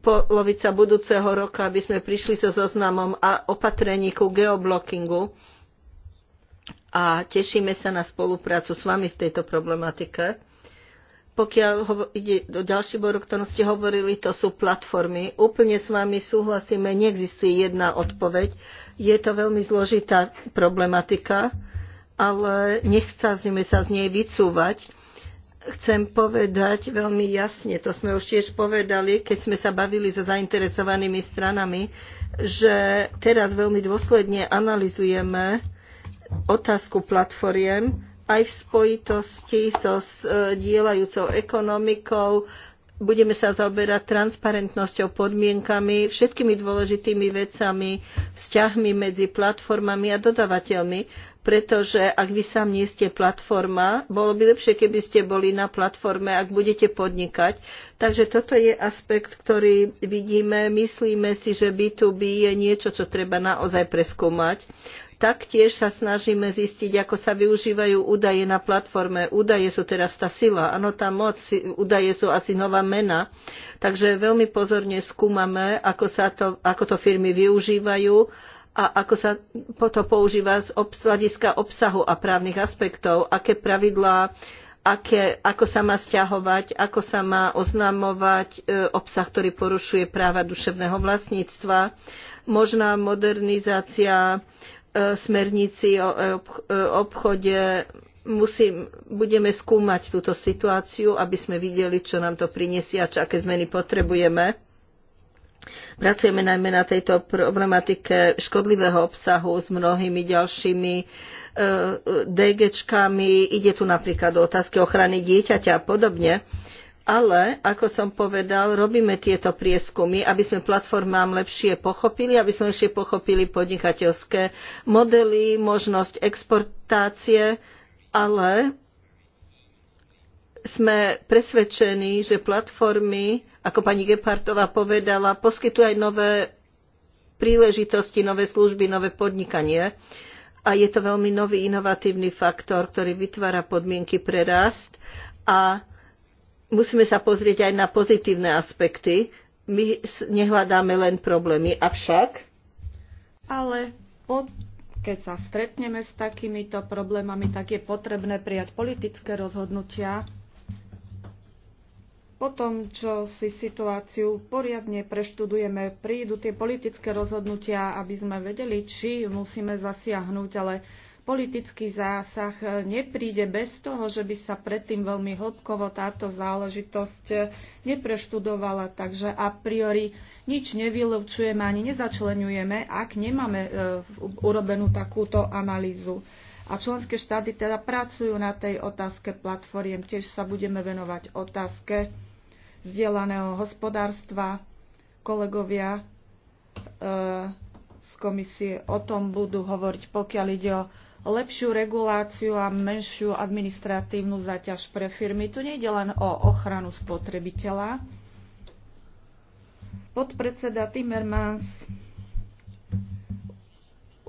polovica budúceho roka, aby sme prišli so zoznamom a opatrení ku geoblockingu. A tešíme sa na spoluprácu s vami v tejto problematike. Pokiaľ ide do ďalší bod, o ktorom ste hovorili, to sú platformy. Úplne s vami súhlasíme, neexistuje jedna odpoveď. Je to veľmi zložitá problematika, ale nechcázime sa z nej vycúvať chcem povedať veľmi jasne, to sme už tiež povedali, keď sme sa bavili so zainteresovanými stranami, že teraz veľmi dôsledne analizujeme otázku platformiem aj v spojitosti so e, dielajúcou ekonomikou, budeme sa zaoberať transparentnosťou, podmienkami, všetkými dôležitými vecami, vzťahmi medzi platformami a dodavateľmi pretože ak vy sám nie ste platforma, bolo by lepšie, keby ste boli na platforme, ak budete podnikať. Takže toto je aspekt, ktorý vidíme. Myslíme si, že B2B je niečo, čo treba naozaj preskúmať. Taktiež sa snažíme zistiť, ako sa využívajú údaje na platforme. Údaje sú teraz tá sila, áno, tá moc, údaje sú asi nová mena. Takže veľmi pozorne skúmame, ako, sa to, ako to firmy využívajú a ako sa to používa z hľadiska obsahu a právnych aspektov, aké pravidlá, aké, ako sa má stiahovať, ako sa má oznamovať e, obsah, ktorý porušuje práva duševného vlastníctva, možná modernizácia e, smernici o e, e obchode. Musím, budeme skúmať túto situáciu, aby sme videli, čo nám to prinesie a čo, aké zmeny potrebujeme Pracujeme najmä na tejto problematike škodlivého obsahu s mnohými ďalšími e, DGčkami. Ide tu napríklad o otázky ochrany dieťaťa a podobne. Ale, ako som povedal, robíme tieto prieskumy, aby sme platformám lepšie pochopili, aby sme lepšie pochopili podnikateľské modely, možnosť exportácie, ale sme presvedčení, že platformy ako pani Gepardová povedala, poskytuje aj nové príležitosti, nové služby, nové podnikanie. A je to veľmi nový inovatívny faktor, ktorý vytvára podmienky pre rast a musíme sa pozrieť aj na pozitívne aspekty. My nehľadáme len problémy, avšak. Ale pod, keď sa stretneme s takýmito problémami, tak je potrebné prijať politické rozhodnutia, po tom, čo si situáciu poriadne preštudujeme, prídu tie politické rozhodnutia, aby sme vedeli, či musíme zasiahnuť, ale politický zásah nepríde bez toho, že by sa predtým veľmi hlbkovo táto záležitosť nepreštudovala. Takže a priori nič nevylučujeme ani nezačlenujeme, ak nemáme e, urobenú takúto analýzu a členské štáty teda pracujú na tej otázke platformiem. Tiež sa budeme venovať otázke zdieľaného hospodárstva. Kolegovia e, z komisie o tom budú hovoriť, pokiaľ ide o lepšiu reguláciu a menšiu administratívnu zaťaž pre firmy. Tu nejde len o ochranu spotrebiteľa. Podpredseda Timmermans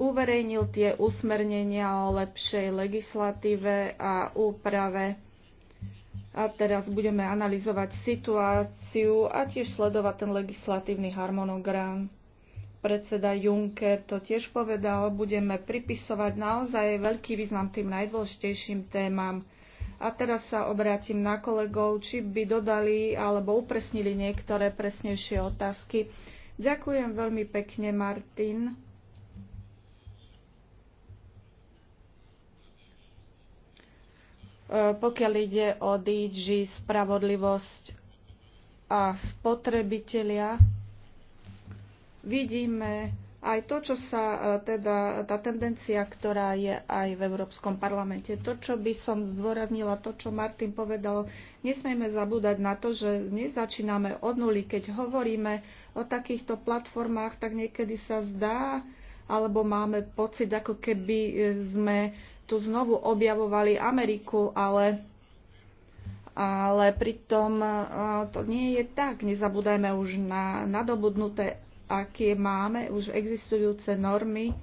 uverejnil tie usmernenia o lepšej legislatíve a úprave a teraz budeme analyzovať situáciu a tiež sledovať ten legislatívny harmonogram. Predseda Juncker to tiež povedal, budeme pripisovať naozaj veľký význam tým najdôležitejším témam. A teraz sa obrátim na kolegov, či by dodali alebo upresnili niektoré presnejšie otázky. Ďakujem veľmi pekne, Martin. E, pokiaľ ide o DG, spravodlivosť a spotrebitelia, vidíme aj to, čo sa e, teda tá tendencia, ktorá je aj v Európskom parlamente. To, čo by som zdôraznila, to, čo Martin povedal, nesmieme zabúdať na to, že nezačíname od nuly. Keď hovoríme o takýchto platformách, tak niekedy sa zdá, alebo máme pocit, ako keby e, sme tu znovu objavovali Ameriku, ale, ale pritom e, to nie je tak. Nezabúdajme už na nadobudnuté, aké máme, už existujúce normy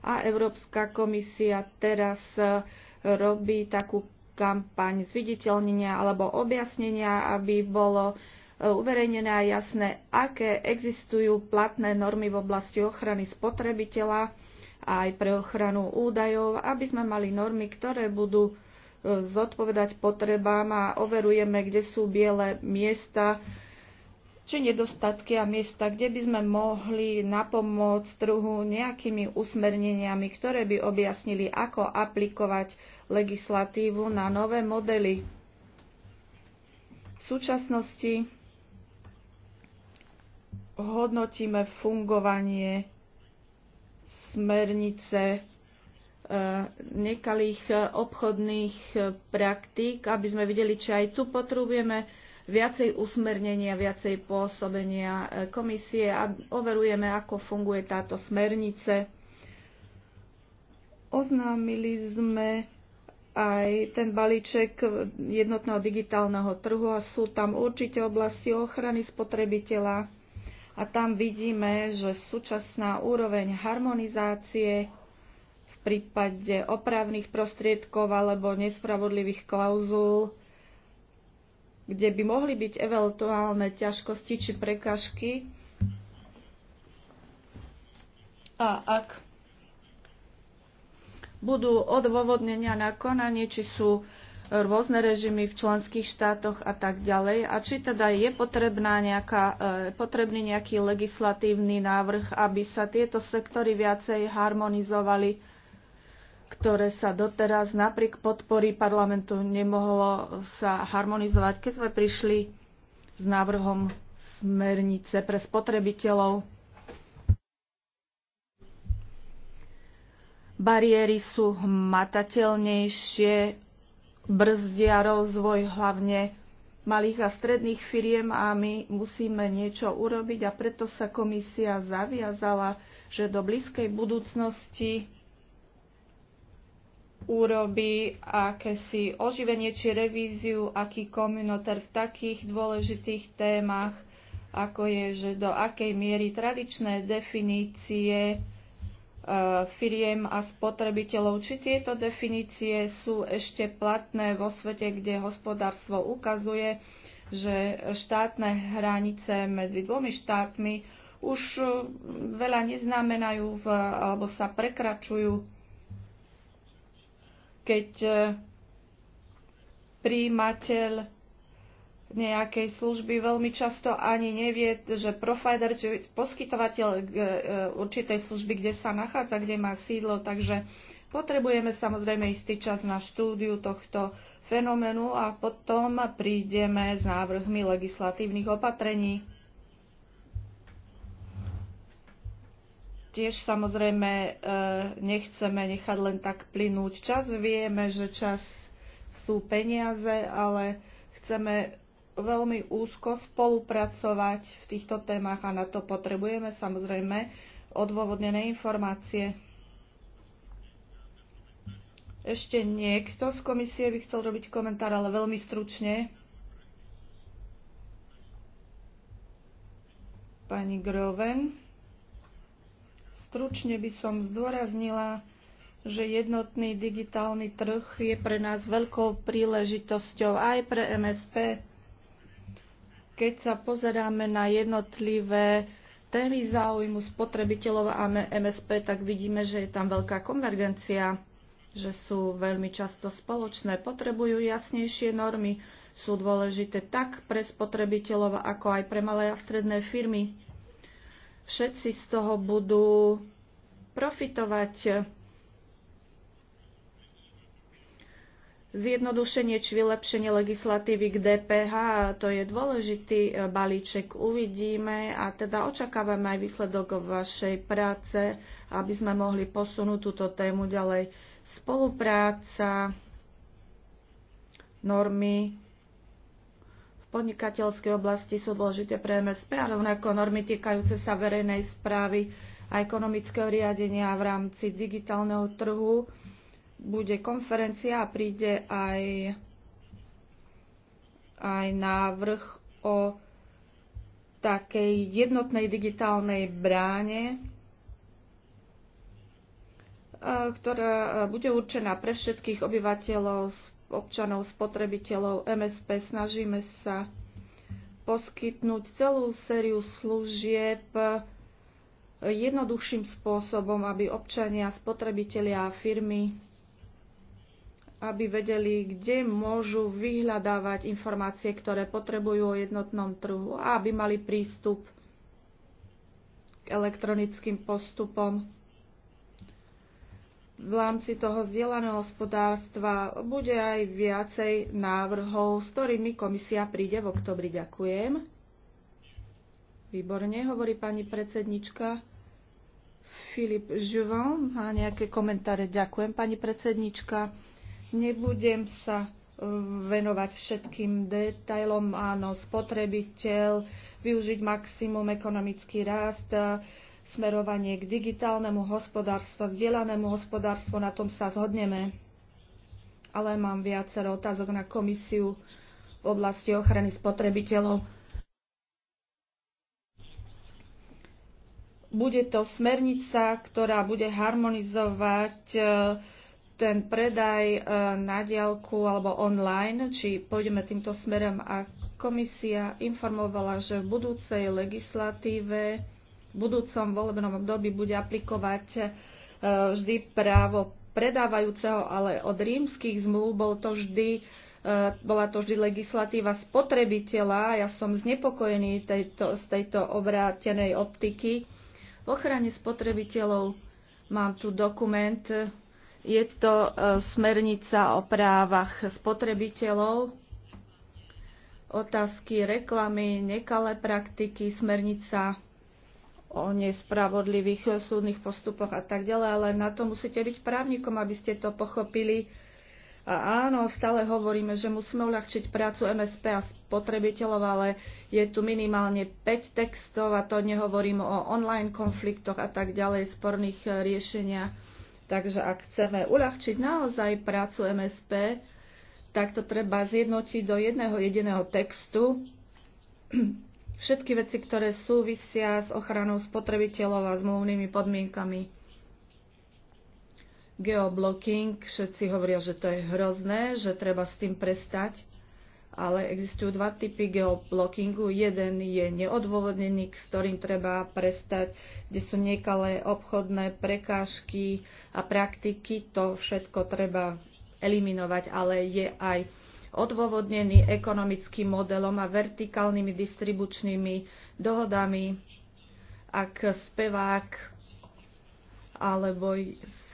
a Európska komisia teraz e, robí takú kampaň zviditeľnenia alebo objasnenia, aby bolo e, uverejnené a jasné, aké existujú platné normy v oblasti ochrany spotrebiteľa aj pre ochranu údajov, aby sme mali normy, ktoré budú e, zodpovedať potrebám a overujeme, kde sú biele miesta, či nedostatky a miesta, kde by sme mohli napomôcť trhu nejakými usmerneniami, ktoré by objasnili, ako aplikovať legislatívu na nové modely. V súčasnosti hodnotíme fungovanie smernice e, nekalých e, obchodných e, praktík, aby sme videli, či aj tu potrebujeme viacej usmernenia, viacej pôsobenia komisie a overujeme, ako funguje táto smernice. Oznámili sme aj ten balíček jednotného digitálneho trhu a sú tam určite oblasti ochrany spotrebiteľa, a tam vidíme, že súčasná úroveň harmonizácie v prípade opravných prostriedkov alebo nespravodlivých klauzul, kde by mohli byť eventuálne ťažkosti či prekažky. A ak budú odôvodnenia na konanie, či sú rôzne režimy v členských štátoch a tak ďalej. A či teda je potrebná nejaká, e, potrebný nejaký legislatívny návrh, aby sa tieto sektory viacej harmonizovali, ktoré sa doteraz napriek podpory parlamentu nemohlo sa harmonizovať, keď sme prišli s návrhom smernice pre spotrebiteľov. Bariéry sú hmatateľnejšie, brzdia rozvoj hlavne malých a stredných firiem a my musíme niečo urobiť a preto sa komisia zaviazala, že do blízkej budúcnosti urobí akési oživenie či revíziu, aký komunotér v takých dôležitých témach, ako je, že do akej miery tradičné definície Eh, firiem a spotrebiteľov. Či tieto definície sú ešte platné vo svete, kde hospodárstvo ukazuje, že štátne hranice medzi dvomi štátmi už eh, veľa neznamenajú v, alebo sa prekračujú, keď eh, príjimateľ nejakej služby veľmi často ani nevie, že provider, či poskytovateľ e, e, určitej služby, kde sa nachádza, kde má sídlo, takže potrebujeme samozrejme istý čas na štúdiu tohto fenoménu a potom prídeme s návrhmi legislatívnych opatrení. Tiež samozrejme e, nechceme nechať len tak plynúť čas. Vieme, že čas sú peniaze, ale chceme veľmi úzko spolupracovať v týchto témach a na to potrebujeme samozrejme odôvodnené informácie. Ešte niekto z komisie by chcel robiť komentár, ale veľmi stručne. Pani Groven. Stručne by som zdôraznila, že jednotný digitálny trh je pre nás veľkou príležitosťou aj pre MSP. Keď sa pozeráme na jednotlivé témy záujmu spotrebiteľov a MSP, tak vidíme, že je tam veľká konvergencia, že sú veľmi často spoločné, potrebujú jasnejšie normy, sú dôležité tak pre spotrebiteľov, ako aj pre malé a stredné firmy. Všetci z toho budú profitovať zjednodušenie či vylepšenie legislatívy k DPH. To je dôležitý e, balíček. Uvidíme a teda očakávame aj výsledok vašej práce, aby sme mohli posunúť túto tému ďalej. Spolupráca, normy v podnikateľskej oblasti sú dôležité pre MSP, ale rovnako normy týkajúce sa verejnej správy a ekonomického riadenia v rámci digitálneho trhu bude konferencia a príde aj, aj návrh o takej jednotnej digitálnej bráne, e, ktorá bude určená pre všetkých obyvateľov, občanov, spotrebiteľov MSP. Snažíme sa poskytnúť celú sériu služieb jednoduchším spôsobom, aby občania, spotrebitelia a firmy aby vedeli, kde môžu vyhľadávať informácie, ktoré potrebujú o jednotnom trhu a aby mali prístup k elektronickým postupom v rámci toho vzdielaného hospodárstva bude aj viacej návrhov, s ktorými komisia príde v oktobri. Ďakujem. Výborne, hovorí pani predsednička. Filip Juvin má nejaké komentáre. Ďakujem, pani predsednička. Nebudem sa e, venovať všetkým detailom, áno, spotrebiteľ, využiť maximum ekonomický rast, e, smerovanie k digitálnemu hospodárstvu, vzdielanému hospodárstvu, na tom sa zhodneme. Ale mám viacero otázok na komisiu v oblasti ochrany spotrebiteľov. Bude to smernica, ktorá bude harmonizovať e, ten predaj e, na diálku alebo online, či pôjdeme týmto smerom a komisia informovala, že v budúcej legislatíve, v budúcom volebnom období bude aplikovať e, vždy právo predávajúceho, ale od rímskych zmluv bol to vždy, e, bola to vždy legislatíva spotrebiteľa. Ja som znepokojený tejto, z tejto obrátenej optiky. V ochrane spotrebiteľov mám tu dokument je to e, smernica o právach spotrebiteľov, otázky reklamy, nekalé praktiky, smernica o nespravodlivých súdnych postupoch a tak ďalej, ale na to musíte byť právnikom, aby ste to pochopili. A áno, stále hovoríme, že musíme uľahčiť prácu MSP a spotrebiteľov, ale je tu minimálne 5 textov a to nehovorím o online konfliktoch a tak ďalej, sporných e, riešeniach Takže ak chceme uľahčiť naozaj prácu MSP, tak to treba zjednotiť do jedného jediného textu [clears throat] všetky veci, ktoré súvisia s ochranou spotrebiteľov a zmluvnými podmienkami. Geoblocking, všetci hovoria, že to je hrozné, že treba s tým prestať ale existujú dva typy geoblockingu. Jeden je neodôvodnený, s ktorým treba prestať, kde sú niekalé obchodné prekážky a praktiky. To všetko treba eliminovať, ale je aj odôvodnený ekonomickým modelom a vertikálnymi distribučnými dohodami. Ak spevák alebo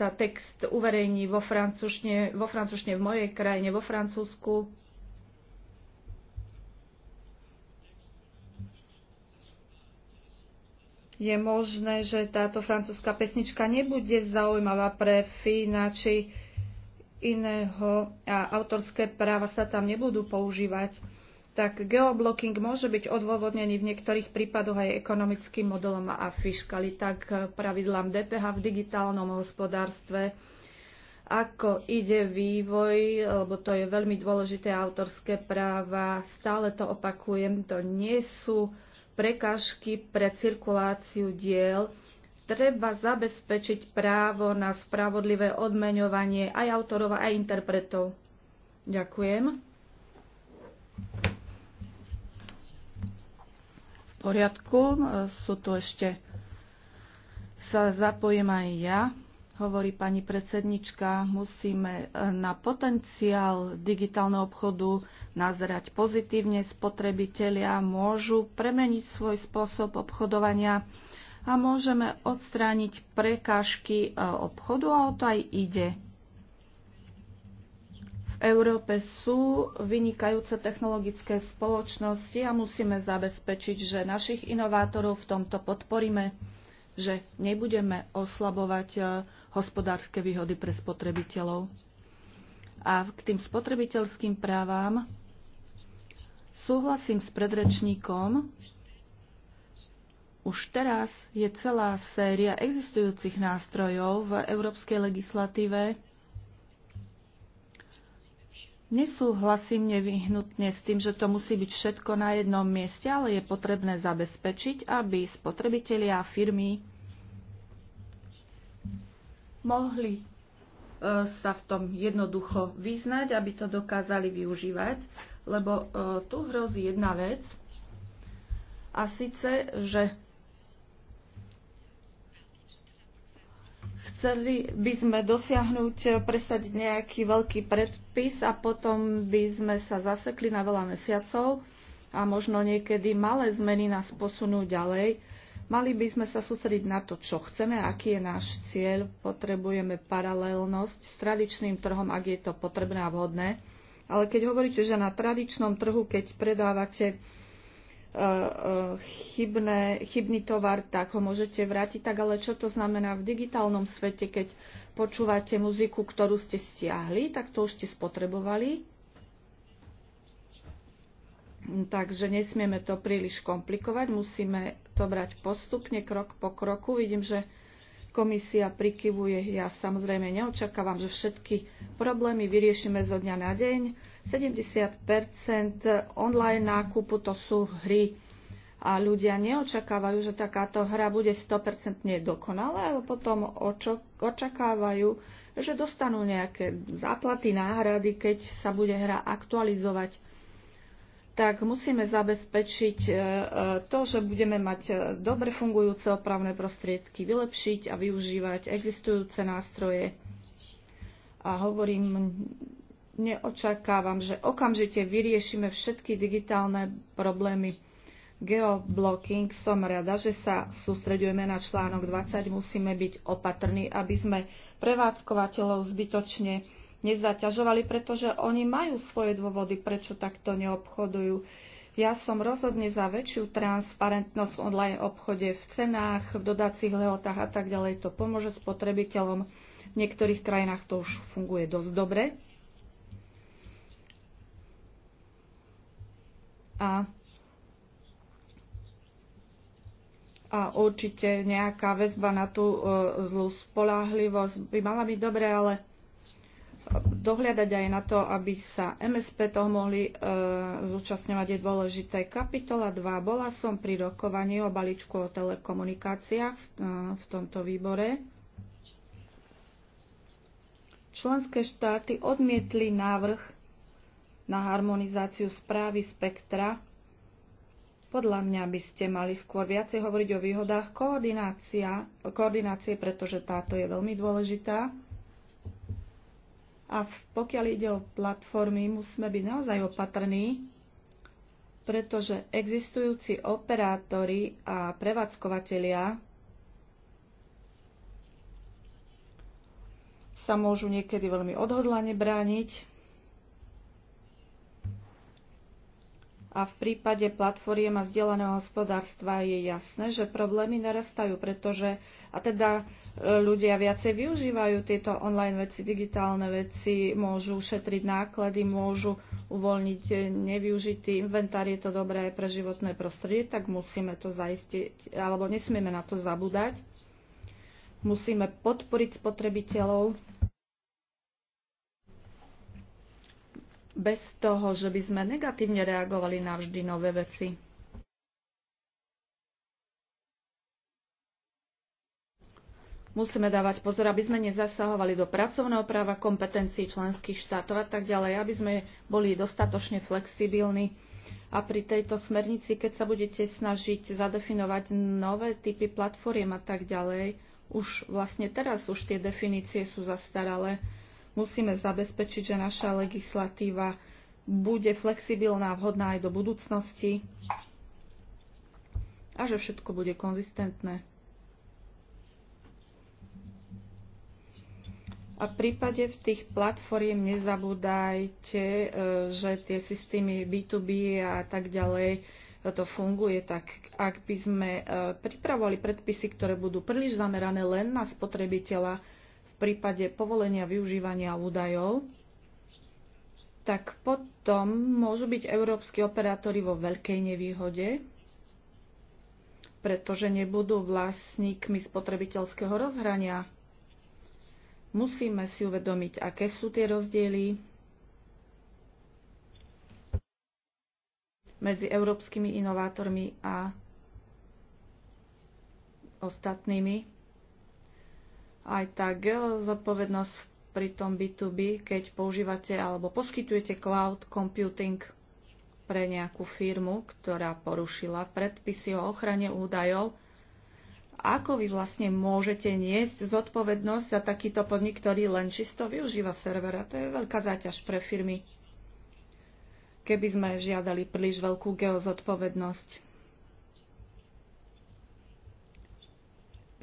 sa text uverejní vo francúzštine, vo francúzštine v mojej krajine, vo Francúzsku, je možné, že táto francúzska pesnička nebude zaujímavá pre Fína či iného a autorské práva sa tam nebudú používať, tak geoblocking môže byť odôvodnený v niektorých prípadoch aj ekonomickým modelom a fiškali, tak pravidlám DPH v digitálnom hospodárstve, ako ide vývoj, lebo to je veľmi dôležité autorské práva, stále to opakujem, to nie sú prekážky pre cirkuláciu diel, treba zabezpečiť právo na spravodlivé odmeňovanie aj autorov, aj interpretov. Ďakujem. V poriadku, sú tu ešte, sa zapojím aj ja hovorí pani predsednička, musíme e, na potenciál digitálneho obchodu nazerať pozitívne. Spotrebitelia môžu premeniť svoj spôsob obchodovania a môžeme odstrániť prekážky e, obchodu a o to aj ide. V Európe sú vynikajúce technologické spoločnosti a musíme zabezpečiť, že našich inovátorov v tomto podporíme, že nebudeme oslabovať e, hospodárske výhody pre spotrebiteľov. A k tým spotrebiteľským právam súhlasím s predrečníkom. Už teraz je celá séria existujúcich nástrojov v európskej legislatíve. Nesúhlasím nevyhnutne s tým, že to musí byť všetko na jednom mieste, ale je potrebné zabezpečiť, aby spotrebitelia a firmy mohli e, sa v tom jednoducho vyznať, aby to dokázali využívať, lebo e, tu hrozí jedna vec, a síce, že chceli by sme dosiahnuť, e, presadiť nejaký veľký predpis a potom by sme sa zasekli na veľa mesiacov a možno niekedy malé zmeny nás posunú ďalej Mali by sme sa sústrediť na to, čo chceme, aký je náš cieľ. Potrebujeme paralelnosť s tradičným trhom, ak je to potrebné a vhodné. Ale keď hovoríte, že na tradičnom trhu, keď predávate e, e, chybné, chybný tovar, tak ho môžete vrátiť. Tak ale čo to znamená v digitálnom svete, keď počúvate muziku, ktorú ste stiahli, tak to už ste spotrebovali, Takže nesmieme to príliš komplikovať, musíme to brať postupne, krok po kroku. Vidím, že komisia prikyvuje. Ja samozrejme neočakávam, že všetky problémy vyriešime zo dňa na deň. 70 online nákupu to sú hry a ľudia neočakávajú, že takáto hra bude 100% dokonalá, ale potom očakávajú, že dostanú nejaké záplaty, náhrady, keď sa bude hra aktualizovať tak musíme zabezpečiť e, e, to, že budeme mať e, dobre fungujúce opravné prostriedky, vylepšiť a využívať existujúce nástroje. A hovorím, neočakávam, že okamžite vyriešime všetky digitálne problémy. Geoblocking som rada, že sa sústredujeme na článok 20. Musíme byť opatrní, aby sme prevádzkovateľov zbytočne nezaťažovali, pretože oni majú svoje dôvody, prečo takto neobchodujú. Ja som rozhodne za väčšiu transparentnosť v online obchode, v cenách, v dodacích lehotách a tak ďalej. To pomôže spotrebiteľom. V niektorých krajinách to už funguje dosť dobre. A, a určite nejaká väzba na tú e, zlú spolahlivosť by mala byť dobré, ale dohľadať aj na to, aby sa MSP toho mohli e, zúčastňovať, je dôležité. Kapitola 2. Bola som pri rokovaní o balíčku o telekomunikáciách v, e, v tomto výbore. Členské štáty odmietli návrh na harmonizáciu správy spektra. Podľa mňa by ste mali skôr viacej hovoriť o výhodách koordinácia, koordinácie, pretože táto je veľmi dôležitá a pokiaľ ide o platformy, musíme byť naozaj opatrní, pretože existujúci operátori a prevádzkovateľia sa môžu niekedy veľmi odhodlane brániť A v prípade platformiem a zdieľaného hospodárstva je jasné, že problémy narastajú, pretože a teda e, ľudia viacej využívajú tieto online veci, digitálne veci, môžu šetriť náklady, môžu uvoľniť e, nevyužitý inventár, je to dobré aj pre životné prostredie, tak musíme to zaistiť, alebo nesmieme na to zabúdať. Musíme podporiť spotrebiteľov bez toho, že by sme negatívne reagovali na vždy nové veci. Musíme dávať pozor, aby sme nezasahovali do pracovného práva, kompetencií členských štátov a tak ďalej, aby sme boli dostatočne flexibilní. A pri tejto smernici, keď sa budete snažiť zadefinovať nové typy platformiem a tak ďalej, už vlastne teraz už tie definície sú zastaralé Musíme zabezpečiť, že naša legislatíva bude flexibilná, vhodná aj do budúcnosti a že všetko bude konzistentné. A v prípade v tých platform nezabúdajte, e, že tie systémy B2B a tak ďalej e, to funguje tak, ak by sme e, pripravovali predpisy, ktoré budú príliš zamerané len na spotrebiteľa, v prípade povolenia využívania údajov, tak potom môžu byť európsky operátori vo veľkej nevýhode, pretože nebudú vlastníkmi spotrebiteľského rozhrania. Musíme si uvedomiť, aké sú tie rozdiely medzi európskymi inovátormi a ostatnými aj tá eh, zodpovednosť pri tom B2B, keď používate alebo poskytujete cloud computing pre nejakú firmu, ktorá porušila predpisy o ochrane údajov, ako vy vlastne môžete niesť zodpovednosť za takýto podnik, ktorý len čisto využíva servera. To je veľká záťaž pre firmy, keby sme žiadali príliš veľkú geozodpovednosť.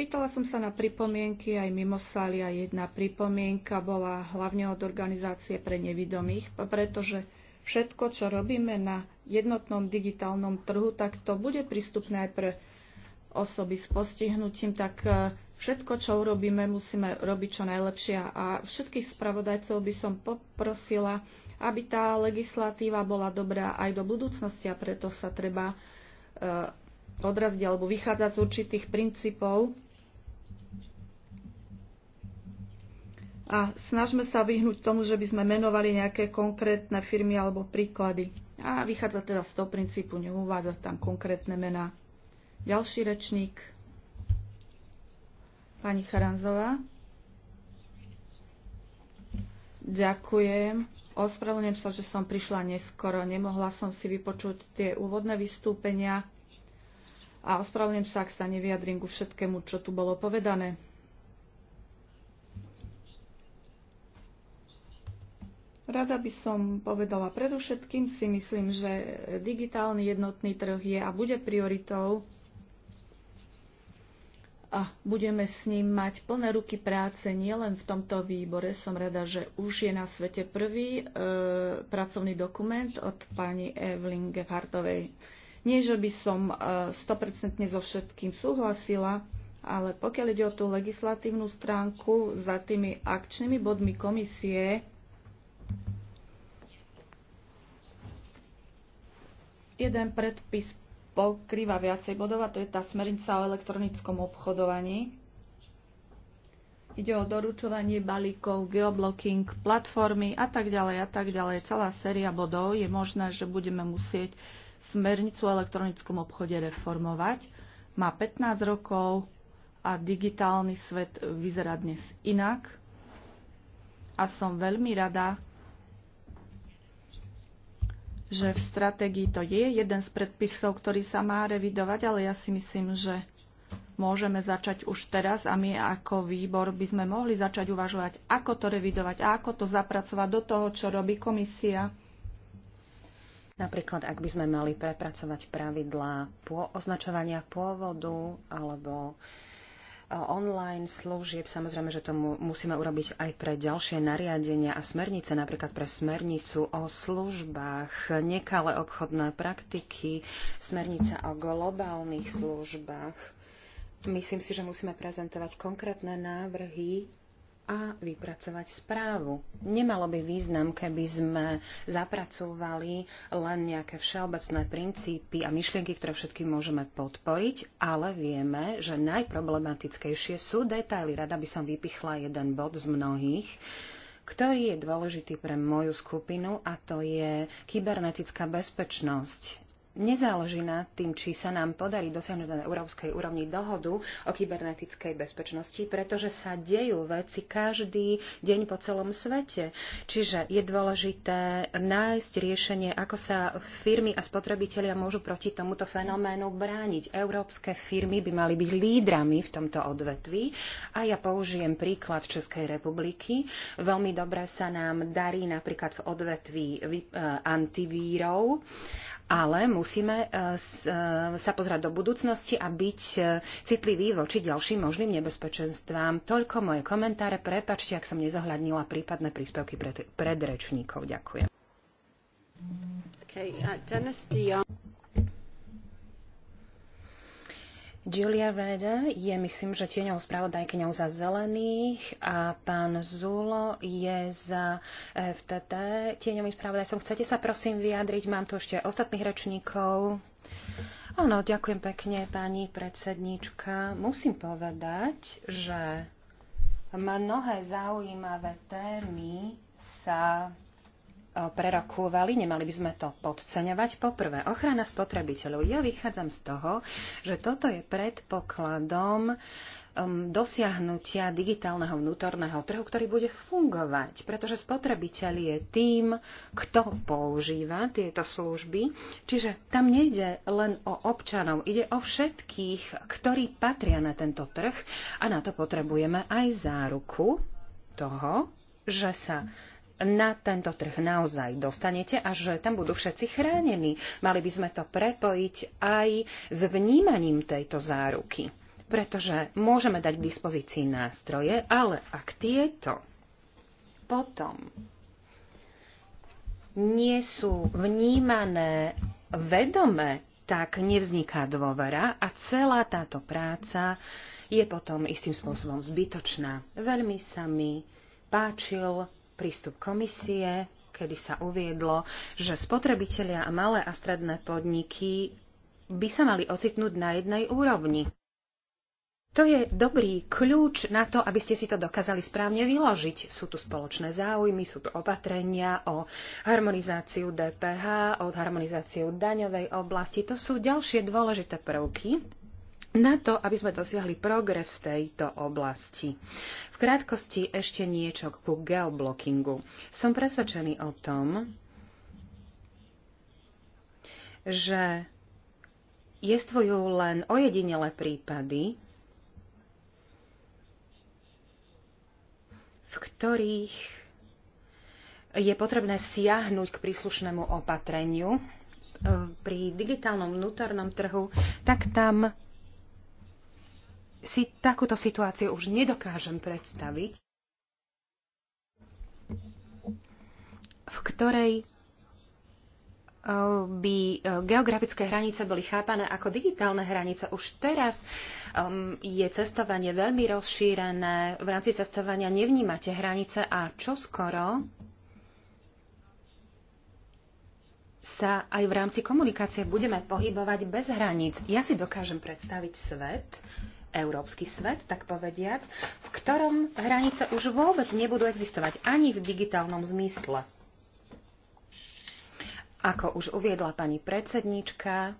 Pýtala som sa na pripomienky, aj mimo sály a jedna pripomienka bola hlavne od organizácie pre nevidomých, pretože všetko, čo robíme na jednotnom digitálnom trhu, tak to bude prístupné aj pre osoby s postihnutím, tak e, všetko, čo urobíme, musíme robiť čo najlepšie. A všetkých spravodajcov by som poprosila, aby tá legislatíva bola dobrá aj do budúcnosti a preto sa treba e, odraziť alebo vychádzať z určitých princípov, a snažme sa vyhnúť tomu, že by sme menovali nejaké konkrétne firmy alebo príklady. A vychádza teda z toho princípu neuvádza tam konkrétne mená. Ďalší rečník, pani Charanzová. Ďakujem. Ospravedlňujem sa, že som prišla neskoro. Nemohla som si vypočuť tie úvodné vystúpenia a ospravedlňujem sa, ak sa neviadrím ku všetkému, čo tu bolo povedané. Rada by som povedala, predovšetkým si myslím, že digitálny jednotný trh je a bude prioritou a budeme s ním mať plné ruky práce nielen v tomto výbore. Som rada, že už je na svete prvý e, pracovný dokument od pani Evelyn Gephardovej. Nie, že by som e, 100% so všetkým súhlasila, ale pokiaľ ide o tú legislatívnu stránku, za tými akčnými bodmi komisie Jeden predpis pokrýva viacej bodov a to je tá smernica o elektronickom obchodovaní. Ide o doručovanie balíkov, geoblocking, platformy a tak ďalej a tak ďalej. Celá séria bodov je možné, že budeme musieť smernicu o elektronickom obchode reformovať. Má 15 rokov a digitálny svet vyzerá dnes inak. A som veľmi rada, že v stratégii to je jeden z predpisov, ktorý sa má revidovať, ale ja si myslím, že môžeme začať už teraz a my ako výbor by sme mohli začať uvažovať, ako to revidovať a ako to zapracovať do toho, čo robí komisia. Napríklad, ak by sme mali prepracovať pravidlá označovania pôvodu alebo online služieb. Samozrejme, že to musíme urobiť aj pre ďalšie nariadenia a smernice, napríklad pre smernicu o službách, nekalé obchodné praktiky, smernica o globálnych službách. Myslím si, že musíme prezentovať konkrétne návrhy a vypracovať správu. Nemalo by význam, keby sme zapracovali len nejaké všeobecné princípy a myšlienky, ktoré všetky môžeme podporiť, ale vieme, že najproblematickejšie sú detaily. Rada by som vypichla jeden bod z mnohých, ktorý je dôležitý pre moju skupinu a to je kybernetická bezpečnosť Nezáleží na tým, či sa nám podarí dosiahnuť na európskej úrovni dohodu o kybernetickej bezpečnosti, pretože sa dejú veci každý deň po celom svete. Čiže je dôležité nájsť riešenie, ako sa firmy a spotrebitelia môžu proti tomuto fenoménu brániť. Európske firmy by mali byť lídrami v tomto odvetví a ja použijem príklad Českej republiky. Veľmi dobre sa nám darí napríklad v odvetví eh, antivírov, ale musíme e, e, sa pozerať do budúcnosti a byť e, citliví voči ďalším možným nebezpečenstvám. Toľko moje komentáre. Prepačte, ak som nezohľadnila prípadné príspevky pred, predrečníkov. Ďakujem. Okay, uh, Dennis Julia Reda je, myslím, že tieňou spravodajkyňou za zelených a pán Zulo je za FTT tieňovým spravodajcom. Chcete sa prosím vyjadriť? Mám tu ešte ostatných rečníkov. Áno, ďakujem pekne, pani predsedníčka. Musím povedať, že mnohé zaujímavé témy sa Eh, prerokúvali, nemali by sme to podceňovať. Poprvé, ochrana spotrebiteľov. Ja vychádzam z toho, že toto je predpokladom dosiahnutia digitálneho vnútorného trhu, ktorý bude fungovať, pretože spotrebiteľ je tým, kto používa tieto služby. Čiže tam nejde len o občanov, ide o všetkých, ktorí patria na tento trh a na to potrebujeme aj záruku toho, že sa na tento trh naozaj dostanete a že tam budú všetci chránení. Mali by sme to prepojiť aj s vnímaním tejto záruky, pretože môžeme dať k dispozícii nástroje, ale ak tieto potom nie sú vnímané vedome, tak nevzniká dôvera a celá táto práca je potom istým spôsobom zbytočná. Veľmi sa mi páčil prístup komisie, kedy sa uviedlo, že spotrebitelia a malé a stredné podniky by sa mali ocitnúť na jednej úrovni. To je dobrý kľúč na to, aby ste si to dokázali správne vyložiť. Sú tu spoločné záujmy, sú tu opatrenia o harmonizáciu DPH, o harmonizáciu daňovej oblasti. To sú ďalšie dôležité prvky, na to, aby sme dosiahli progres v tejto oblasti. V krátkosti ešte niečo ku geoblockingu. Som presvedčený o tom, že jestvujú len ojedinele prípady, v ktorých je potrebné siahnuť k príslušnému opatreniu. Pri digitálnom vnútornom trhu, tak tam si takúto situáciu už nedokážem predstaviť, v ktorej eh, by eh, geografické hranice boli chápané ako digitálne hranice. Už teraz ehm, je cestovanie veľmi rozšírené, v rámci cestovania nevnímate hranice a čoskoro sa aj v rámci komunikácie budeme pohybovať bez hraníc. Ja si dokážem predstaviť svet, európsky svet, tak povediac, v ktorom hranice už vôbec nebudú existovať ani v digitálnom zmysle. Ako už uviedla pani predsednička,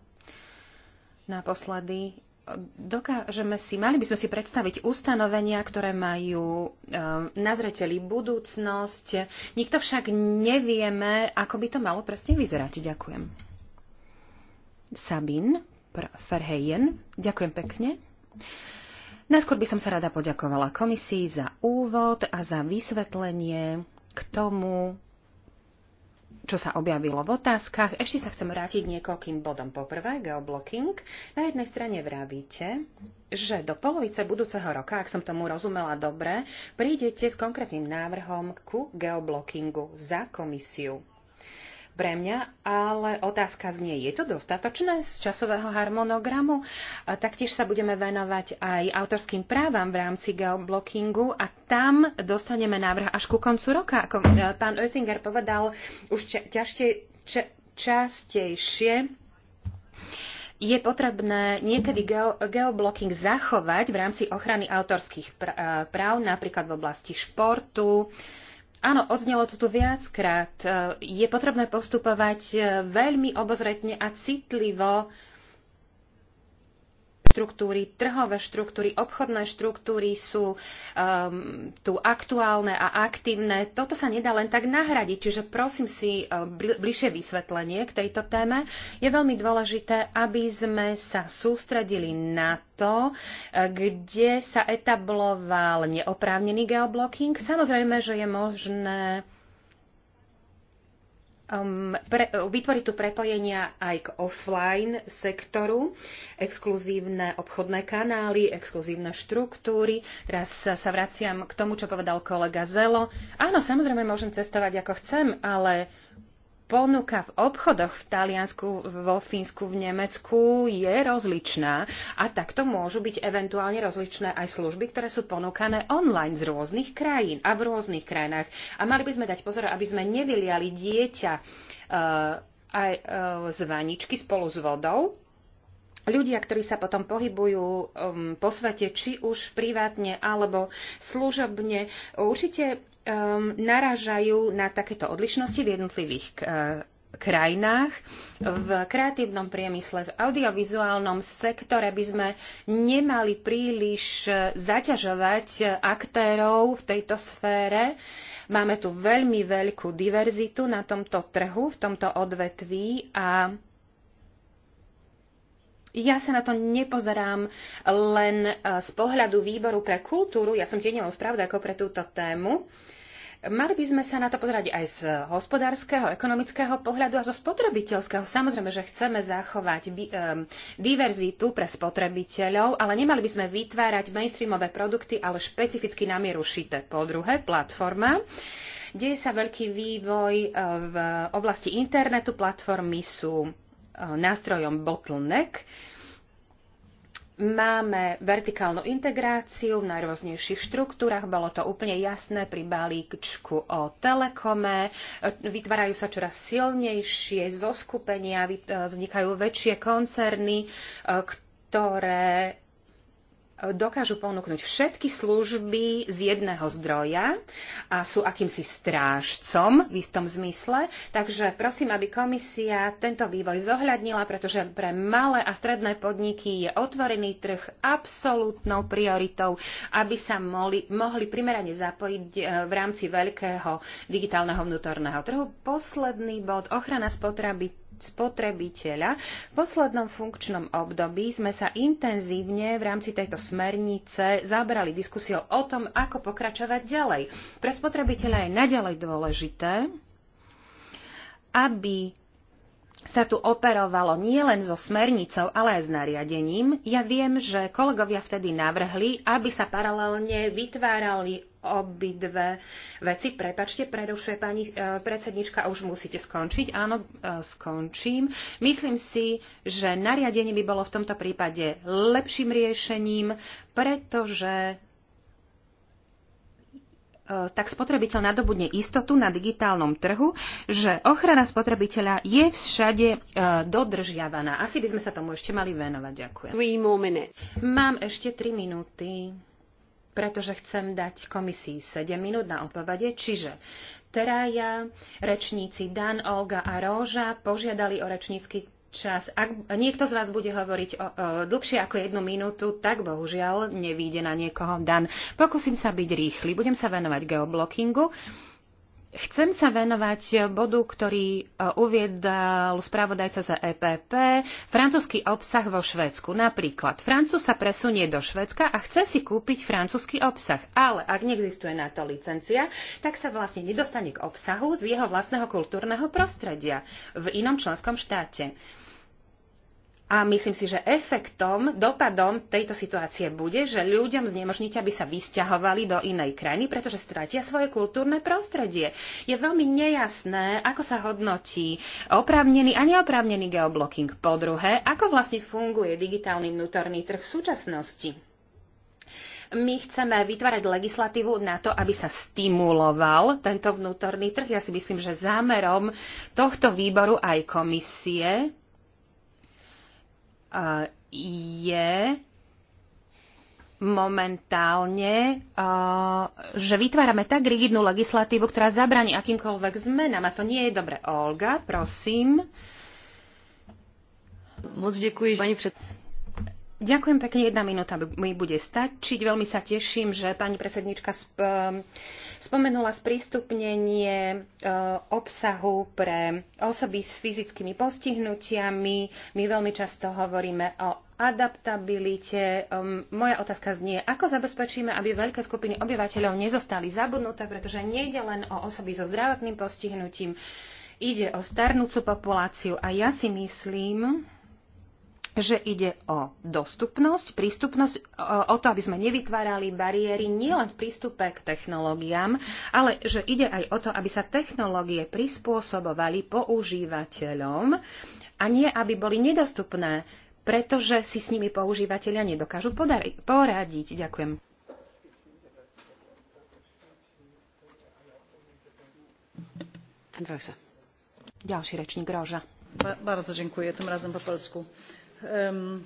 naposledy dokážeme si, mali by sme si predstaviť ustanovenia, ktoré majú eh, na zreteli budúcnosť. Nikto však nevieme, ako by to malo presne vyzerať. Ďakujem. Sabin Verheyen, ďakujem pekne. Najskôr by som sa rada poďakovala komisii za úvod a za vysvetlenie k tomu, čo sa objavilo v otázkach. Ešte sa chcem vrátiť niekoľkým bodom. Poprvé, geoblocking. Na jednej strane vravíte, že do polovice budúceho roka, ak som tomu rozumela dobre, prídete s konkrétnym návrhom ku geoblockingu za komisiu pre mňa, ale otázka znie, je to dostatočné z časového harmonogramu? Taktiež sa budeme venovať aj autorským právam v rámci geoblockingu a tam dostaneme návrh až ku koncu roka. Ako e, pán Oettinger povedal, už ťažšie, častejšie je potrebné niekedy geo, geoblocking zachovať v rámci ochrany autorských e, práv, napríklad v oblasti športu, uh, Áno, odznelo to tu viackrát. E, je potrebné postupovať e, veľmi obozretne a citlivo štruktúry, trhové štruktúry, obchodné štruktúry sú um, tu aktuálne a aktívne. Toto sa nedá len tak nahradiť, čiže prosím si uh, bližšie vysvetlenie k tejto téme. Je veľmi dôležité, aby sme sa sústredili na to, uh, kde sa etabloval neoprávnený geoblocking. Samozrejme, že je možné um, pre, vytvoriť tu prepojenia aj k offline sektoru, exkluzívne obchodné kanály, exkluzívne štruktúry. Teraz sa, sa vraciam k tomu, čo povedal kolega Zelo. Áno, samozrejme môžem cestovať ako chcem, ale ponuka v obchodoch v Taliansku, vo Fínsku, v Nemecku je rozličná a takto môžu byť eventuálne rozličné aj služby, ktoré sú ponúkané online z rôznych krajín a v rôznych krajinách. A mali by sme dať pozor, aby sme nevyliali dieťa eh, aj eh, z vaničky spolu s vodou, ľudia, ktorí sa potom pohybujú um, po svete, či už privátne alebo služobne, určite um, naražajú na takéto odlišnosti v jednotlivých uh, krajinách. V kreatívnom priemysle, v audiovizuálnom sektore by sme nemali príliš uh, zaťažovať uh, aktérov v tejto sfére. Máme tu veľmi veľkú diverzitu na tomto trhu, v tomto odvetví a ja sa na to nepozerám len e, z pohľadu výboru pre kultúru, ja som spravda ako pre túto tému. Mali by sme sa na to pozerať aj z hospodárskeho, ekonomického pohľadu a zo spotrebiteľského. Samozrejme, že chceme zachovať e, diverzitu pre spotrebiteľov, ale nemali by sme vytvárať mainstreamové produkty, ale špecificky na mieru šité. Po druhé, platforma. Deje sa veľký vývoj e, v oblasti internetu, platformy sú Eh, nástrojom bottleneck. Máme vertikálnu integráciu v najrôznejších štruktúrach, bolo to úplne jasné pri balíčku o telekome. Vytvárajú sa čoraz silnejšie zoskupenia, eh, vznikajú väčšie koncerny, eh, ktoré dokážu ponúknuť všetky služby z jedného zdroja a sú akýmsi strážcom v istom zmysle. Takže prosím, aby komisia tento vývoj zohľadnila, pretože pre malé a stredné podniky je otvorený trh absolútnou prioritou, aby sa mohli, mohli primerane zapojiť e, v rámci veľkého digitálneho vnútorného trhu. Posledný bod, ochrana spotreby spotrebiteľa. V poslednom funkčnom období sme sa intenzívne v rámci tejto smernice zabrali diskusiou o tom, ako pokračovať ďalej. Pre spotrebiteľa je naďalej dôležité, aby sa tu operovalo nielen so smernicou, ale aj s nariadením. Ja viem, že kolegovia vtedy navrhli, aby sa paralelne vytvárali obidve veci. Prepačte, prerušuje pani e, predsednička, už musíte skončiť. Áno, e, skončím. Myslím si, že nariadenie by bolo v tomto prípade lepším riešením, pretože e, tak spotrebiteľ nadobudne istotu na digitálnom trhu, že ochrana spotrebiteľa je všade dodržiavaná. Asi by sme sa tomu ešte mali venovať. Ďakujem. Mám ešte 3 minúty pretože chcem dať komisii 7 minút na odpovede, čiže Teraja, rečníci Dan, Olga a Róža požiadali o rečnícky čas. Ak niekto z vás bude hovoriť o, o, dlhšie ako jednu minútu, tak bohužiaľ nevíde na niekoho Dan. Pokúsim sa byť rýchly, budem sa venovať geoblockingu. Uh, Chcem sa venovať bodu, ktorý e, uviedal správodajca za EPP, francúzsky obsah vo Švedsku. Napríklad, Francúz sa presunie do Švedska a chce si kúpiť francúzsky obsah, ale ak neexistuje na to licencia, tak sa vlastne nedostane k obsahu z jeho vlastného kultúrneho prostredia v inom členskom štáte. A myslím si, že efektom, dopadom tejto situácie bude, že ľuďom znemožníte, aby sa vysťahovali do inej krajiny, pretože stratia svoje kultúrne prostredie. Je veľmi nejasné, ako sa hodnotí oprávnený a neoprávnený geoblocking. Po druhé, ako vlastne funguje digitálny vnútorný trh v súčasnosti my chceme vytvárať legislatívu na to, aby sa stimuloval tento vnútorný trh. Ja si myslím, že zámerom tohto výboru aj komisie je momentálne, že vytvárame tak rigidnú legislatívu, ktorá zabraní akýmkoľvek zmenám. A to nie je dobre. Olga, prosím. Moc ďakujem, pani pred... Ďakujem pekne, jedna minúta mi bude stačiť. Veľmi sa teším, že pani predsednička sp- Spomenula sprístupnenie e, obsahu pre osoby s fyzickými postihnutiami. My veľmi často hovoríme o adaptabilite. E, moja otázka znie, ako zabezpečíme, aby veľké skupiny obyvateľov nezostali zabudnuté, pretože nejde len o osoby so zdravotným postihnutím, ide o starnúcu populáciu a ja si myslím, že ide o dostupnosť, prístupnosť, e, o to, aby sme nevytvárali bariéry nielen v prístupe k technológiám, ale že ide aj o to, aby sa technológie prispôsobovali používateľom a nie, aby boli nedostupné, pretože si s nimi používateľia nedokážu poradiť. Ďakujem. Ďalší rečník Roža. Bardzo dziękuję, tym razem po polsku Um...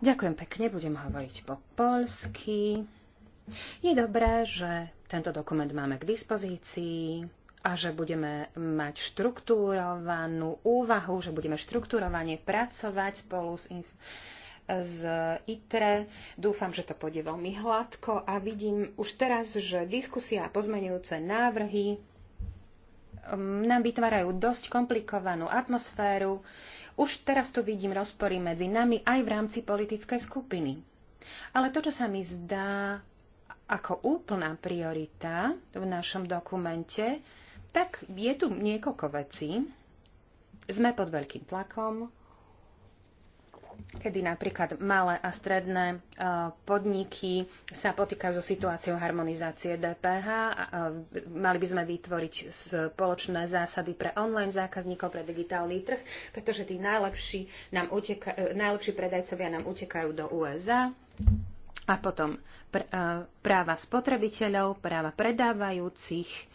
Ďakujem pekne, budem hovoriť po polsky. Je dobré, že tento dokument máme k dispozícii a že budeme mať štruktúrovanú úvahu, že budeme štruktúrovane pracovať spolu s inf- z ITRE. Dúfam, že to pôjde veľmi hladko a vidím už teraz, že diskusia a pozmenujúce návrhy ehm, nám vytvárajú dosť komplikovanú atmosféru. Už teraz tu vidím rozpory medzi nami aj v rámci politickej skupiny. Ale to, čo sa mi zdá ako úplná priorita v našom dokumente, tak je tu niekoľko vecí. Sme pod veľkým tlakom, kedy napríklad malé a stredné e, podniky sa potýkajú so situáciou harmonizácie DPH. Mali by sme vytvoriť spoločné zásady pre online zákazníkov, pre digitálny trh, pretože tí najlepší, nám uteka- e, najlepší predajcovia nám utekajú do USA. A potom pr- e, práva spotrebiteľov, práva predávajúcich,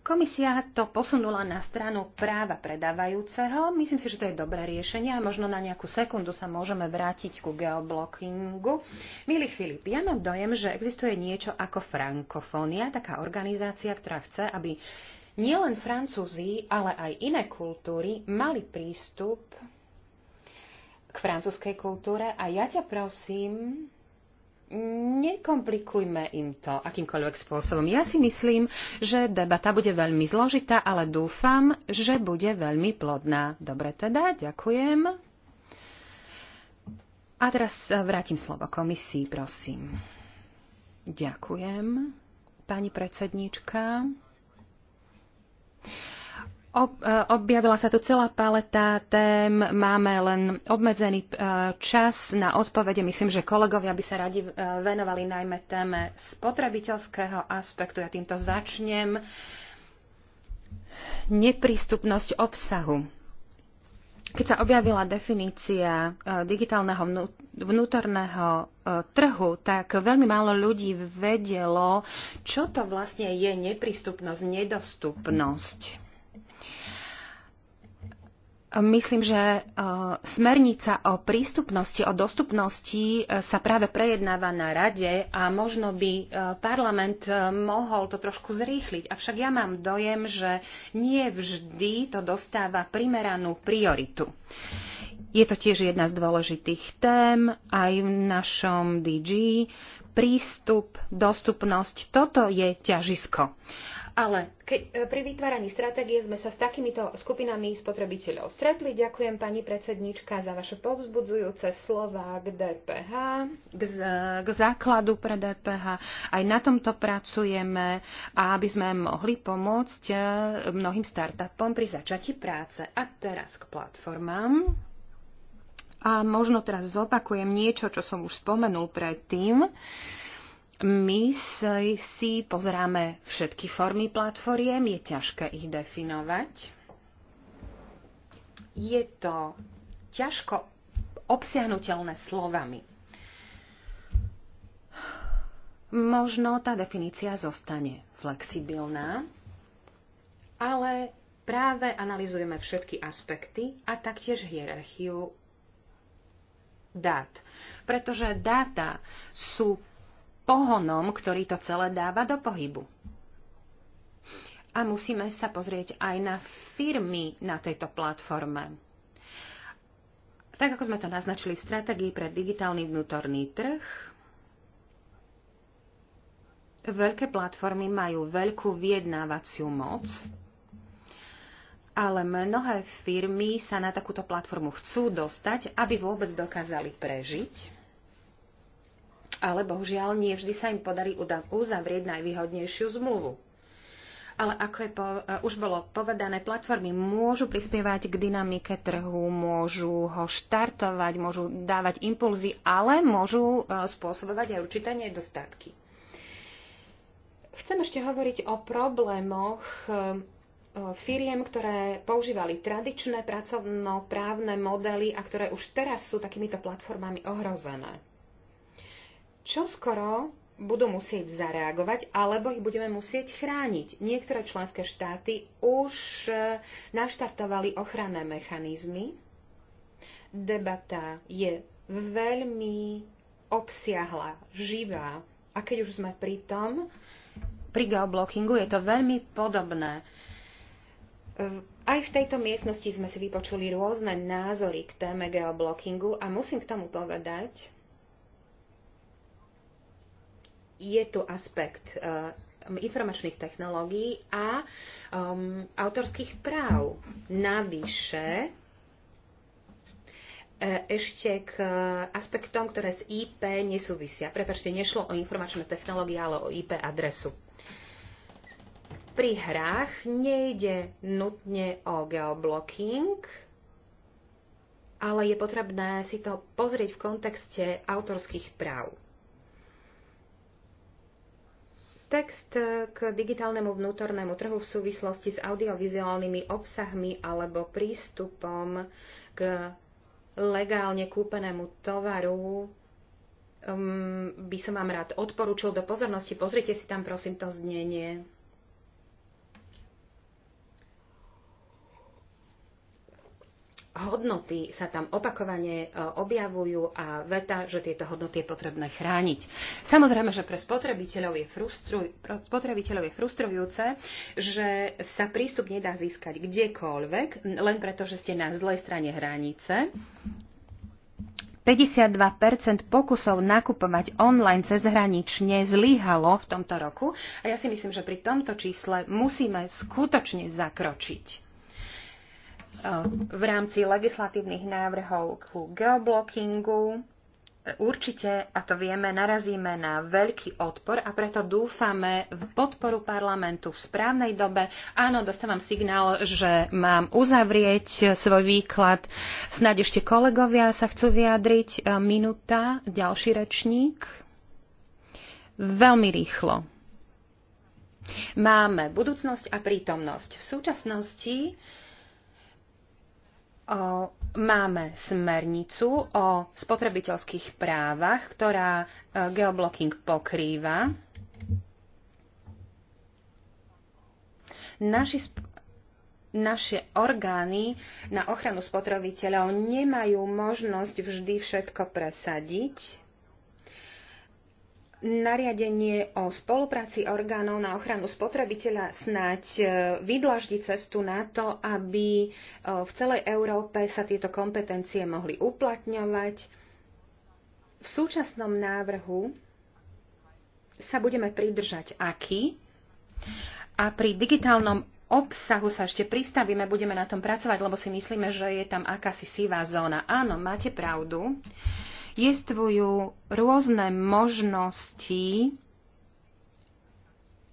Komisia to posunula na stranu práva predávajúceho. Myslím si, že to je dobré riešenie a možno na nejakú sekundu sa môžeme vrátiť ku geoblockingu. Milý Filip, ja mám dojem, že existuje niečo ako frankofónia, taká organizácia, ktorá chce, aby nielen Francúzi, ale aj iné kultúry mali prístup k francúzskej kultúre a ja ťa prosím, nekomplikujme im to akýmkoľvek spôsobom. Ja si myslím, že debata bude veľmi zložitá, ale dúfam, že bude veľmi plodná. Dobre teda, ďakujem. A teraz e, vrátim slovo komisii, prosím. Ďakujem, pani predsedníčka. E, objavila sa tu celá paleta tém, máme len obmedzený e, čas na odpovede. Myslím, že kolegovia by sa radi e, venovali najmä téme spotrebiteľského aspektu. Ja týmto začnem. Neprístupnosť obsahu. Keď sa objavila definícia digitálneho vnútorného trhu, tak veľmi málo ľudí vedelo, čo to vlastne je neprístupnosť, nedostupnosť Myslím, že e, smernica o prístupnosti, o dostupnosti e, sa práve prejednáva na rade a možno by e, parlament mohol to trošku zrýchliť. Avšak ja mám dojem, že nie vždy to dostáva primeranú prioritu. Je to tiež jedna z dôležitých tém aj v našom DG. Prístup, dostupnosť, toto je ťažisko. Ale keď, e, pri vytváraní stratégie sme sa s takýmito skupinami spotrebiteľov stretli. Ďakujem pani predsednička za vaše povzbudzujúce slova k DPH, k, z, k základu pre DPH. Aj na tomto pracujeme, aby sme mohli pomôcť e, mnohým startupom pri začati práce. A teraz k platformám. A možno teraz zopakujem niečo, čo som už spomenul predtým. Uh, my si pozráme všetky formy platformiem, je ťažké ich definovať. Je to ťažko obsiahnutelné slovami. Možno tá definícia zostane flexibilná, ale práve analizujeme všetky aspekty a taktiež hierarchiu dát. Pretože dáta sú pohonom, ktorý to celé dáva do pohybu. A musíme sa pozrieť aj na firmy na tejto platforme. Tak ako sme to naznačili v stratégii pre digitálny vnútorný trh, veľké platformy majú veľkú vyjednávaciu moc, ale mnohé firmy sa na takúto platformu chcú dostať, aby vôbec dokázali prežiť ale bohužiaľ nie vždy sa im podarí uzavrieť najvýhodnejšiu zmluvu. Ale ako je po, e, už bolo povedané, platformy môžu prispievať k dynamike trhu, môžu ho štartovať, môžu dávať impulzy, ale môžu e, spôsobovať aj určité nedostatky. Chcem ešte hovoriť o problémoch e, firiem, ktoré používali tradičné pracovno-právne modely a ktoré už teraz sú takýmito platformami ohrozené čo skoro budú musieť zareagovať, alebo ich budeme musieť chrániť. Niektoré členské štáty už e, naštartovali ochranné mechanizmy. Debata je veľmi obsiahla, živá. A keď už sme pri tom, pri geoblockingu je to veľmi podobné. E, aj v tejto miestnosti sme si vypočuli rôzne názory k téme geoblockingu a musím k tomu povedať, je tu aspekt eh, informačných technológií a um, autorských práv. Navyše eh, ešte k aspektom, ktoré s IP nesúvisia. Prepačte, nešlo o informačné technológie, ale o IP adresu. Pri hrách nejde nutne o geoblocking, ale je potrebné si to pozrieť v kontexte autorských práv. Text k digitálnemu vnútornému trhu v súvislosti s audiovizuálnymi obsahmi alebo prístupom k legálne kúpenému tovaru um, by som vám rád odporúčil do pozornosti. Pozrite si tam prosím to znenie. hodnoty sa tam opakovane e, objavujú a veta, že tieto hodnoty je potrebné chrániť. Samozrejme, že pre spotrebiteľov je, frustruj, spotrebiteľov je frustrujúce, že sa prístup nedá získať kdekoľvek, len preto, že ste na zlej strane hranice. 52% pokusov nakupovať online cezhranične zlyhalo v tomto roku a ja si myslím, že pri tomto čísle musíme skutočne zakročiť. Eh, v rámci legislatívnych návrhov ku geoblockingu. Eh, určite, a to vieme, narazíme na veľký odpor a preto dúfame v podporu parlamentu v správnej dobe. Áno, dostávam signál, že mám uzavrieť svoj výklad. Snáď ešte kolegovia sa chcú vyjadriť. Eh, minúta, ďalší rečník. Veľmi rýchlo. Máme budúcnosť a prítomnosť. V súčasnosti uh, máme smernicu o spotrebiteľských právach, ktorá e, geoblocking pokrýva. Naši naše orgány na ochranu spotrebiteľov nemajú možnosť vždy všetko presadiť nariadenie o spolupráci orgánov na ochranu spotrebiteľa snáď e, vydlaždi cestu na to, aby e, v celej Európe sa tieto kompetencie mohli uplatňovať. V súčasnom návrhu sa budeme pridržať aký a pri digitálnom obsahu sa ešte pristavíme, budeme na tom pracovať, lebo si myslíme, že je tam akási sivá zóna. Áno, máte pravdu. Uh, existujú rôzne možnosti,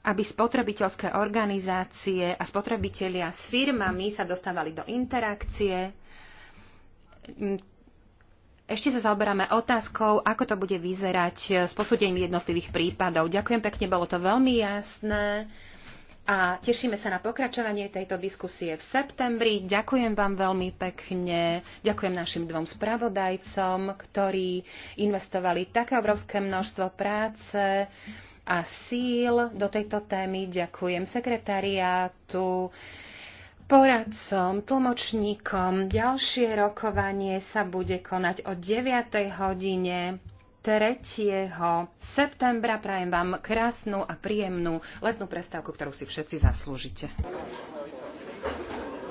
aby spotrebiteľské organizácie a spotrebitelia s firmami sa dostávali do interakcie. Ešte sa zaoberáme otázkou, ako to bude vyzerať s posúdením jednotlivých prípadov. Ďakujem pekne, bolo to veľmi jasné a tešíme sa na pokračovanie tejto diskusie v septembri. Ďakujem vám veľmi pekne, ďakujem našim dvom spravodajcom, ktorí investovali také obrovské množstvo práce a síl do tejto témy. Ďakujem sekretariátu, poradcom, tlmočníkom. Ďalšie rokovanie sa bude konať o 9. hodine. 3. septembra. Prajem vám krásnu a príjemnú letnú prestávku, ktorú si všetci zaslúžite.